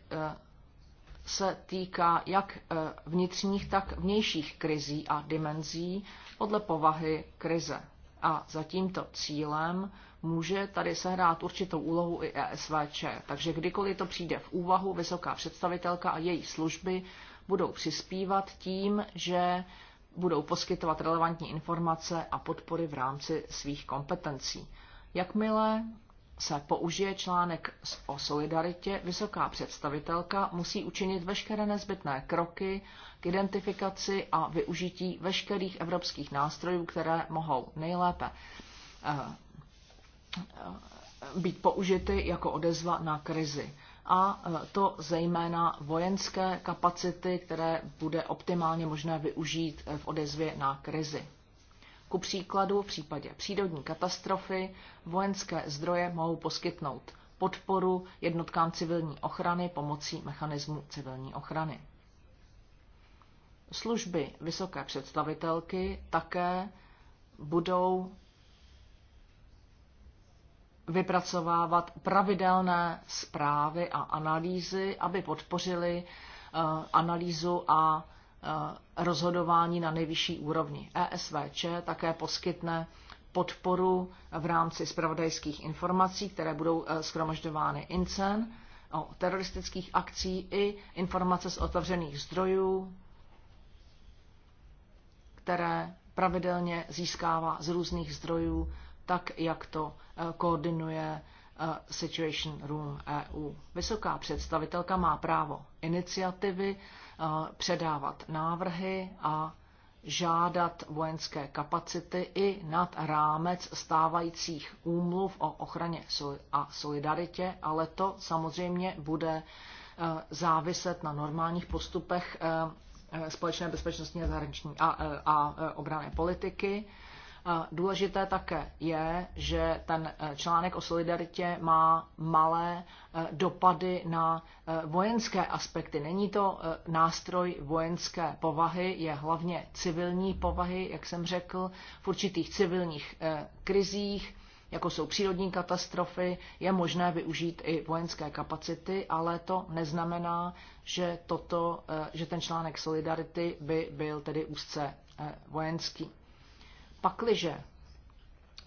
se týká jak eh, vnitřních, tak vnějších krizí a dimenzí podle povahy krize. A za tímto cílem může tady sehrát určitou úlohu i ESVČ. Takže kdykoliv to přijde v úvahu, vysoká představitelka a její služby budou přispívat tím, že budou poskytovat relevantní informace a podpory v rámci svých kompetencí. Jakmile se použije článek o solidaritě, vysoká představitelka musí učinit veškeré nezbytné kroky k identifikaci a využití veškerých evropských nástrojů, které mohou nejlépe eh, eh, být použity jako odezva na krizi. A eh, to zejména vojenské kapacity, které bude optimálně možné využít v odezvě na krizi. Ku příkladu v případě přírodní katastrofy vojenské zdroje mohou poskytnout podporu jednotkám civilní ochrany pomocí mechanismu civilní ochrany. Služby vysoké představitelky také budou vypracovávat pravidelné zprávy a analýzy, aby podpořili eh, analýzu a Eh, rozhodování na nejvyšší úrovni. ESVČ také poskytne podporu v rámci spravodajských informací, které budou eh, schromažďovány INCEN o teroristických akcí i informace z otevřených zdrojů, které pravidelně získává z různých zdrojů, tak jak to eh, koordinuje Situation Room EU. Vysoká představitelka má právo iniciativy předávat návrhy a žádat vojenské kapacity i nad rámec stávajících úmluv o ochraně a solidaritě, ale to samozřejmě bude e, záviset na normálních postupech e, e, společné bezpečnostní a zahraniční a, a obrané politiky. Důležité také je, že ten eh, článek o solidaritě má malé eh, dopady na eh, vojenské aspekty. Není to nástroj vojenské povahy, je hlavně civilní povahy, jak jsem řekl, v určitých civilních krizích jako jsou přírodní katastrofy, je možné využít i vojenské kapacity, ale to neznamená, že, toto, že ten článek Solidarity by byl tedy úzce vojenský. Pakliže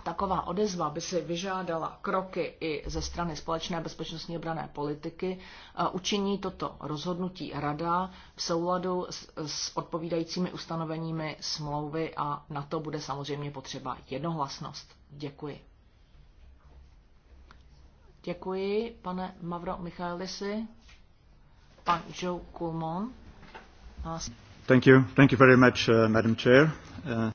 taková odezva by si vyžádala kroky i ze strany společné bezpečnostní obrané politiky, eh, učiní toto rozhodnutí Rada v souladu s, odpovídajícími ustanoveními smlouvy a na to bude samozřejmě potřeba jednohlasnost. Děkuji. Děkuji, pane Mavro Michaelisi. Pan Joe Kulmon. Thank you. Thank you very much, uh, Madam Chair. Uh...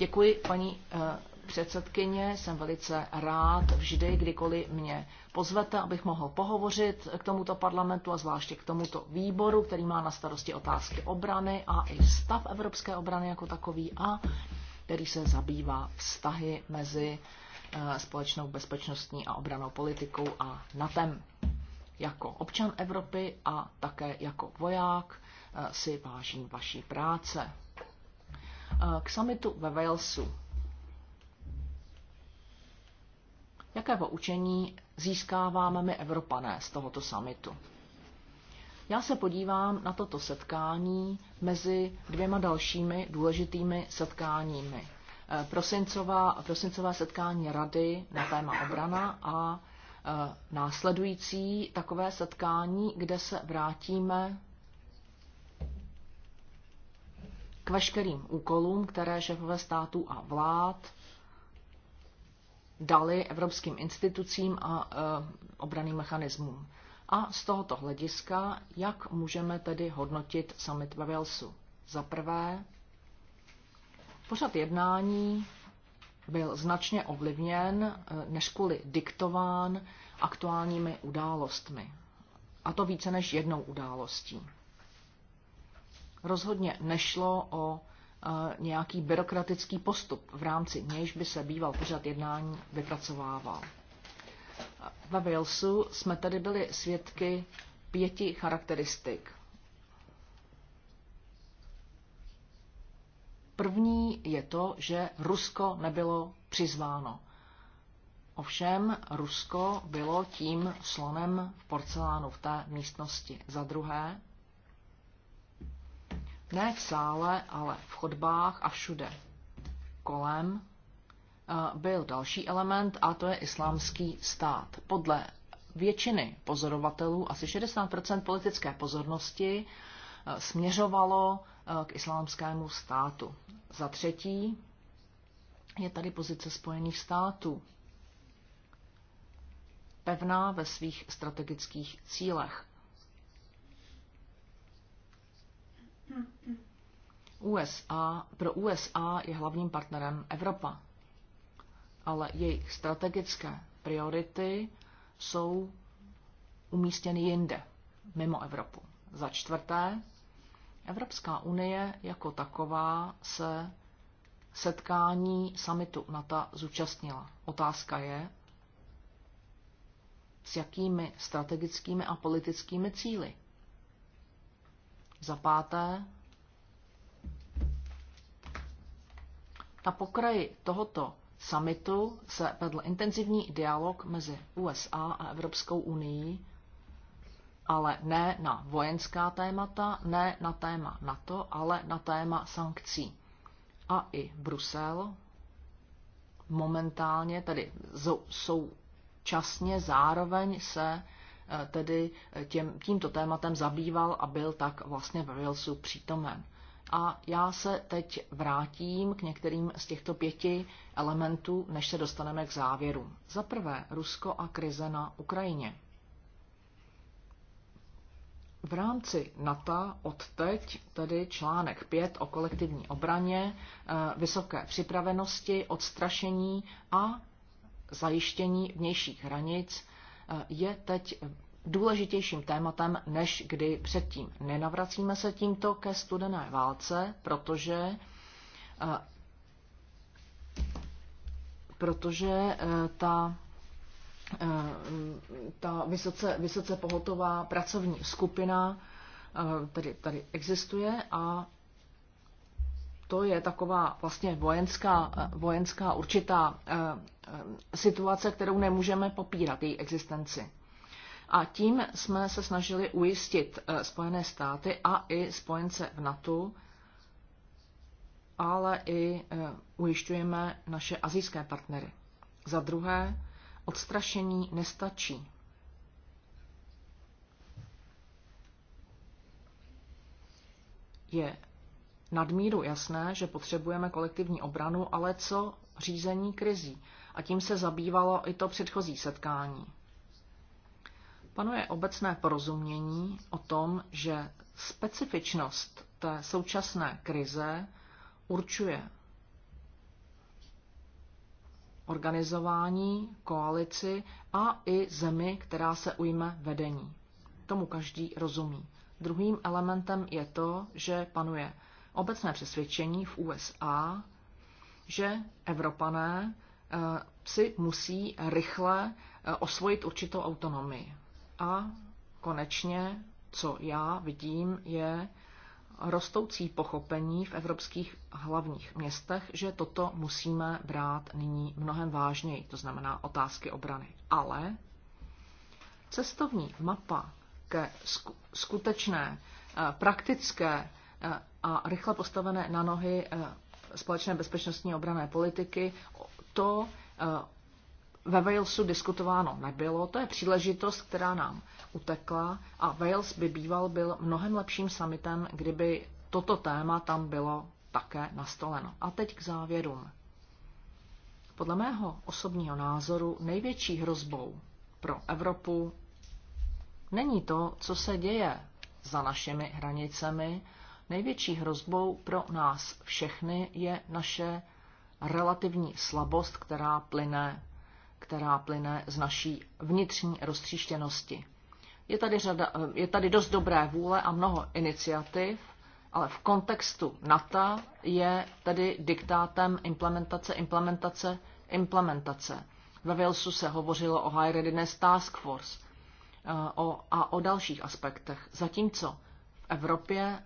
Děkuji, paní eh, předsedkyně, jsem velice rád vždy, kdykoliv mě pozvete, abych mohl pohovořit k tomuto parlamentu a zvláště k tomuto výboru, který má na starosti otázky obrany a i stav evropské obrany jako takový a který se zabývá vztahy mezi eh, společnou bezpečnostní a obranou politikou a NATEM. Jako občan Evropy a také jako voják eh, si vážím vaší práce. Eh, k summitu ve Walesu. Jaké poučení získáváme my Evropané z tohoto summitu? Já se podívám na toto setkání mezi dvěma dalšími důležitými setkáními. Eh, prosincová, prosincové setkání rady na téma obrana a eh, následující takové setkání, kde se vrátíme veškerým úkolům, které šefové států a vlád dali evropským institucím a e, obraným mechanismům. A z tohoto hlediska, jak můžeme tedy hodnotit summit ve Walesu? Za prvé, pořad jednání byl značně ovlivněn, e, než kvůli diktován aktuálními událostmi. A to více než jednou událostí. Rozhodně nešlo o e, nějaký byrokratický postup, v rámci nějž by se býval pořad jednání vypracovával. Ve Walesu jsme tedy byli svědky pěti charakteristik. První je to, že Rusko nebylo přizváno. Ovšem Rusko bylo tím slonem v porcelánu v té místnosti. Za druhé, ne v sále, ale v chodbách a všude kolem eh, byl další element a to je islámský stát. Podle většiny pozorovatelů asi 60 politické pozornosti eh, směřovalo eh, k islámskému státu. Za třetí je tady pozice Spojených států, pevná ve svých strategických cílech. USA, pro USA je hlavním partnerem Evropa, ale jejich strategické priority jsou umístěny jinde, mimo Evropu. Za čtvrté, Evropská unie jako taková se setkání samitu NATO zúčastnila. Otázka je, s jakými strategickými a politickými cíly. Za páté, na pokraji tohoto summitu se vedl intenzivní dialog mezi USA a Evropskou unii, ale ne na vojenská témata, ne na téma NATO, ale na téma sankcí. A i Brusel momentálně, tedy současně zároveň se Eh, tedy eh, těm, tímto tématem zabýval a byl tak vlastně ve Walesu přítomen. A já se teď vrátím k některým z těchto pěti elementů, než se dostaneme k závěru. Za prvé, Rusko a krize na Ukrajině. V rámci NATO odteď tedy článek 5 o kolektivní obraně, eh, vysoké připravenosti, odstrašení a zajištění vnějších hranic je teď důležitějším tématem než kdy předtím. Nenavracíme se tímto ke studené válce, protože protože e, ta e, ta vysoce, vysoce pohotová pracovní skupina e, tady, tady existuje a to je taková vlastně vojenská, eh, vojenská určitá eh, eh, situace, kterou nemůžeme popírat, její existenci. A tím jsme se snažili ujistit Spojené státy a i spojence v NATO, ale i ujišťujeme naše azijské partnery. Za druhé, odstrašení nestačí. Je nadmíru jasné, že potřebujeme kolektivní obranu, ale co řízení krizí. A tím se zabývalo i to předchozí setkání. Panuje obecné porozumění o tom, že specifičnost té současné krize určuje organizování, koalici a i zemi, která se ujme vedení. Tomu každý rozumí. Druhým elementem je to, že panuje obecné přesvědčení v USA, že Evropané eh, si musí rychle eh, osvojit určitou autonomii. A konečně, co já vidím, je rostoucí pochopení v evropských hlavních městech, že toto musíme brát nyní mnohem vážněji, to znamená otázky obrany. Ale cestovní mapa ke skutečné eh, praktické a rychle postavené na nohy e, společné bezpečnostní obrané politiky, to e, ve Walesu diskutováno nebylo. To je příležitost, která nám utekla a Wales by býval byl mnohem lepším summitem, kdyby toto téma tam bylo také nastoleno. A teď k závěrům. Podle mého osobního názoru největší hrozbou pro Evropu není to, co se děje za našimi hranicemi, Největší hrozbou pro nás všechny je naše relativní slabost, která plyne, která plyne z naší vnitřní roztříštěnosti. Je tady, řada, je tady dost dobré vůle a mnoho iniciativ, ale v kontextu NATO je tedy diktátem implementace, implementace, implementace. Ve Walesu se hovořilo o High Readiness Task Force eh, o, a o dalších aspektech. Zatímco v Evropě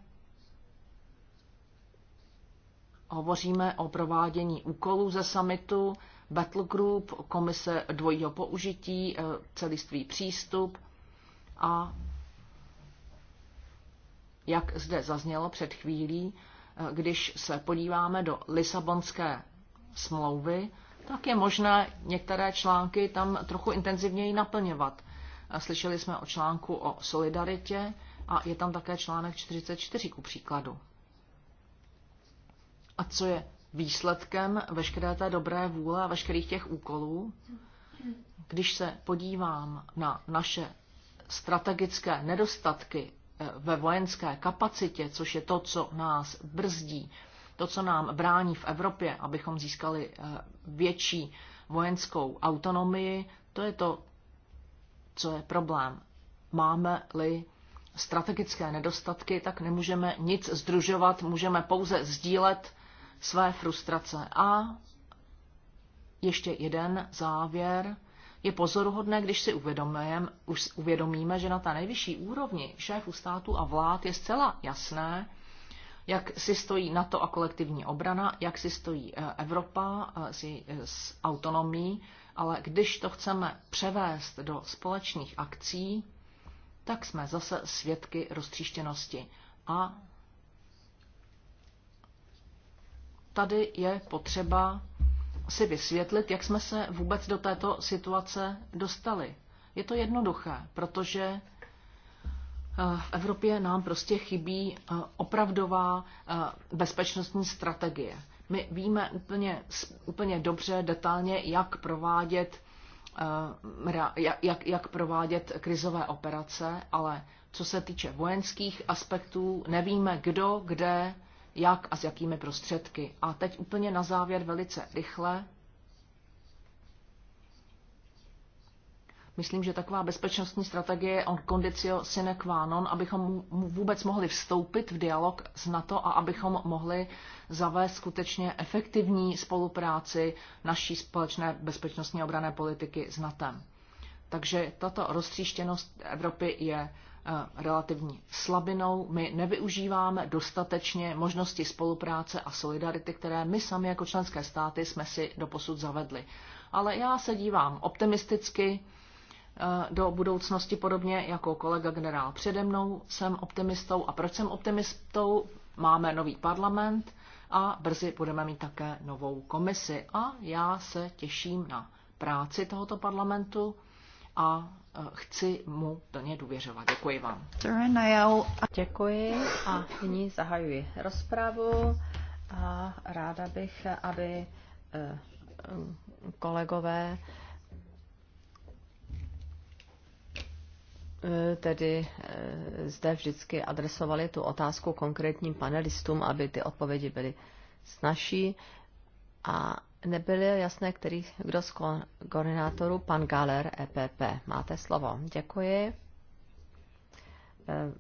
hovoříme o provádění úkolů ze summitu, Battle Group, komise dvojího použití, eh, celistvý přístup a jak zde zaznělo před chvílí, eh, když se podíváme do Lisabonské smlouvy, tak je možné některé články tam trochu intenzivněji naplňovat. Eh, slyšeli jsme o článku o solidaritě a je tam také článek 44 ku příkladu a co je výsledkem veškeré té dobré vůle a veškerých těch úkolů. Když se podívám na naše strategické nedostatky eh, ve vojenské kapacitě, což je to, co nás brzdí, to, co nám brání v Evropě, abychom získali eh, větší vojenskou autonomii, to je to, co je problém. Máme-li strategické nedostatky, tak nemůžeme nic združovat, můžeme pouze sdílet své frustrace. A ještě jeden závěr. Je pozoruhodné, když si uvědomujeme, už uvědomíme, že na té nejvyšší úrovni šéfů států a vlád je zcela jasné, jak si stojí NATO a kolektivní obrana, jak si stojí eh, Evropa eh, eh, s autonomí, ale když to chceme převést do společných akcí, tak jsme zase svědky roztříštěnosti. A tady je potřeba si vysvětlit, jak jsme se vůbec do této situace dostali. Je to jednoduché, protože eh, v Evropě nám prostě chybí eh, opravdová eh, bezpečnostní strategie. My víme úplně, úplně dobře, detailně, jak provádět, jak, jak provádět krizové operace, ale co se týče vojenských aspektů, nevíme, kdo, kde jak a s jakými prostředky. A teď úplně na závěr velice rychle. Myslím, že taková bezpečnostní strategie je on condicio sine qua non, abychom vůbec mohli vstoupit v dialog s NATO a abychom mohli zavést skutečně efektivní spolupráci naší společné bezpečnostní obrané politiky s NATO. Takže tato roztříštěnost Evropy je relativní slabinou. My nevyužíváme dostatečně možnosti spolupráce a solidarity, které my sami jako členské státy jsme si doposud zavedli. Ale já se dívám optimisticky eh, do budoucnosti, podobně jako kolega generál přede mnou. Jsem optimistou. A proč jsem optimistou? Máme nový parlament a brzy budeme mít také novou komisi. A já se těším na práci tohoto parlamentu a chci mu plně důvěřovat. Děkuji vám. Děkuji a nyní zahajuji rozpravu a ráda bych, aby eh, kolegové eh, tedy eh, zde vždycky adresovali tu otázku konkrétním panelistům, aby ty odpovědi byly snažší a nebyly jasné, který, kdo z koordinátorů, pan Galer, EPP. Máte slovo. Děkuji. E,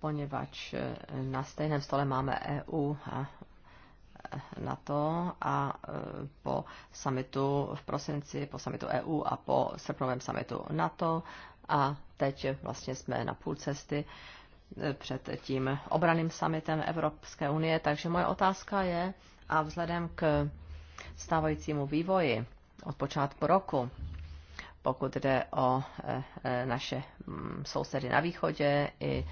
poněvadž e, na stejném stole máme EU a e, NATO a po samitu v prosinci, po samitu EU a po srpnovém samitu NATO a teď vlastně jsme na půl cesty před tím obraným summitem Evropské unie, takže moje otázka je, a vzhledem k stávajícímu vývoji od počátku roku, pokud jde o eh, eh, naše mm, sousedy na východě i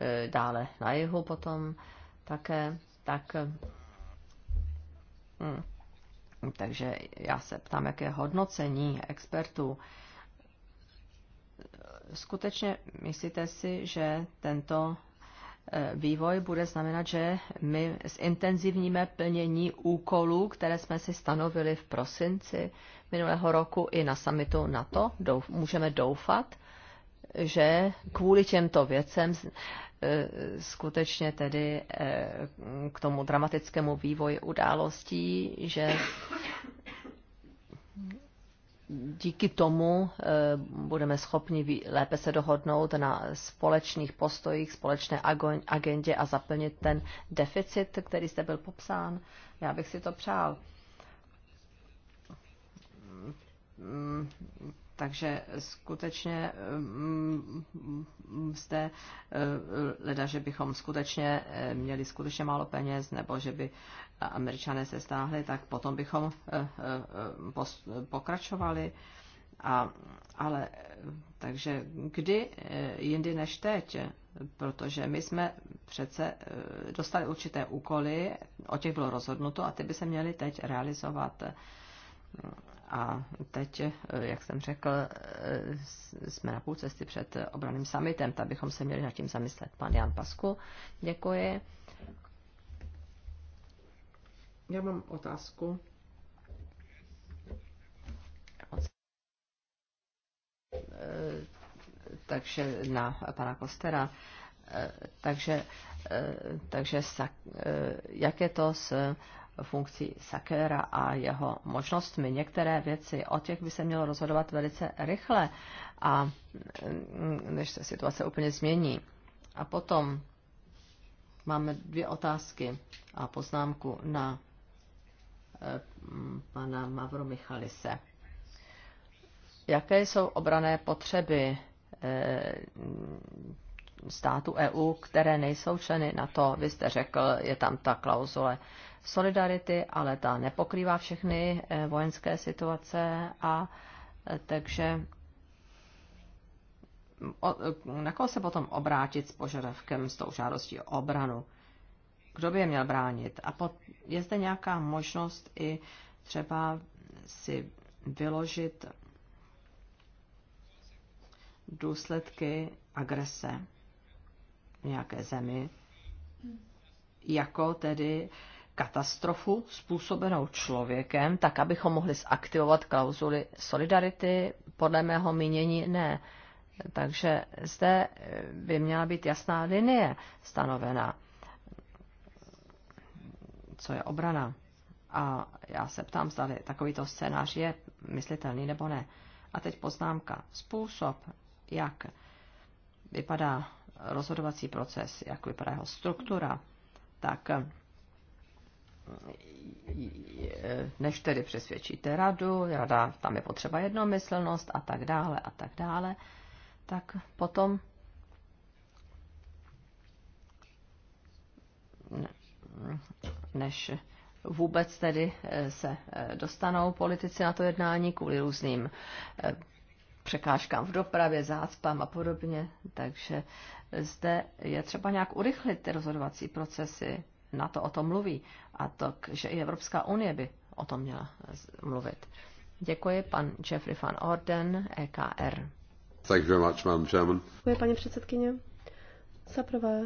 eh, dále na jihu potom také, tak mm, takže já se ptám, jaké hodnocení expertů skutečně myslíte si, že tento vývoj bude znamenat, že my zintenzivníme plnění úkolů, které jsme si stanovili v prosinci minulého roku i na samitu NATO. Douf, můžeme doufat, že kvůli těmto věcem e, skutečně tedy e, k tomu dramatickému vývoji událostí, že díky tomu eh, budeme schopni lépe se dohodnout na společných postojích, společné agendě a zaplnit ten deficit, který jste byl popsán. Já bych si to přál mm, takže skutečně mm, mm, jste eh, leda, že bychom skutečně eh, měli skutečně málo peněz, nebo že by američané se stáhli, tak potom bychom eh, pokračovali. A, ale takže kdy jindy než teď, protože my jsme přece dostali určité úkoly, o těch bylo rozhodnuto a ty by se měly teď realizovat. A teď, eh, jak jsem řekl, eh, jsme na půl cesty před obraným summitem, tak bychom se měli nad tím zamyslet. Pan Jan Pasku, děkuji. Já mám otázku. Eh, takže na pana Kostera. Takže, takže jak je to s funkcí Sakera a jeho možnostmi. Některé věci, o těch by se mělo rozhodovat velice rychle, a mm, než se situace úplně změní. A potom máme dvě otázky a poznámku na eh, mm, pana Mavro Michalise. Jaké jsou obrané potřeby eh, států EU, které nejsou členy na to? Vy jste řekl, je tam ta klauzule solidarity, ale ta nepokrývá všechny eh, vojenské situace a eh, takže mm, eh, na koho se potom obrátit s požadavkem, s tou žádostí o obranu? Kdo by je měl bránit? A pot, je zde nějaká možnost i třeba si vyložit důsledky agrese v nějaké zemi, jako tedy katastrofu způsobenou člověkem, tak abychom mohli zaktivovat klauzuly solidarity, podle mého mínění ne. Takže zde eh, by měla být jasná linie stanovená, co je obrana. A já se ptám, zda takovýto scénář je myslitelný nebo ne. A teď poznámka. Způsob, jak vypadá rozhodovací proces, jak vypadá jeho struktura, tak eh, než tedy přesvědčíte radu, rada, tam je potřeba jednomyslnost a tak dále a tak dále, tak potom než vůbec tedy eh, se eh, dostanou politici na to jednání kvůli různým eh, překážkám v dopravě, zácpám a podobně. Takže zde je třeba nějak urychlit ty rozhodovací procesy, na to o tom mluví a to, že i Evropská unie by o tom měla mluvit. Děkuji, pan Jeffrey van Orden, EKR. Thank you very much, Madam Chairman. Děkuji, paní předsedkyně. Za prvé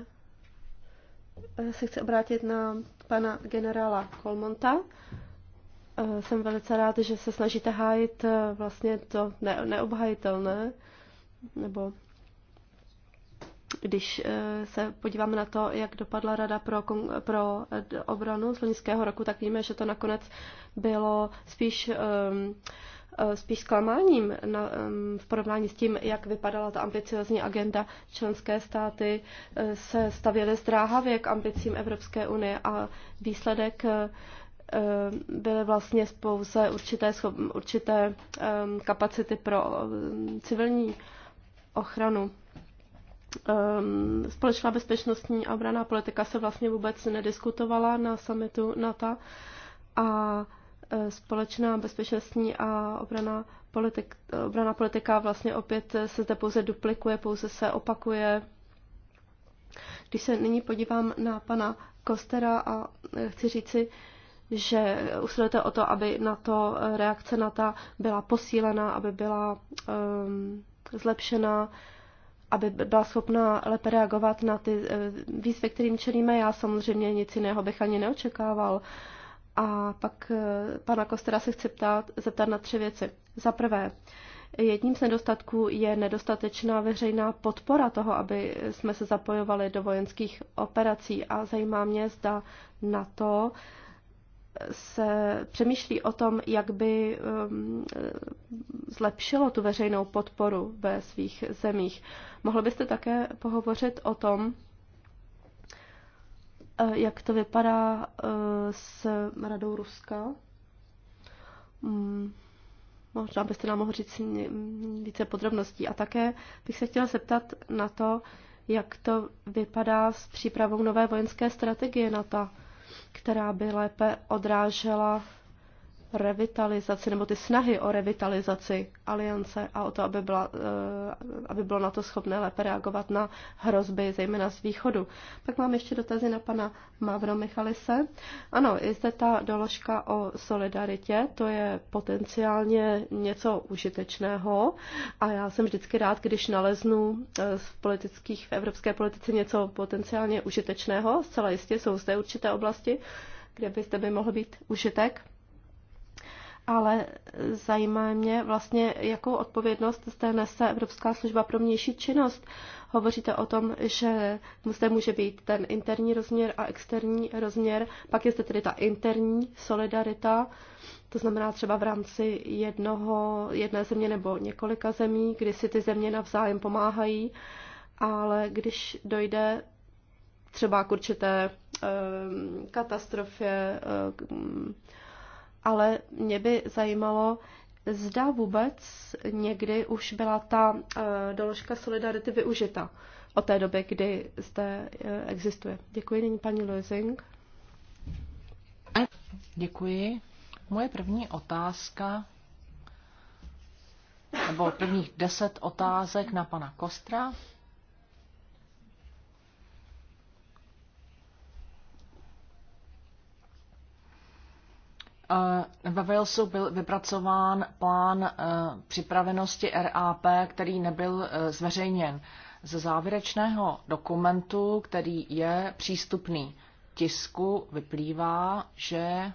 eh, se chci obrátit na pana generála Kolmonta. Eh, jsem velice rád, že se snažíte hájit eh, vlastně to neobhajitelné, nebo když eh, se podíváme na to, jak dopadla Rada pro, pro eh, obranu z loňského roku, tak víme, že to nakonec bylo spíš, ehm, eh, spíš zklamáním na, ehm, v porovnání s tím, jak vypadala ta ambiciozní agenda. Členské státy se stavěly zdráhavě k ambicím Evropské unie a výsledek byly vlastně pouze určité, určité ehm, kapacity pro civilní ochranu um, společná bezpečnostní a obraná politika se vlastně vůbec nediskutovala na summitu NATO a e, společná bezpečnostní a obraná politika, obraná politika vlastně opět se zde pouze duplikuje, pouze se opakuje. Když se nyní podívám na pana Kostera a chci říci, že usilujete o to, aby na to e, reakce na ta byla posílena, aby byla um, zlepšena, aby byla schopna lépe reagovat na ty eh, výzvy, kterým čelíme. Já samozřejmě nic jiného bych ani neočekával. A pak eh, pana Kostera se chci ptát, zeptat na tři věci. Za prvé, jedním z nedostatků je nedostatečná veřejná podpora toho, aby jsme se zapojovali do vojenských operací a zajímá mě, zda na to, se přemýšlí o tom, jak by um, zlepšilo tu veřejnou podporu ve svých zemích. Mohl byste také pohovořit o tom, eh, jak to vypadá eh, s Radou Ruska? Hmm, možná byste nám mohli říct více podrobností. A také bych se chtěla zeptat na to, jak to vypadá s přípravou nové vojenské strategie NATO která by lépe odrážela revitalizaci nebo ty snahy o revitalizaci aliance a o to, aby, byla, eh, aby bylo na to schopné lépe reagovat na hrozby, zejména z východu. Pak mám ještě dotazy na pana Mavro Michalise. Ano, je zde ta doložka o solidaritě, to je potenciálně něco užitečného a já jsem vždycky rád, když naleznu eh, v, politických, v evropské politice něco potenciálně užitečného. Zcela jistě jsou zde určité oblasti, kde byste by mohl být užitek ale zajímá mě vlastně, jakou odpovědnost zde nese Evropská služba pro mější činnost. Hovoříte o tom, že zde může být ten interní rozměr a externí rozměr, pak je zde tedy ta interní solidarita, to znamená třeba v rámci jednoho, jedné země nebo několika zemí, kdy si ty země navzájem pomáhají, ale když dojde třeba k určité um, katastrofě, um, ale mě by zajímalo, zda vůbec někdy už byla ta e, doložka solidarity využita od té doby, kdy zde e, existuje. Děkuji, nyní paní Lozing. Děkuji. Moje první otázka, nebo prvních deset otázek na pana Kostra, Ve Walesu byl vypracován plán eh, připravenosti RAP, který nebyl eh, zveřejněn. Ze závěrečného dokumentu, který je přístupný tisku, vyplývá, že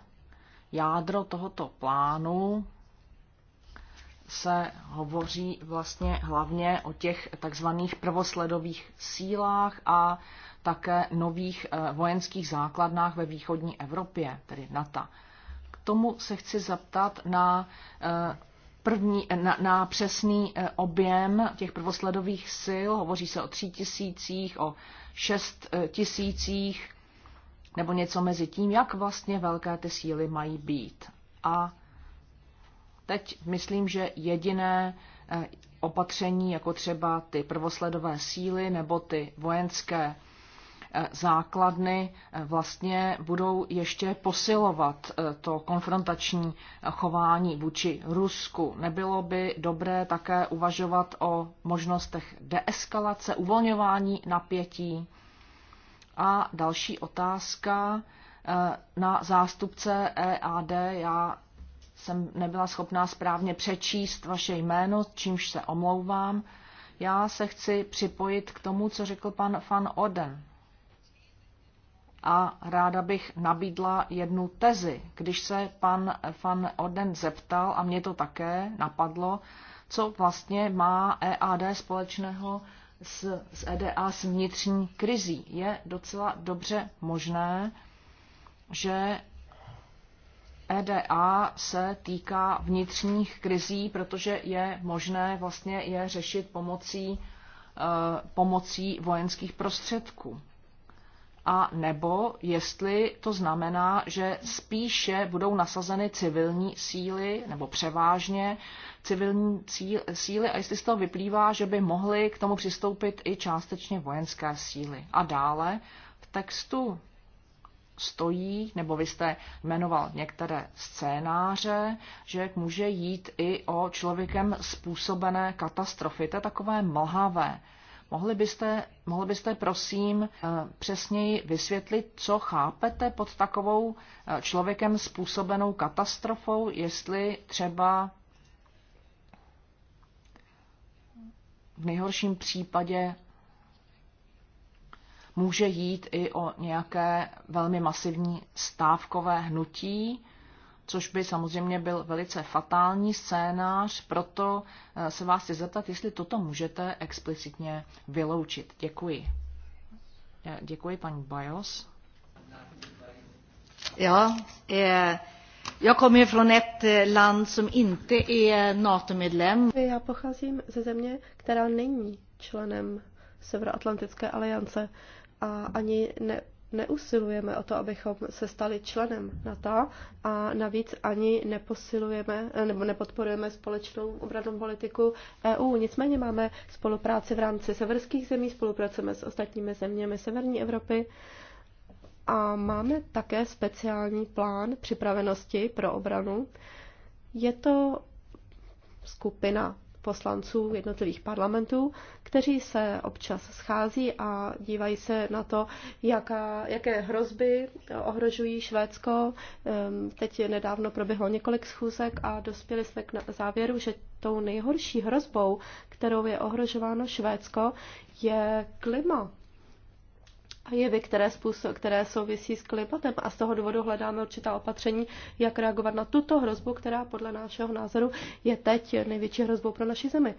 jádro tohoto plánu se hovoří vlastně hlavně o těch takzvaných prvosledových sílách a také nových eh, vojenských základnách ve východní Evropě, tedy NATO tomu se chci zeptat na eh, první, na, na přesný eh, objem těch prvosledových sil. Hovoří se o tří tisících, o šest eh, tisících nebo něco mezi tím, jak vlastně velké ty síly mají být. A teď myslím, že jediné opatření, jako třeba ty prvosledové síly nebo ty vojenské Eh, základny eh, vlastně budou ještě posilovat eh, to konfrontační chování vůči Rusku. Nebylo by dobré také uvažovat o možnostech deeskalace, uvolňování napětí? A další otázka na zástupce EAD. Já jsem nebyla schopná správně přečíst vaše jméno, čímž se omlouvám. Já se chci připojit k tomu, co řekl pan Van Oden a ráda bych nabídla jednu tezi. Když se pan Van Orden zeptal, a mě to také napadlo, co vlastně má EAD společného s, s EDA s vnitřní krizí. Je docela dobře možné, že EDA se týká vnitřních krizí, protože je možné vlastně je řešit pomocí, eh, pomocí vojenských prostředků a nebo jestli to znamená, že spíše budou nasazeny civilní síly nebo převážně civilní síly a jestli z toho vyplývá, že by mohly k tomu přistoupit i částečně vojenské síly. A dále v textu stojí, nebo vy jste jmenoval některé scénáře, že může jít i o člověkem způsobené katastrofy. To je takové mlhavé Mohli byste, mohli byste prosím eh, přesněji vysvětlit, co chápete pod takovou eh, člověkem způsobenou katastrofou, jestli třeba v nejhorším případě může jít i o nějaké velmi masivní stávkové hnutí, což by samozřejmě byl velice fatální scénář, proto eh, se vás chci zeptat, jestli toto můžete explicitně vyloučit. Děkuji. Děkuji, paní Bajos. Ja, eh, jag kommer från ett eh, land som inte är NATO-medlem. Já pocházím ze země, která není členem Severoatlantické aliance a ani ne, neusilujeme o to, abychom se stali členem NATO a navíc ani neposilujeme eh, nebo nepodporujeme společnou obranou politiku EU. Nicméně máme spolupráci v rámci severských zemí, spolupracujeme s ostatními zeměmi severní Evropy a máme také speciální plán připravenosti pro obranu. Je to skupina poslanců jednotlivých parlamentů, kteří se občas schází a dívají se na to, jaká, jaké hrozby ohrožují Švédsko. Ehm, teď nedávno proběhlo několik schůzek a dospěli jsme k závěru, že tou nejhorší hrozbou, kterou je ohrožováno Švédsko, je klima a jevy, které, způsob, které souvisí s klimatem. A z toho důvodu hledáme určitá opatření, jak reagovat na tuto hrozbu, která podle našeho názoru je teď největší hrozbou pro naši zemi.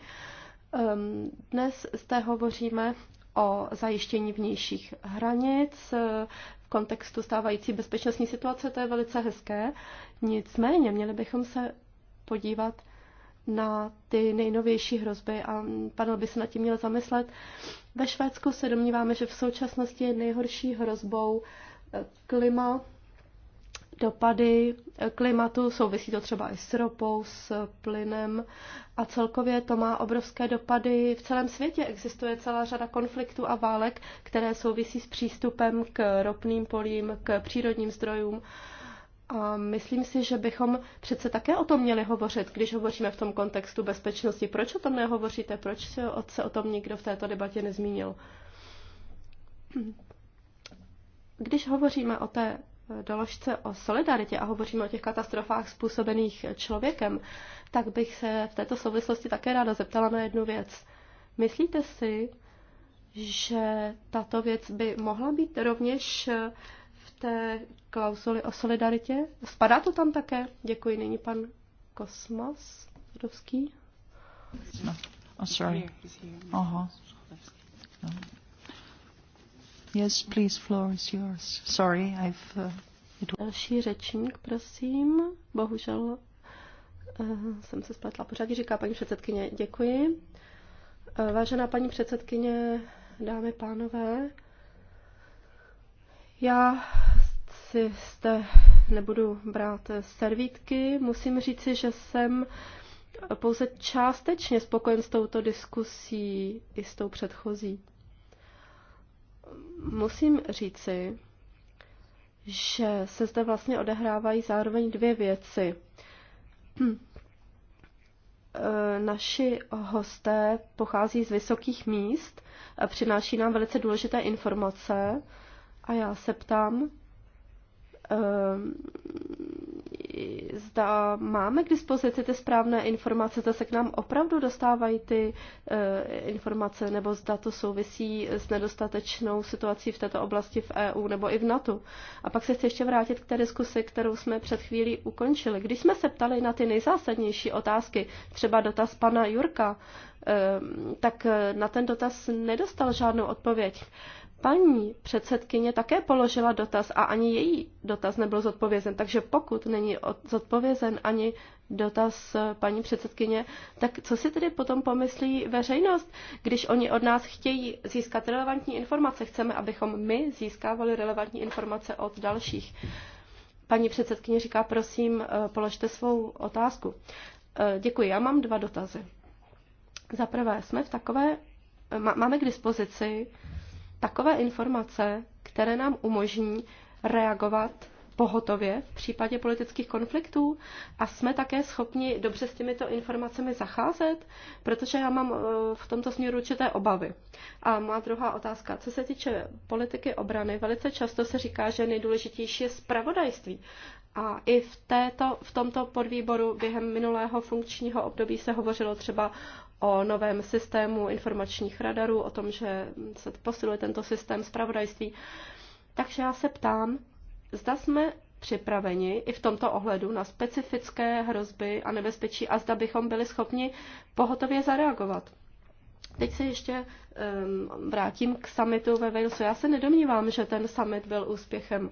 Ehm, dnes zde hovoříme o zajištění vnějších hranic eh, v kontextu stávající bezpečnostní situace, to je velice hezké. Nicméně měli bychom se podívat na ty nejnovější hrozby a panel by se nad tím měl zamyslet. Ve Švédsku se domníváme, že v současnosti je nejhorší hrozbou eh, klima, dopady eh, klimatu, souvisí to třeba i s ropou, s plynem a celkově to má obrovské dopady. V celém světě existuje celá řada konfliktů a válek, které souvisí s přístupem k ropným polím, k přírodním zdrojům. A myslím si, že bychom přece také o tom měli hovořit, když hovoříme v tom kontextu bezpečnosti. Proč o tom nehovoříte? Proč se o tom nikdo v této debatě nezmínil? Když hovoříme o té eh, doložce o solidaritě a hovoříme o těch katastrofách způsobených člověkem, tak bych se v této souvislosti také ráda zeptala na jednu věc. Myslíte si, že tato věc by mohla být rovněž eh, té klauzuly o solidaritě? Spadá to tam také? Děkuji. není pan Kosmos Rovský? No, oh, sorry. Aha. No. Yes, please, floor is yours. Sorry, I've... Uh, Další řečník, prosím. Bohužel uh, jsem se spletla pořadí, říká paní předsedkyně. Děkuji. Uh, vážená paní předsedkyně, dámy, pánové, já si zde nebudu brát servítky. Musím říci, že jsem pouze částečně spokojen s touto diskusí i s tou předchozí. Musím říci, že se zde vlastně odehrávají zároveň dvě věci. <clears throat> Naši hosté pochází z vysokých míst, a přináší nám velice důležité informace, a já se ptám, ehm, zda máme k dispozici ty správné informace, zda se k nám opravdu dostávají ty eh, informace, nebo zda to souvisí s nedostatečnou situací v této oblasti v EU nebo i v NATO. A pak se chci ještě vrátit k té diskusi, kterou jsme před chvílí ukončili. Když jsme se ptali na ty nejzásadnější otázky, třeba dotaz pana Jurka, ehm, tak na ten dotaz nedostal žádnou odpověď. Paní předsedkyně také položila dotaz a ani její dotaz nebyl zodpovězen, takže pokud není zodpovězen ani dotaz eh, paní předsedkyně, tak co si tedy potom pomyslí veřejnost, když oni od nás chtějí získat relevantní informace? Chceme, abychom my získávali relevantní informace od dalších. Paní předsedkyně říká, prosím, eh, položte svou otázku. Eh, děkuji, já mám dva dotazy. Za prvé, jsme v takové, máme k dispozici takové informace, které nám umožní reagovat pohotově v případě politických konfliktů a jsme také schopni dobře s těmito informacemi zacházet, protože já mám e, v tomto směru určité obavy. A má druhá otázka. Co se týče politiky obrany, velice často se říká, že nejdůležitější je spravodajství. A i v, této, v tomto podvýboru během minulého funkčního období se hovořilo třeba o novém systému informačních radarů, o tom, že se posiluje tento systém zpravodajství. Takže já se ptám, zda jsme připraveni i v tomto ohledu na specifické hrozby a nebezpečí a zda bychom byli schopni pohotově zareagovat. Teď se ještě um, vrátím k summitu ve Walesu. Já se nedomnívám, že ten summit byl úspěchem.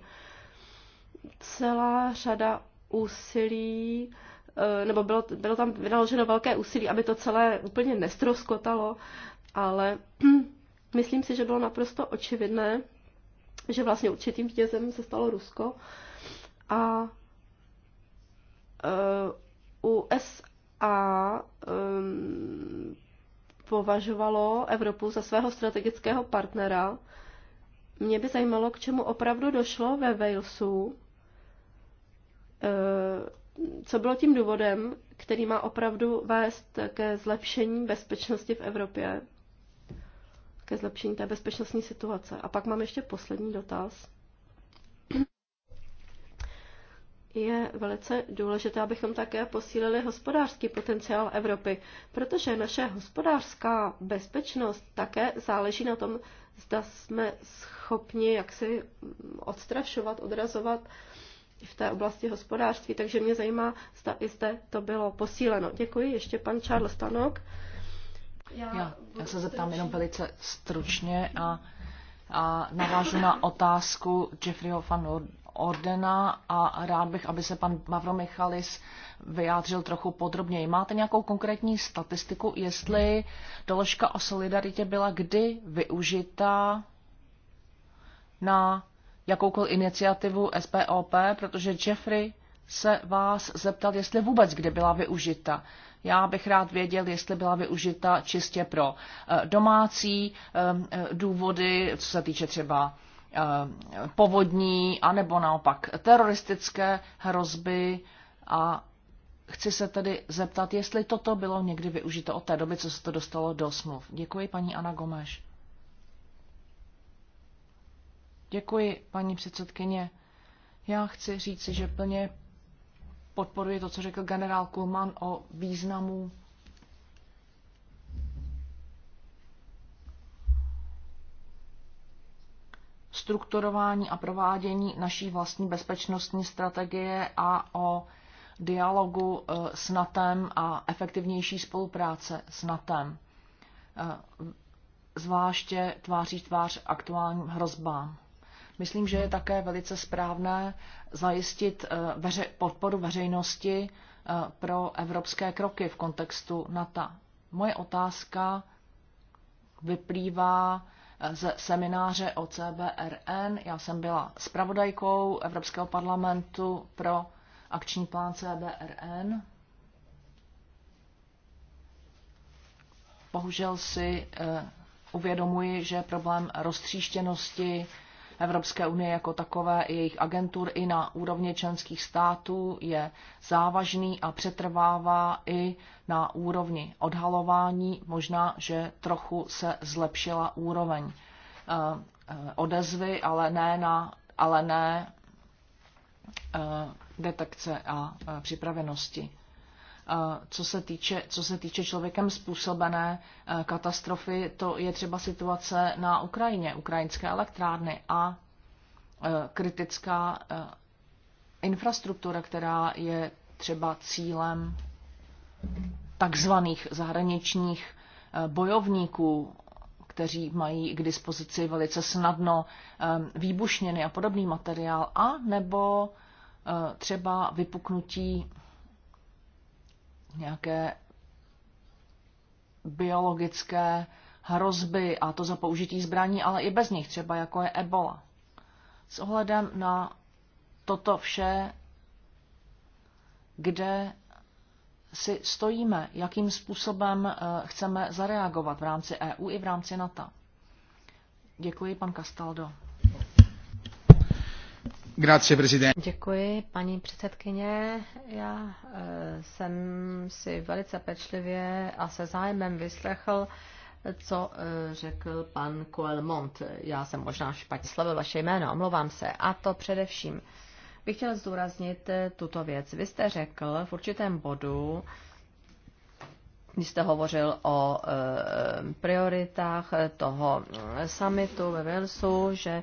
Celá řada úsilí Eh, nebo bylo, bylo tam vynaloženo velké úsilí, aby to celé úplně nestroskotalo, ale <clears throat> myslím si, že bylo naprosto očividné, že vlastně určitým vítězem se stalo Rusko a uh, eh, USA um, eh, považovalo Evropu za svého strategického partnera. Mě by zajímalo, k čemu opravdu došlo ve Walesu. Uh, co bylo tím důvodem, který má opravdu vést ke zlepšení bezpečnosti v Evropě, ke zlepšení té bezpečnostní situace. A pak mám ještě poslední dotaz. Je velice důležité, abychom také posílili hospodářský potenciál Evropy, protože naše hospodářská bezpečnost také záleží na tom, zda jsme schopni jaksi odstrašovat, odrazovat uh, v té oblasti hospodářství, takže mě zajímá, zda i zde to bylo posíleno. Děkuji, ještě pan Charles Stanok. Já, já se zeptám jenom velice stručně a, a navážu na otázku Jeffreyho van Ordena a rád bych, aby se pan Mavro Michalis vyjádřil trochu podrobněji. Máte nějakou konkrétní statistiku, jestli doložka o solidaritě byla kdy využita na jakoukoliv iniciativu SPOP, protože Jeffrey se vás zeptal, jestli vůbec kdy byla využita. Já bych rád věděl, jestli byla využita čistě pro eh, domácí eh, eh, důvody, co se týče třeba povodní, anebo naopak teroristické hrozby. A chci se tedy zeptat, jestli toto bylo někdy využito od té doby, co se to dostalo do smluv. Děkuji, paní Ana Gomeš. Děkuji, paní předsedkyně. Já chci říci, že plně podporuji to, co řekl generál Kulman o významu strukturování a provádění naší vlastní bezpečnostní strategie a o dialogu eh, s NATEM a efektivnější spolupráce s NATEM, eh, zvláště tváří tvář aktuálním hrozbám. Myslím, že je také velice správné zajistit eh, veře, podporu veřejnosti eh, pro evropské kroky v kontextu NATO. Moje otázka vyplývá eh, ze semináře o CBRN. Já jsem byla spravodajkou Evropského parlamentu pro akční plán CBRN. Bohužel si uvědomuji, že problém roztříštěnosti Evropské unie jako takové i jejich agentur i na úrovni členských států je závažný a přetrvává i na úrovni odhalování. Možná, že trochu se zlepšila úroveň eh, eh, odezvy, ale ne, na, ale ne eh, detekce a připravenosti. Eh, co se týče, co se týče člověkem způsobené eh, katastrofy, to je třeba situace na Ukrajině, ukrajinské elektrárny a eh, kritická infrastruktura, která je třeba cílem takzvaných zahraničních bojovníků, kteří mají k dispozici velice snadno výbušněny a podobný materiál, a nebo třeba vypuknutí nějaké biologické hrozby, a to za použití zbraní, ale i bez nich, třeba jako je ebola. S ohledem na toto vše, kde si stojíme, jakým způsobem eh, chceme zareagovat v rámci EU i v rámci NATO. Děkuji, pan Castaldo. Děkuji, paní předsedkyně. Já eh, jsem si velice pečlivě a se zájmem vyslechl, co eh, řekl pan Coelmont. Já jsem možná špatně slavil vaše jméno, omlouvám se. A to především bych chtěl zdůraznit eh, tuto věc. Vy jste řekl v určitém bodu, když jste hovořil o prioritách toho summitu ve Walesu, že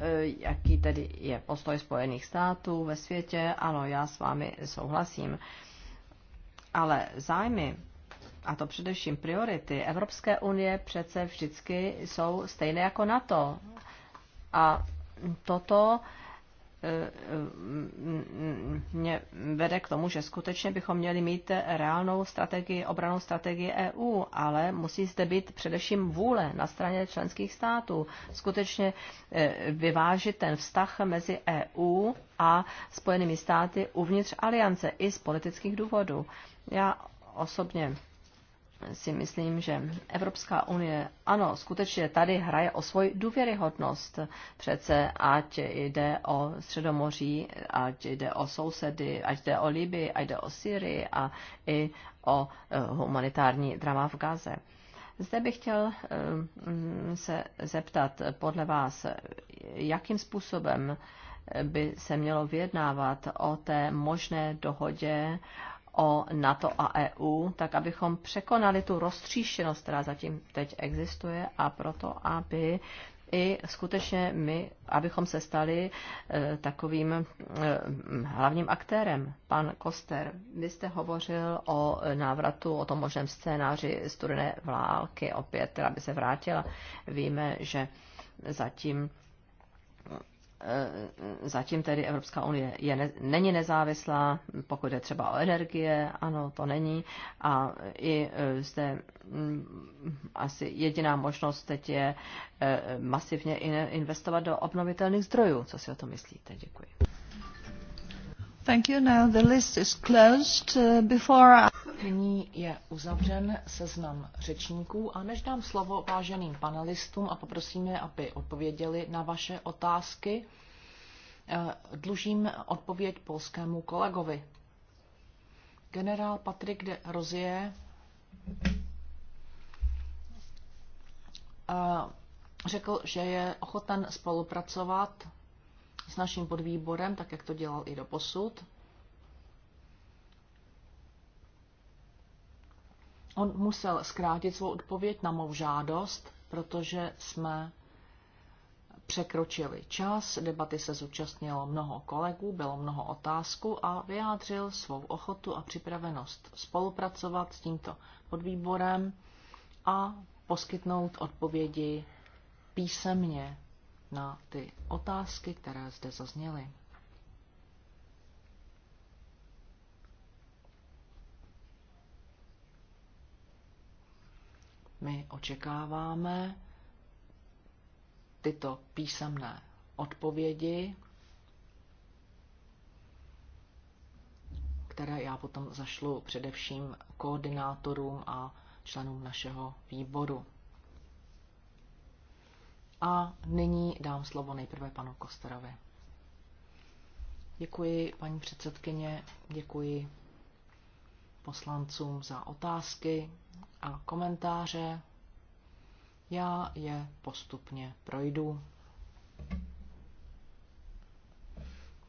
Eh, jaký tedy je postoj Spojených států ve světě. Ano, já s vámi souhlasím. Ale zájmy, a to především priority Evropské unie přece vždycky jsou stejné jako NATO. A toto uh, Eh, eh, eh, mě vede k tomu, že skutečně bychom měli mít reálnou strategii, obranou strategii EU, ale musí zde být především vůle na straně členských států. Skutečně vyvážit ten vztah mezi EU a Spojenými státy uvnitř aliance i z politických důvodů. Já osobně si myslím, že Evropská unie, ano, skutečně tady hraje o svoji důvěryhodnost. Přece ať jde o Středomoří, ať jde o sousedy, ať jde o Libii, ať jde o Syrii a i o eh, humanitární drama v Gaze. Zde bych chtěl eh, se zeptat podle vás, jakým způsobem by se mělo vyjednávat o té možné dohodě o NATO a EU, tak abychom překonali tu roztříštěnost, která zatím teď existuje a proto, aby i skutečně my, abychom se stali e, takovým e, hlavním aktérem. Pan Koster, vy jste hovořil o návratu, o tom možném scénáři studené války opět, která by se vrátila. Víme, že zatím Eh, zatím tedy Evropská unie je ne, není nezávislá, pokud je třeba o energie, ano, to není. A i eh, zde mm, asi jediná možnost teď je eh, masivně investovat do obnovitelných zdrojů. Co si o to myslíte? Děkuji list uh, Nyní je uzavřen seznam řečníků a než dám slovo váženým panelistům a poprosím je, aby odpověděli na vaše otázky, eh, dlužím odpověď polskému kolegovi. Generál Patrik de Rozie eh, řekl, že je ochoten spolupracovat s naším podvýborem, tak jak to dělal i do posud. On musel zkrátit svou odpověď na mou žádost, protože jsme překročili čas, debaty se zúčastnilo mnoho kolegů, bylo mnoho otázků a vyjádřil svou ochotu a připravenost spolupracovat s tímto podvýborem a poskytnout odpovědi písemně na ty otázky, které zde zazněly. My očekáváme tyto písemné odpovědi, které já potom zašlu především koordinátorům a členům našeho výboru. A nyní dám slovo nejprve panu Kosterovi. Děkuji, paní předsedkyně, děkuji poslancům za otázky a komentáře. Já je postupně projdu.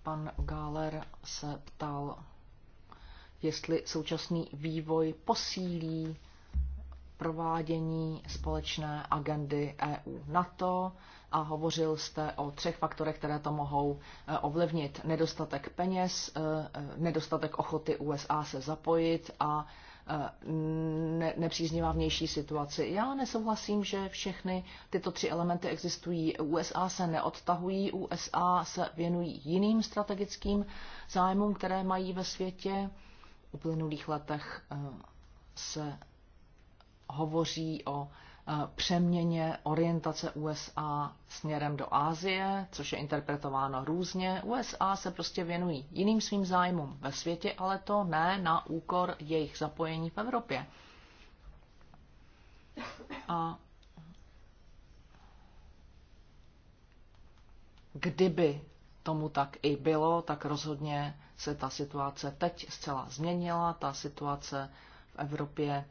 Pan Gáler se ptal, jestli současný vývoj posílí provádění společné agendy EU-NATO a hovořil jste o třech faktorech, které to mohou eh, ovlivnit. Nedostatek peněz, eh, eh, nedostatek ochoty USA se zapojit a nepříznivá vnější situaci. Já nesouhlasím, že všechny tyto tři elementy existují. USA se neodtahují, USA se věnují jiným strategickým zájmům, které mají ve světě. V uplynulých letech se hovoří o eh, přeměně orientace USA směrem do Ázie, což je interpretováno různě. USA se prostě věnují jiným svým zájmům ve světě, ale to ne na úkor jejich zapojení v Evropě. A kdyby tomu tak i bylo, tak rozhodně se ta situace teď zcela změnila. Ta situace v Evropě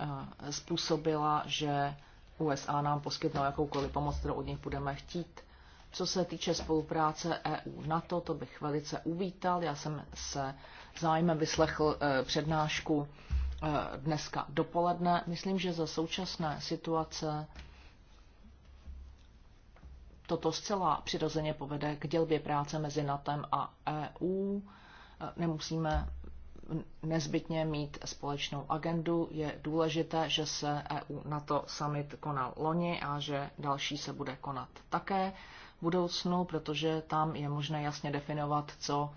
Eh, způsobila, že USA nám poskytnou jakoukoliv pomoc, kterou od nich budeme chtít. Co se týče spolupráce EU-NATO, to bych velice uvítal. Já jsem se zájmem vyslechl eh, přednášku eh, dneska dopoledne. Myslím, že za současné situace toto zcela přirozeně povede k dělbě práce mezi NATO a EU. Nemusíme nezbytně mít společnou agendu. Je důležité, že se EU na to summit konal loni a že další se bude konat také v budoucnu, protože tam je možné jasně definovat, co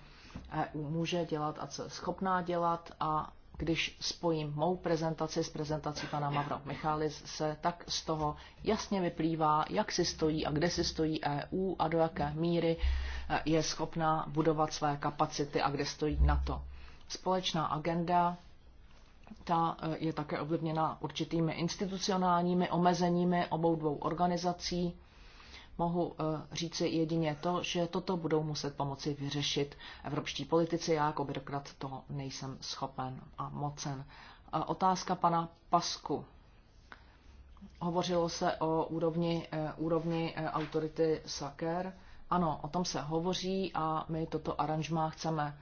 EU může dělat a co je schopná dělat a když spojím mou prezentaci s prezentací pana Mavro Michalis, se tak z toho jasně vyplývá, jak si stojí a kde si stojí EU a do jaké míry je schopná budovat své kapacity a kde stojí na to společná agenda, ta eh, je také ovlivněna určitými institucionálními omezeními obou dvou organizací. Mohu eh, říci jedině to, že toto budou muset pomoci vyřešit evropští politici. Já jako byrokrat to nejsem schopen a mocen. Eh, otázka pana Pasku. Hovořilo se o úrovni, úrovni autority Saker. Ano, o tom se hovoří a my toto aranžmá chceme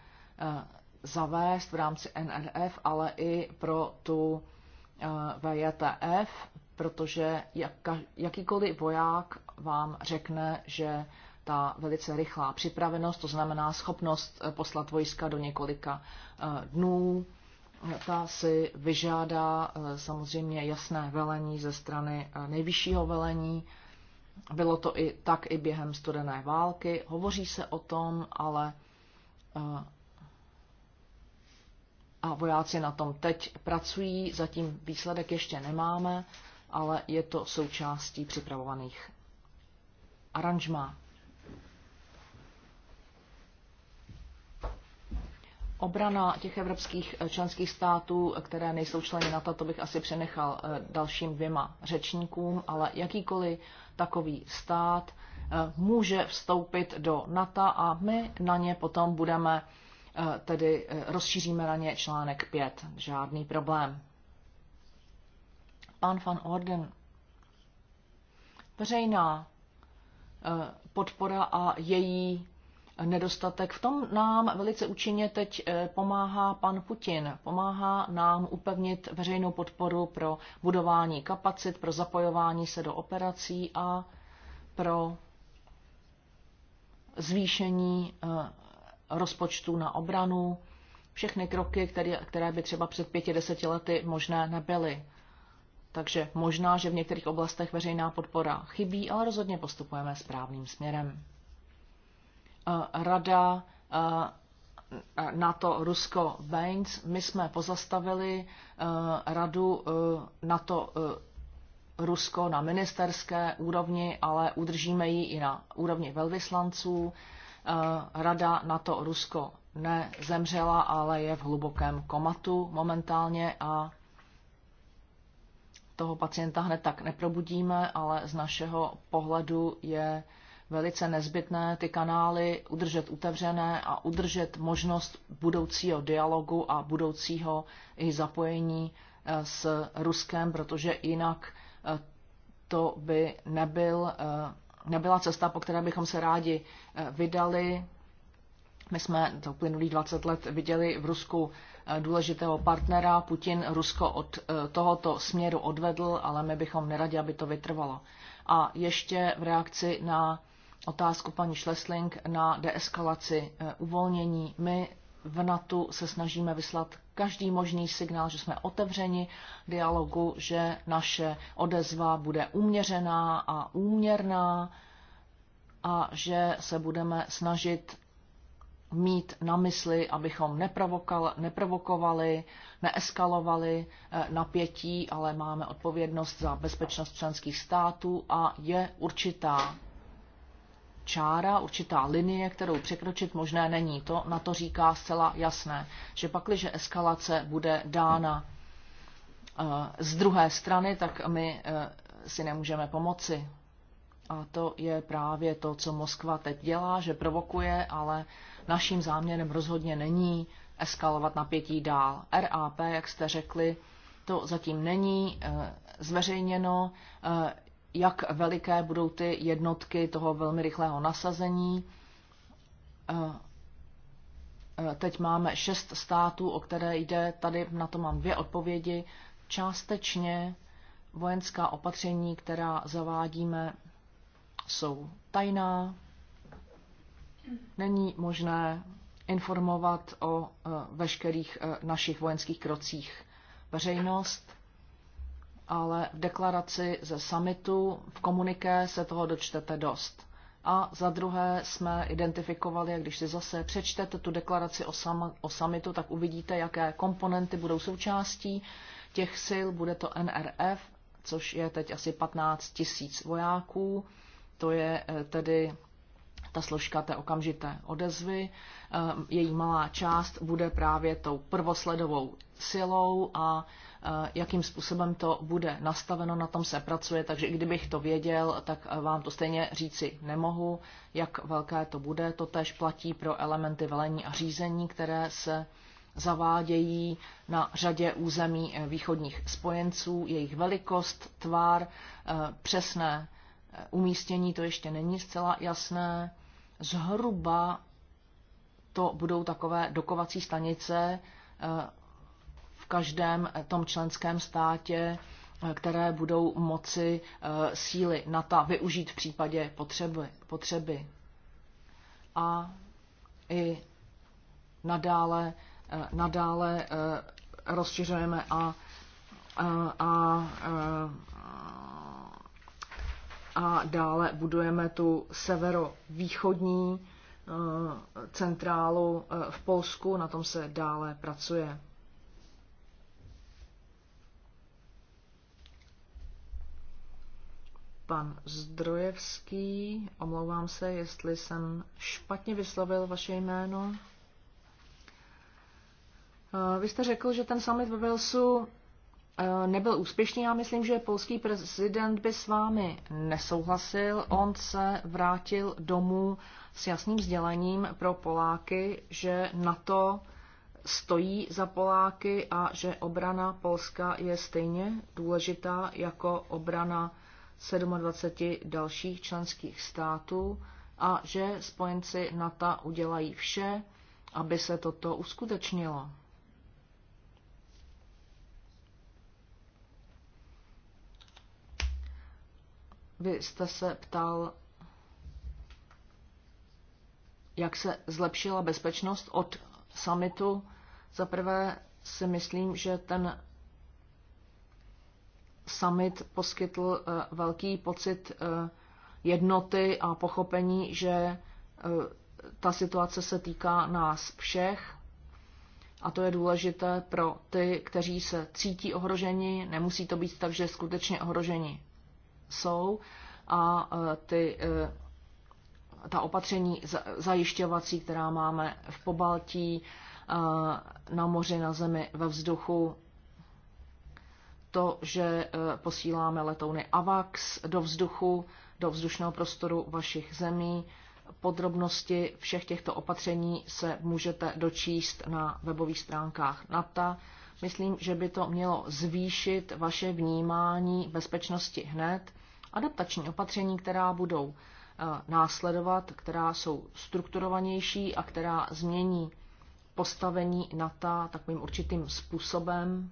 zavést v rámci NRF, ale i pro tu eh, VJTF, protože jakýkoliv voják vám řekne, že ta velice rychlá připravenost, to znamená schopnost eh, poslat vojska do několika eh, dnů, ta si vyžádá samozřejmě jasné velení ze strany nejvyššího velení. Bylo to i tak i během studené války. Hovoří se o tom, ale a vojáci na tom teď pracují, zatím výsledek ještě nemáme, ale je to součástí připravovaných aranžmá. Obrana těch evropských eh, členských států, které nejsou členy NATO, to bych asi přenechal eh, dalším dvěma řečníkům, ale jakýkoliv takový stát eh, může vstoupit do NATO a my na ně potom budeme tedy e, rozšíříme na ně článek 5. Žádný problém. Pan van Orden. Veřejná e, podpora a její nedostatek. V tom nám velice účinně teď e, pomáhá pan Putin. Pomáhá nám upevnit veřejnou podporu pro budování kapacit, pro zapojování se do operací a pro zvýšení rozpočtu na obranu, všechny kroky, které, které by třeba před pěti, deseti lety možné nebyly. Takže možná, že v některých oblastech veřejná podpora chybí, ale rozhodně postupujeme správným směrem. Eh, Rada eh, NATO Rusko Bains, my jsme pozastavili eh, radu NATO Rusko na ministerské úrovni, ale udržíme ji i na úrovni velvyslanců. Eh, rada na to Rusko nezemřela, ale je v hlubokém komatu momentálně a toho pacienta hned tak neprobudíme, ale z našeho pohledu je velice nezbytné ty kanály udržet otevřené a udržet možnost budoucího dialogu a budoucího i zapojení eh, s Ruskem, protože jinak eh, to by nebyl nebyla cesta, po které bychom se rádi eh, vydali. My jsme to uplynulých 20 let viděli v Rusku eh, důležitého partnera. Putin Rusko od eh, tohoto směru odvedl, ale my bychom neradi, aby to vytrvalo. A ještě v reakci na otázku paní Šlesling na deeskalaci uvolnění. My v NATO se snažíme vyslat každý možný signál, že jsme otevřeni dialogu, že naše odezva bude uměřená a úměrná a že se budeme snažit mít na mysli, abychom neprovokovali, neeskalovali eh, napětí, ale máme odpovědnost za bezpečnost členských států a je určitá čára, určitá linie, kterou překročit možné není. To na to říká zcela jasné, že pakliže eskalace bude dána eh, z druhé strany, tak my eh, si nemůžeme pomoci. A to je právě to, co Moskva teď dělá, že provokuje, ale naším záměrem rozhodně není eskalovat napětí dál. RAP, jak jste řekli, to zatím není eh, zveřejněno jak veliké budou ty jednotky toho velmi rychlého nasazení. Eh, eh, teď máme šest států, o které jde. Tady na to mám dvě odpovědi. Částečně vojenská opatření, která zavádíme, jsou tajná. Není možné informovat o eh, veškerých našich vojenských krocích veřejnost ale v deklaraci ze summitu v komuniké se toho dočtete dost. A za druhé jsme identifikovali, a když si zase přečtete tu deklaraci o, sam, o summitu, tak uvidíte, jaké komponenty budou součástí těch sil. Bude to NRF, což je teď asi 15 tisíc vojáků. To je eh, tedy ta složka té okamžité odezvy. Eh, její malá část bude právě tou prvosledovou silou a eh, jakým způsobem to bude nastaveno, na tom se pracuje, takže i kdybych to věděl, tak eh, vám to stejně říci nemohu, jak velké to bude. To tež platí pro elementy velení a řízení, které se zavádějí na řadě území východních spojenců. Jejich velikost, tvár, přesné umístění, to ještě není zcela jasné. Zhruba to budou takové dokovací stanice eh, v každém tom členském státě, eh, které budou moci eh, síly NATO využít v případě potřeby. potřeby. A i nadále, nadále rozšiřujeme a, a, a a dále budujeme tu severovýchodní eh, centrálu eh, v Polsku, na tom se dále pracuje. Pan Zdrojevský, omlouvám se, jestli jsem špatně vyslovil vaše jméno. Eh, vy jste řekl, že ten summit ve Walesu Eh, nebyl úspěšný. Já myslím, že polský prezident by s vámi nesouhlasil. On se vrátil domů s jasným sdělením pro Poláky, že na to stojí za Poláky a že obrana Polska je stejně důležitá jako obrana 27 dalších členských států a že spojenci NATO udělají vše, aby se toto uskutečnilo. Vy jste se ptal, jak se zlepšila bezpečnost od summitu. Za prvé si myslím, že ten summit poskytl eh, velký pocit eh, jednoty a pochopení, že eh, ta situace se týká nás všech. A to je důležité pro ty, kteří se cítí ohroženi. Nemusí to být tak, že skutečně ohroženi jsou a e, ty, e, ta opatření zajišťovací, která máme v Pobaltí, e, na moři, na zemi, ve vzduchu, to, že posíláme letouny AVAX do vzduchu, do vzdušného prostoru vašich zemí. Podrobnosti všech těchto opatření se můžete dočíst na webových stránkách NATA. Myslím, že by to mělo zvýšit vaše vnímání bezpečnosti hned Adaptační opatření, která budou eh, následovat, která jsou strukturovanější a která změní postavení NATO takovým určitým způsobem,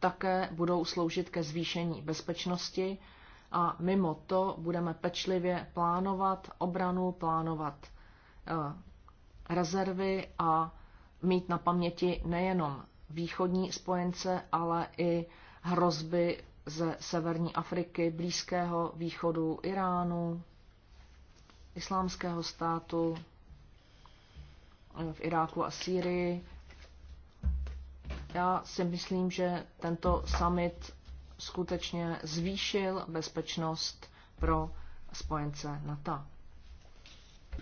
také budou sloužit ke zvýšení bezpečnosti a mimo to budeme pečlivě plánovat obranu, plánovat eh, rezervy a mít na paměti nejenom východní spojence, ale i hrozby ze severní Afriky, Blízkého východu, Iránu, islámského státu, eh, v Iráku a Sýrii. Já si myslím, že tento summit skutečně zvýšil bezpečnost pro spojence NATO.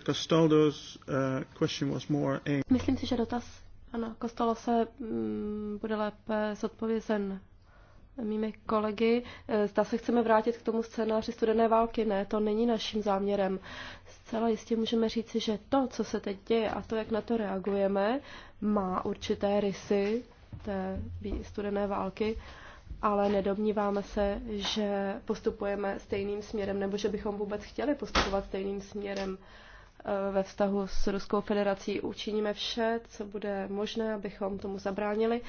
Castaldo's uh, eh, question was more aimed. Myslím si, že dotaz ano, Kostalo se mm, bude lépe zodpovězen mými kolegy, eh, zda se chceme vrátit k tomu scénáři studené války. Ne, to není naším záměrem. Zcela jistě můžeme říci, že to, co se teď děje a to, jak na to reagujeme, má určité rysy té studené války, ale nedomníváme se, že postupujeme stejným směrem, nebo že bychom vůbec chtěli postupovat stejným směrem eh, ve vztahu s Ruskou federací. Učiníme vše, co bude možné, abychom tomu zabránili.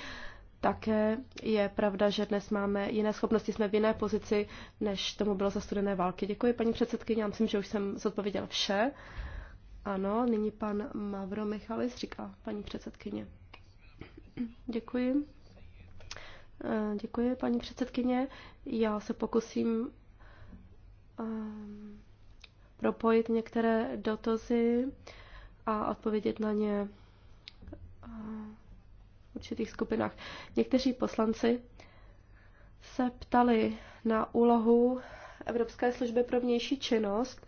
Také je pravda, že dnes máme jiné schopnosti, jsme v jiné pozici, než tomu bylo za studené války. Děkuji, paní předsedkyně, já myslím, že už jsem zodpověděla vše. Ano, nyní pan Mavro Michalis říká, paní předsedkyně. Děkuji. Eh, děkuji, paní předsedkyně. Já se pokusím eh, propojit některé dotazy a odpovědět na ně eh, určitých skupinách. Někteří poslanci se ptali na úlohu Evropské služby pro vnější činnost,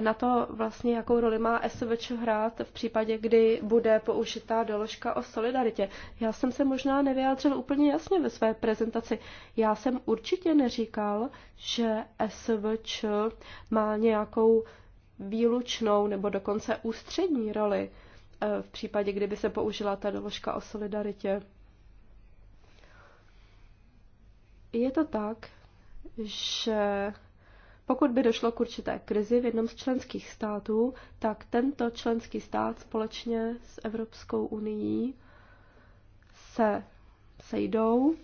na to vlastně, jakou roli má SVČ hrát v případě, kdy bude použitá doložka o solidaritě. Já jsem se možná nevyjádřil úplně jasně ve své prezentaci. Já jsem určitě neříkal, že SVČ má nějakou výlučnou nebo dokonce ústřední roli. Eh, v případě, kdyby se použila ta doložka o solidaritě. Je to tak, že pokud by došlo k určité krizi v jednom z členských států, tak tento členský stát společně s Evropskou unii se sejdou,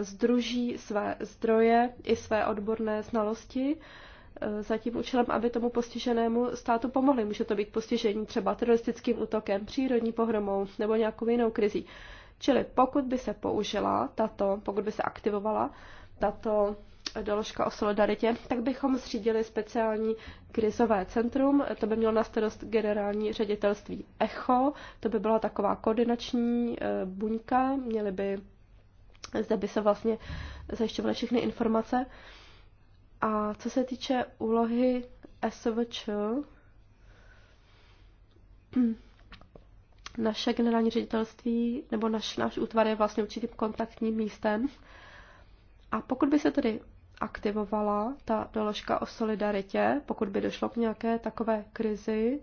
združí eh, své zdroje i své odborné znalosti Eh, za tím účelem, aby tomu postiženému státu pomohli. Může to být postižení třeba teroristickým útokem, přírodní pohromou nebo nějakou jinou krizí. Čili pokud by se použila tato, pokud by se aktivovala tato doložka o solidaritě, tak bychom zřídili speciální krizové centrum. To by mělo na starost generální ředitelství ECHO. To by byla taková koordinační eh, buňka. Měli by, zde by se vlastně zajišťovaly všechny informace. A co se týče úlohy SVČ, <clears throat> naše generální ředitelství nebo naš, náš útvar je vlastně určitým kontaktním místem. A pokud by se tedy aktivovala ta doložka o solidaritě, pokud by došlo k nějaké takové krizi,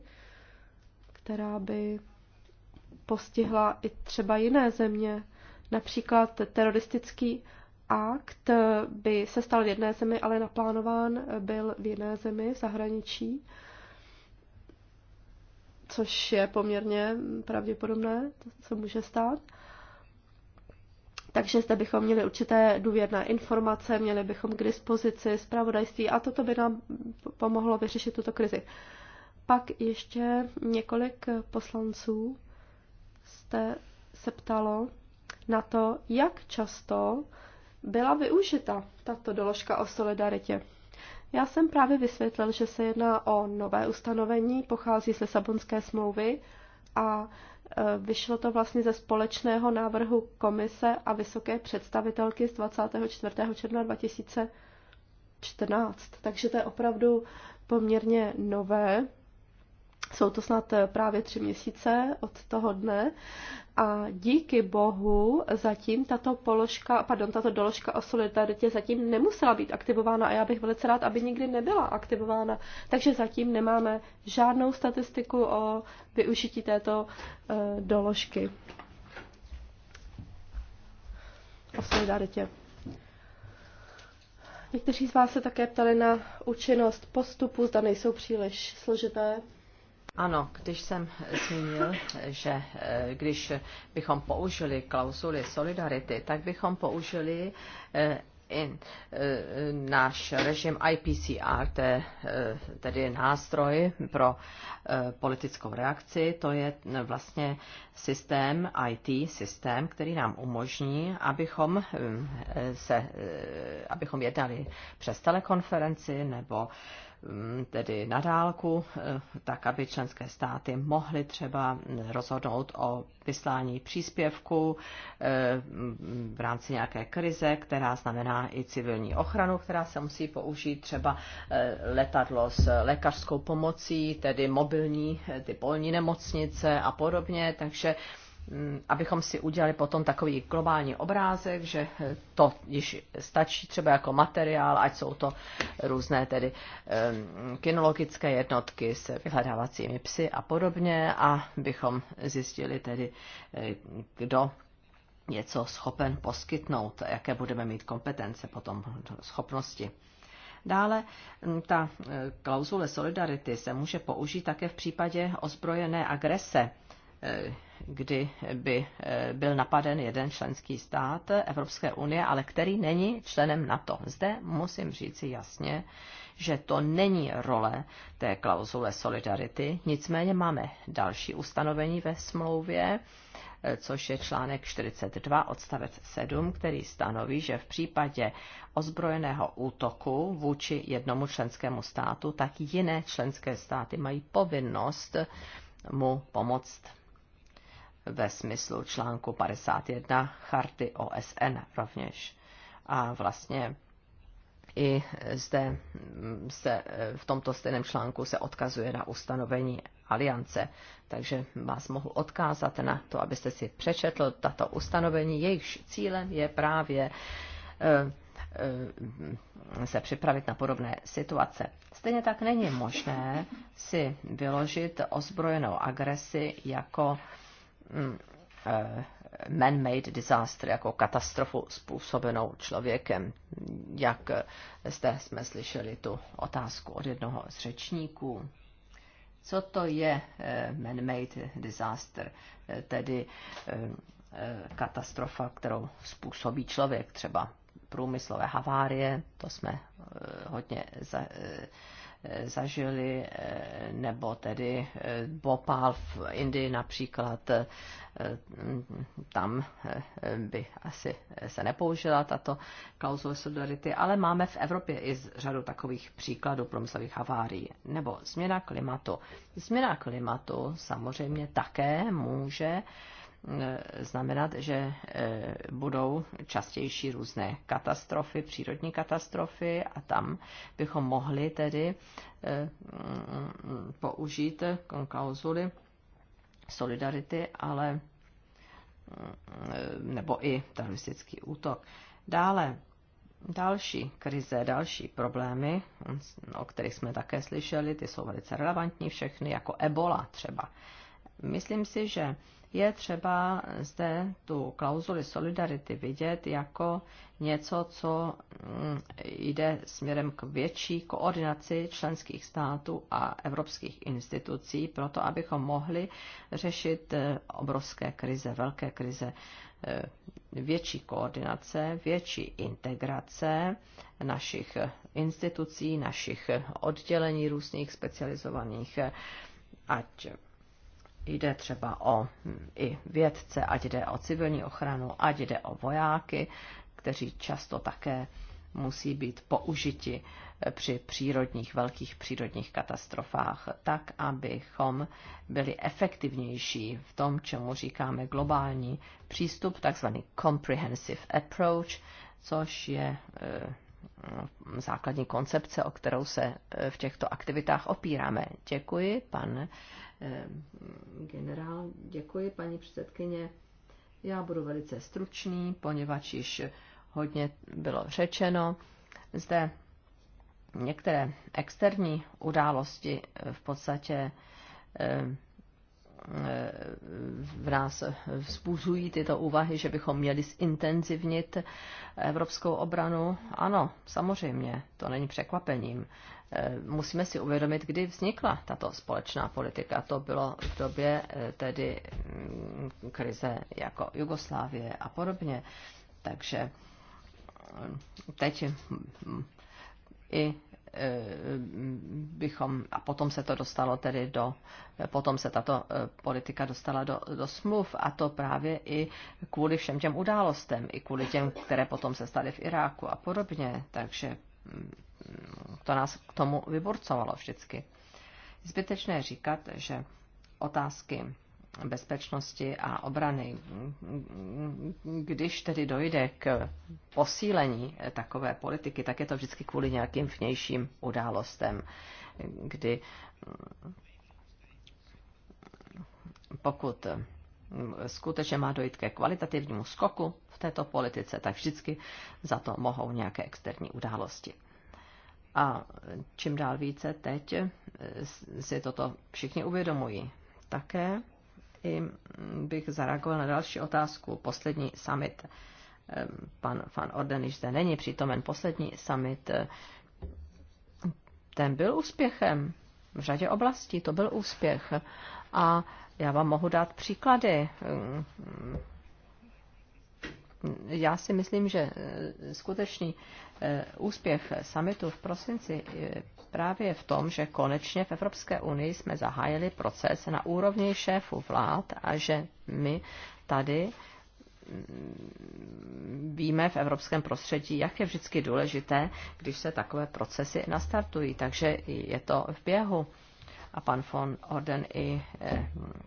která by postihla i třeba jiné země, například teroristický akt by se stal v jedné zemi, ale naplánován byl v jiné zemi, v zahraničí, což je poměrně pravděpodobné, to se může stát. Takže zde bychom měli určité důvěrné informace, měli bychom k dispozici zpravodajství a toto by nám pomohlo vyřešit tuto krizi. Pak ještě několik poslanců jste se ptalo na to, jak často byla využita tato doložka o solidaritě. Já jsem právě vysvětlil, že se jedná o nové ustanovení, pochází z Lisabonské smlouvy a e, vyšlo to vlastně ze společného návrhu komise a vysoké představitelky z 24. června 2014. Takže to je opravdu poměrně nové jsou to snad eh, právě tři měsíce od toho dne a díky bohu zatím tato položka, pardon, tato doložka o solidaritě zatím nemusela být aktivována a já bych velice rád, aby nikdy nebyla aktivována. Takže zatím nemáme žádnou statistiku o využití této uh, doložky o solidaritě. Někteří z vás se také ptali na účinnost postupu, zda nejsou příliš složité. Ano, když jsem zmínil, že eh, když bychom použili klauzuly solidarity, tak bychom použili eh, i eh, náš režim IPCR, to je tedy nástroj pro politickou reakci, to je vlastně systém, IT systém, který nám umožní, abychom, se, abychom jednali přes telekonferenci nebo Mm, tedy na dálku, eh, tak aby členské státy mohly třeba rozhodnout o vyslání příspěvku eh, v rámci nějaké krize, která znamená i civilní ochranu, která se musí použít třeba eh, letadlo s lékařskou pomocí, tedy mobilní, ty polní nemocnice a podobně, takže Mm, abychom si udělali potom takový globální obrázek, že eh, to již stačí třeba jako materiál, ať jsou to různé tedy eh, kinologické jednotky s vyhledávacími psy a podobně a bychom zjistili tedy, eh, kdo něco schopen poskytnout, jaké budeme mít kompetence potom, schopnosti. Dále mm, ta klauzule solidarity se může použít také v případě ozbrojené agrese kdy by eh, byl napaden jeden členský stát Evropské unie, ale který není členem NATO. Zde musím říci jasně, že to není role té klauzule solidarity, nicméně máme další ustanovení ve smlouvě, eh, což je článek 42 odstavec 7, který stanoví, že v případě ozbrojeného útoku vůči jednomu členskému státu, tak jiné členské státy mají povinnost mu pomoct ve smyslu článku 51 charty OSN rovněž. A vlastně i zde se v tomto stejném článku se odkazuje na ustanovení aliance. Takže vás mohu odkázat na to, abyste si přečetl tato ustanovení. Jejichž cílem je právě eh, eh, se připravit na podobné situace. Stejně tak není možné si vyložit ozbrojenou agresi jako Mm, eh, man-made disaster, jako katastrofu způsobenou člověkem. Jak zde jsme slyšeli tu otázku od jednoho z řečníků. Co to je eh, man-made disaster, eh, tedy katastrofa, kterou způsobí člověk, třeba průmyslové havárie, to jsme hodně za, Eh, zažili, eh, nebo tedy eh, Bhopal v Indii například, mm, tam by asi se nepoužila tato klauzule solidarity, ale máme v Evropě i řadu takových příkladů průmyslových havárií. Nebo změna klimatu. Změna klimatu samozřejmě také může E, znamenat, že e, budou častější různé katastrofy, přírodní katastrofy a tam bychom mohli tedy e, mm, použít klauzuly solidarity, ale mm, nebo i teroristický útok. Dále další krize, další problémy, o kterých jsme také slyšeli, ty jsou velice relevantní všechny, jako ebola třeba. Myslím si, že je třeba zde tu klauzuli solidarity vidět jako něco, co mm, jde směrem k větší koordinaci členských států a evropských institucí, proto abychom mohli řešit eh, obrovské krize, velké krize, eh, větší koordinace, větší integrace našich eh, institucí, našich oddělení různých specializovaných, ať jde třeba o hm, i vědce, ať jde o civilní ochranu, ať jde o vojáky, kteří často také musí být použiti eh, při přírodních, velkých přírodních katastrofách, tak, abychom byli efektivnější v tom, čemu říkáme globální přístup, takzvaný comprehensive approach, což je eh, hm, základní koncepce, o kterou se eh, v těchto aktivitách opíráme. Děkuji, pane. Eh, generál. Děkuji, paní předsedkyně. Já budu velice stručný, poněvadž již hodně bylo řečeno. Zde některé externí události eh, v podstatě eh, v nás vzbuzují tyto úvahy, že bychom měli zintenzivnit evropskou obranu. Ano, samozřejmě, to není překvapením. Eh, musíme si uvědomit, kdy vznikla tato společná politika. To bylo v době eh, tedy mm, krize jako Jugoslávie a podobně. Takže eh, teď hm, hm, i bychom, a potom se to dostalo tedy do, potom se tato politika dostala do, do smluv a to právě i kvůli všem těm událostem, i kvůli těm, které potom se staly v Iráku a podobně, takže hm, to nás k tomu vyburcovalo vždycky. Zbytečné říkat, že otázky bezpečnosti a obrany, když tedy dojde k posílení takové politiky, tak je to vždycky kvůli nějakým vnějším událostem, kdy pokud skutečně má dojít ke kvalitativnímu skoku v této politice, tak vždycky za to mohou nějaké externí události. A čím dál více teď eh, si toto všichni uvědomují. Také i mm, bych zareagoval na další otázku. Poslední summit. Eh, pan Van Orden již zde není přítomen. Poslední summit, eh, ten byl úspěchem v řadě oblastí. To byl úspěch. A já vám mohu dát příklady, mm, já si myslím, že eh, skutečný eh, úspěch samitu v prosinci eh, právě v tom, že konečně v Evropské unii jsme zahájili proces na úrovni šéfů vlád a že my tady mm, víme v evropském prostředí, jak je vždycky důležité, když se takové procesy nastartují. Takže je to v běhu. A pan von Orden i eh, mm,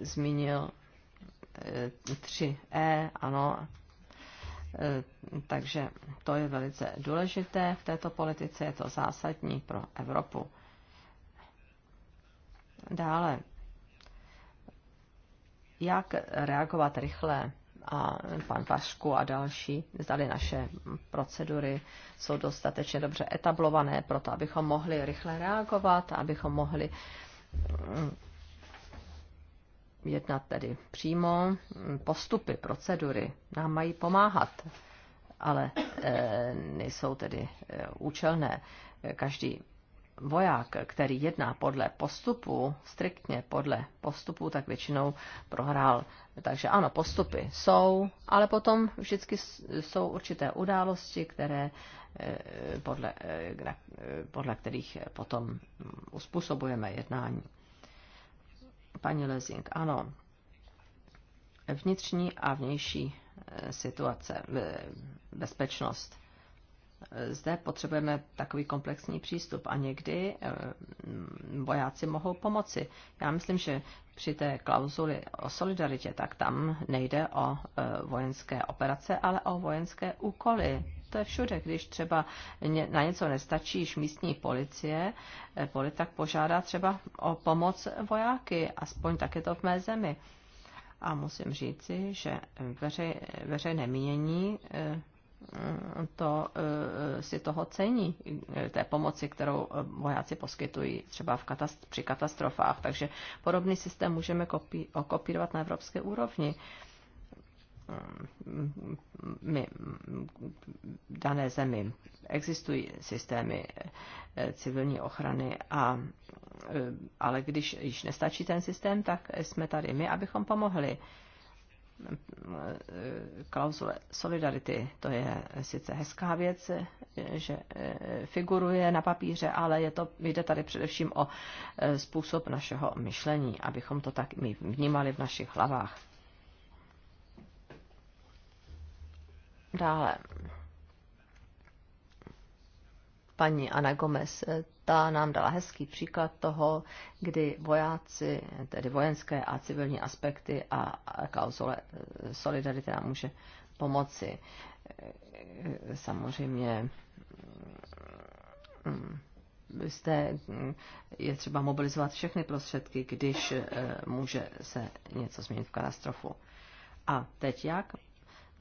zmínil 3E, ano. E, takže to je velice důležité v této politice, je to zásadní pro Evropu. Dále, jak reagovat rychle a pan Vašku a další, zdali naše procedury jsou dostatečně dobře etablované pro to, abychom mohli rychle reagovat, abychom mohli jednat tedy přímo. Mm, postupy, procedury nám mají pomáhat, ale eh, nejsou tedy eh, účelné. Každý voják, který jedná podle postupu, striktně podle postupu, tak většinou prohrál. Takže ano, postupy jsou, ale potom vždycky jsou určité události, které eh, podle, podle kterých potom mm, uspůsobujeme jednání. Paní Lezing, ano. Vnitřní a vnější eh, situace, eh, bezpečnost zde potřebujeme takový komplexní přístup a někdy eh, vojáci mohou pomoci. Já myslím, že při té klauzuli o solidaritě, tak tam nejde o eh, vojenské operace, ale o vojenské úkoly. To je všude, když třeba na něco nestačí již místní policie, eh, tak požádá třeba o pomoc vojáky, aspoň tak je to v mé zemi. A musím říci, že veřej, veřejné mínění to e, si toho cení, e, té pomoci, kterou e, vojáci poskytují třeba v katast- při katastrofách. Takže podobný systém můžeme kopí- okopírovat na evropské úrovni. My, dané zemi existují systémy civilní ochrany, a, ale když již nestačí ten systém, tak jsme tady my, abychom pomohli klauzule solidarity. To je sice hezká věc, že eh, figuruje na papíře, ale je to, jde tady především o eh, způsob našeho myšlení, abychom to tak my vnímali v našich hlavách. Dále paní Ana Gomez, eh, ta nám dala hezký příklad toho, kdy vojáci, tedy vojenské a civilní aspekty a klauzule eh, solidarity nám může pomoci. Eh, samozřejmě byste, mm, mm, je třeba mobilizovat všechny prostředky, když může se něco změnit v katastrofu. A teď jak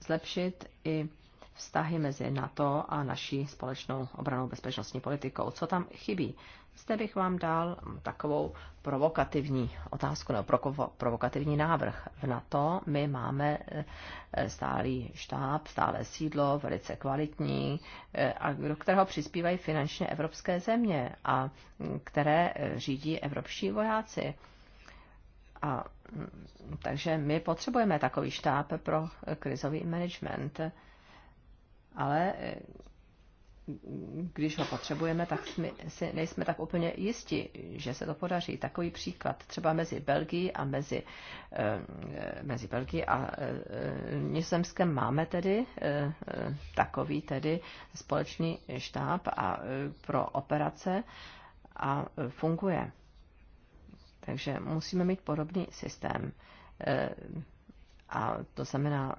zlepšit i vztahy mezi NATO a naší společnou obranou bezpečnostní politikou. Co tam chybí? Zde bych vám dal takovou provokativní otázku nebo provokativní návrh. V NATO my máme eh, stálý štáb, stále sídlo, velice kvalitní, eh, a do kterého přispívají finančně evropské země a mm, které eh, řídí evropští vojáci. A, mm, takže my potřebujeme takový štáb pro krizový management ale eh, když ho potřebujeme, tak jsme, si nejsme tak úplně jisti, že se to podaří. Takový příklad třeba mezi Belgií a mezi, eh, mezi Belgií a eh, Nizozemskem máme tedy takový tedy společný štáb a pro operace a funguje. Takže musíme mít podobný systém. A to znamená,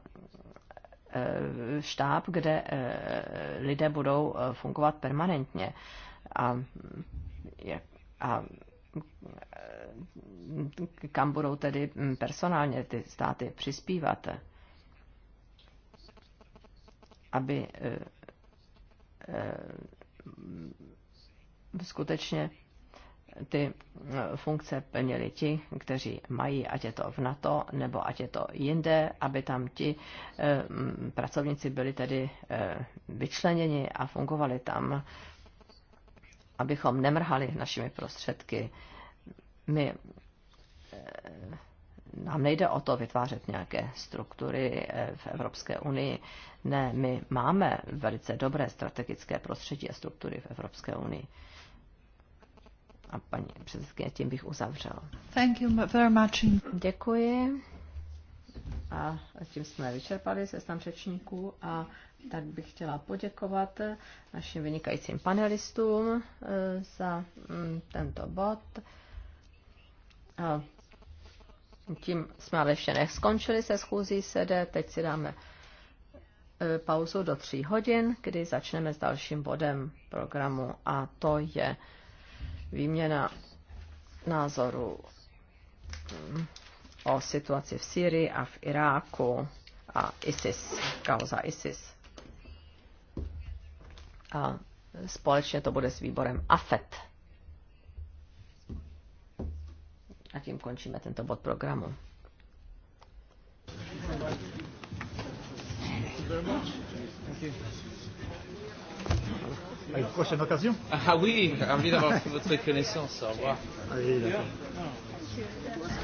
Eh, štáb, kde eh, lidé budou eh, fungovat permanentně. A, a kam budou tedy hm, personálně ty státy přispívat, aby skutečně ty eh, funkce plnili ti, kteří mají, ať je to v NATO nebo ať je to jinde, aby tam ti eh, pracovníci byli tedy eh, vyčleněni a fungovali tam, abychom nemrhali našimi prostředky. My nám nejde o to vytvářet nějaké struktury v Evropské unii. Ne, my máme velice dobré strategické prostředí a struktury v Evropské unii. A paní předsedkyně, tím bych uzavřel. Thank you very much. Děkuji. A tím jsme vyčerpali seznam řečníků a tak bych chtěla poděkovat našim vynikajícím panelistům eh, za mm, tento bod. A tím jsme ale ještě neskončili se schůzí sede, teď si dáme eh, pauzu do tří hodin, kdy začneme s dalším bodem programu a to je výměna názorů mm, o situaci v Syrii a v Iráku a ISIS, kauza ISIS. A společně to bude s výborem AFET. A tím končíme tento bod programu. Thank you. À une prochaine occasion. Ah oui, ravi d'avoir fait votre connaissance. Au revoir. Allez,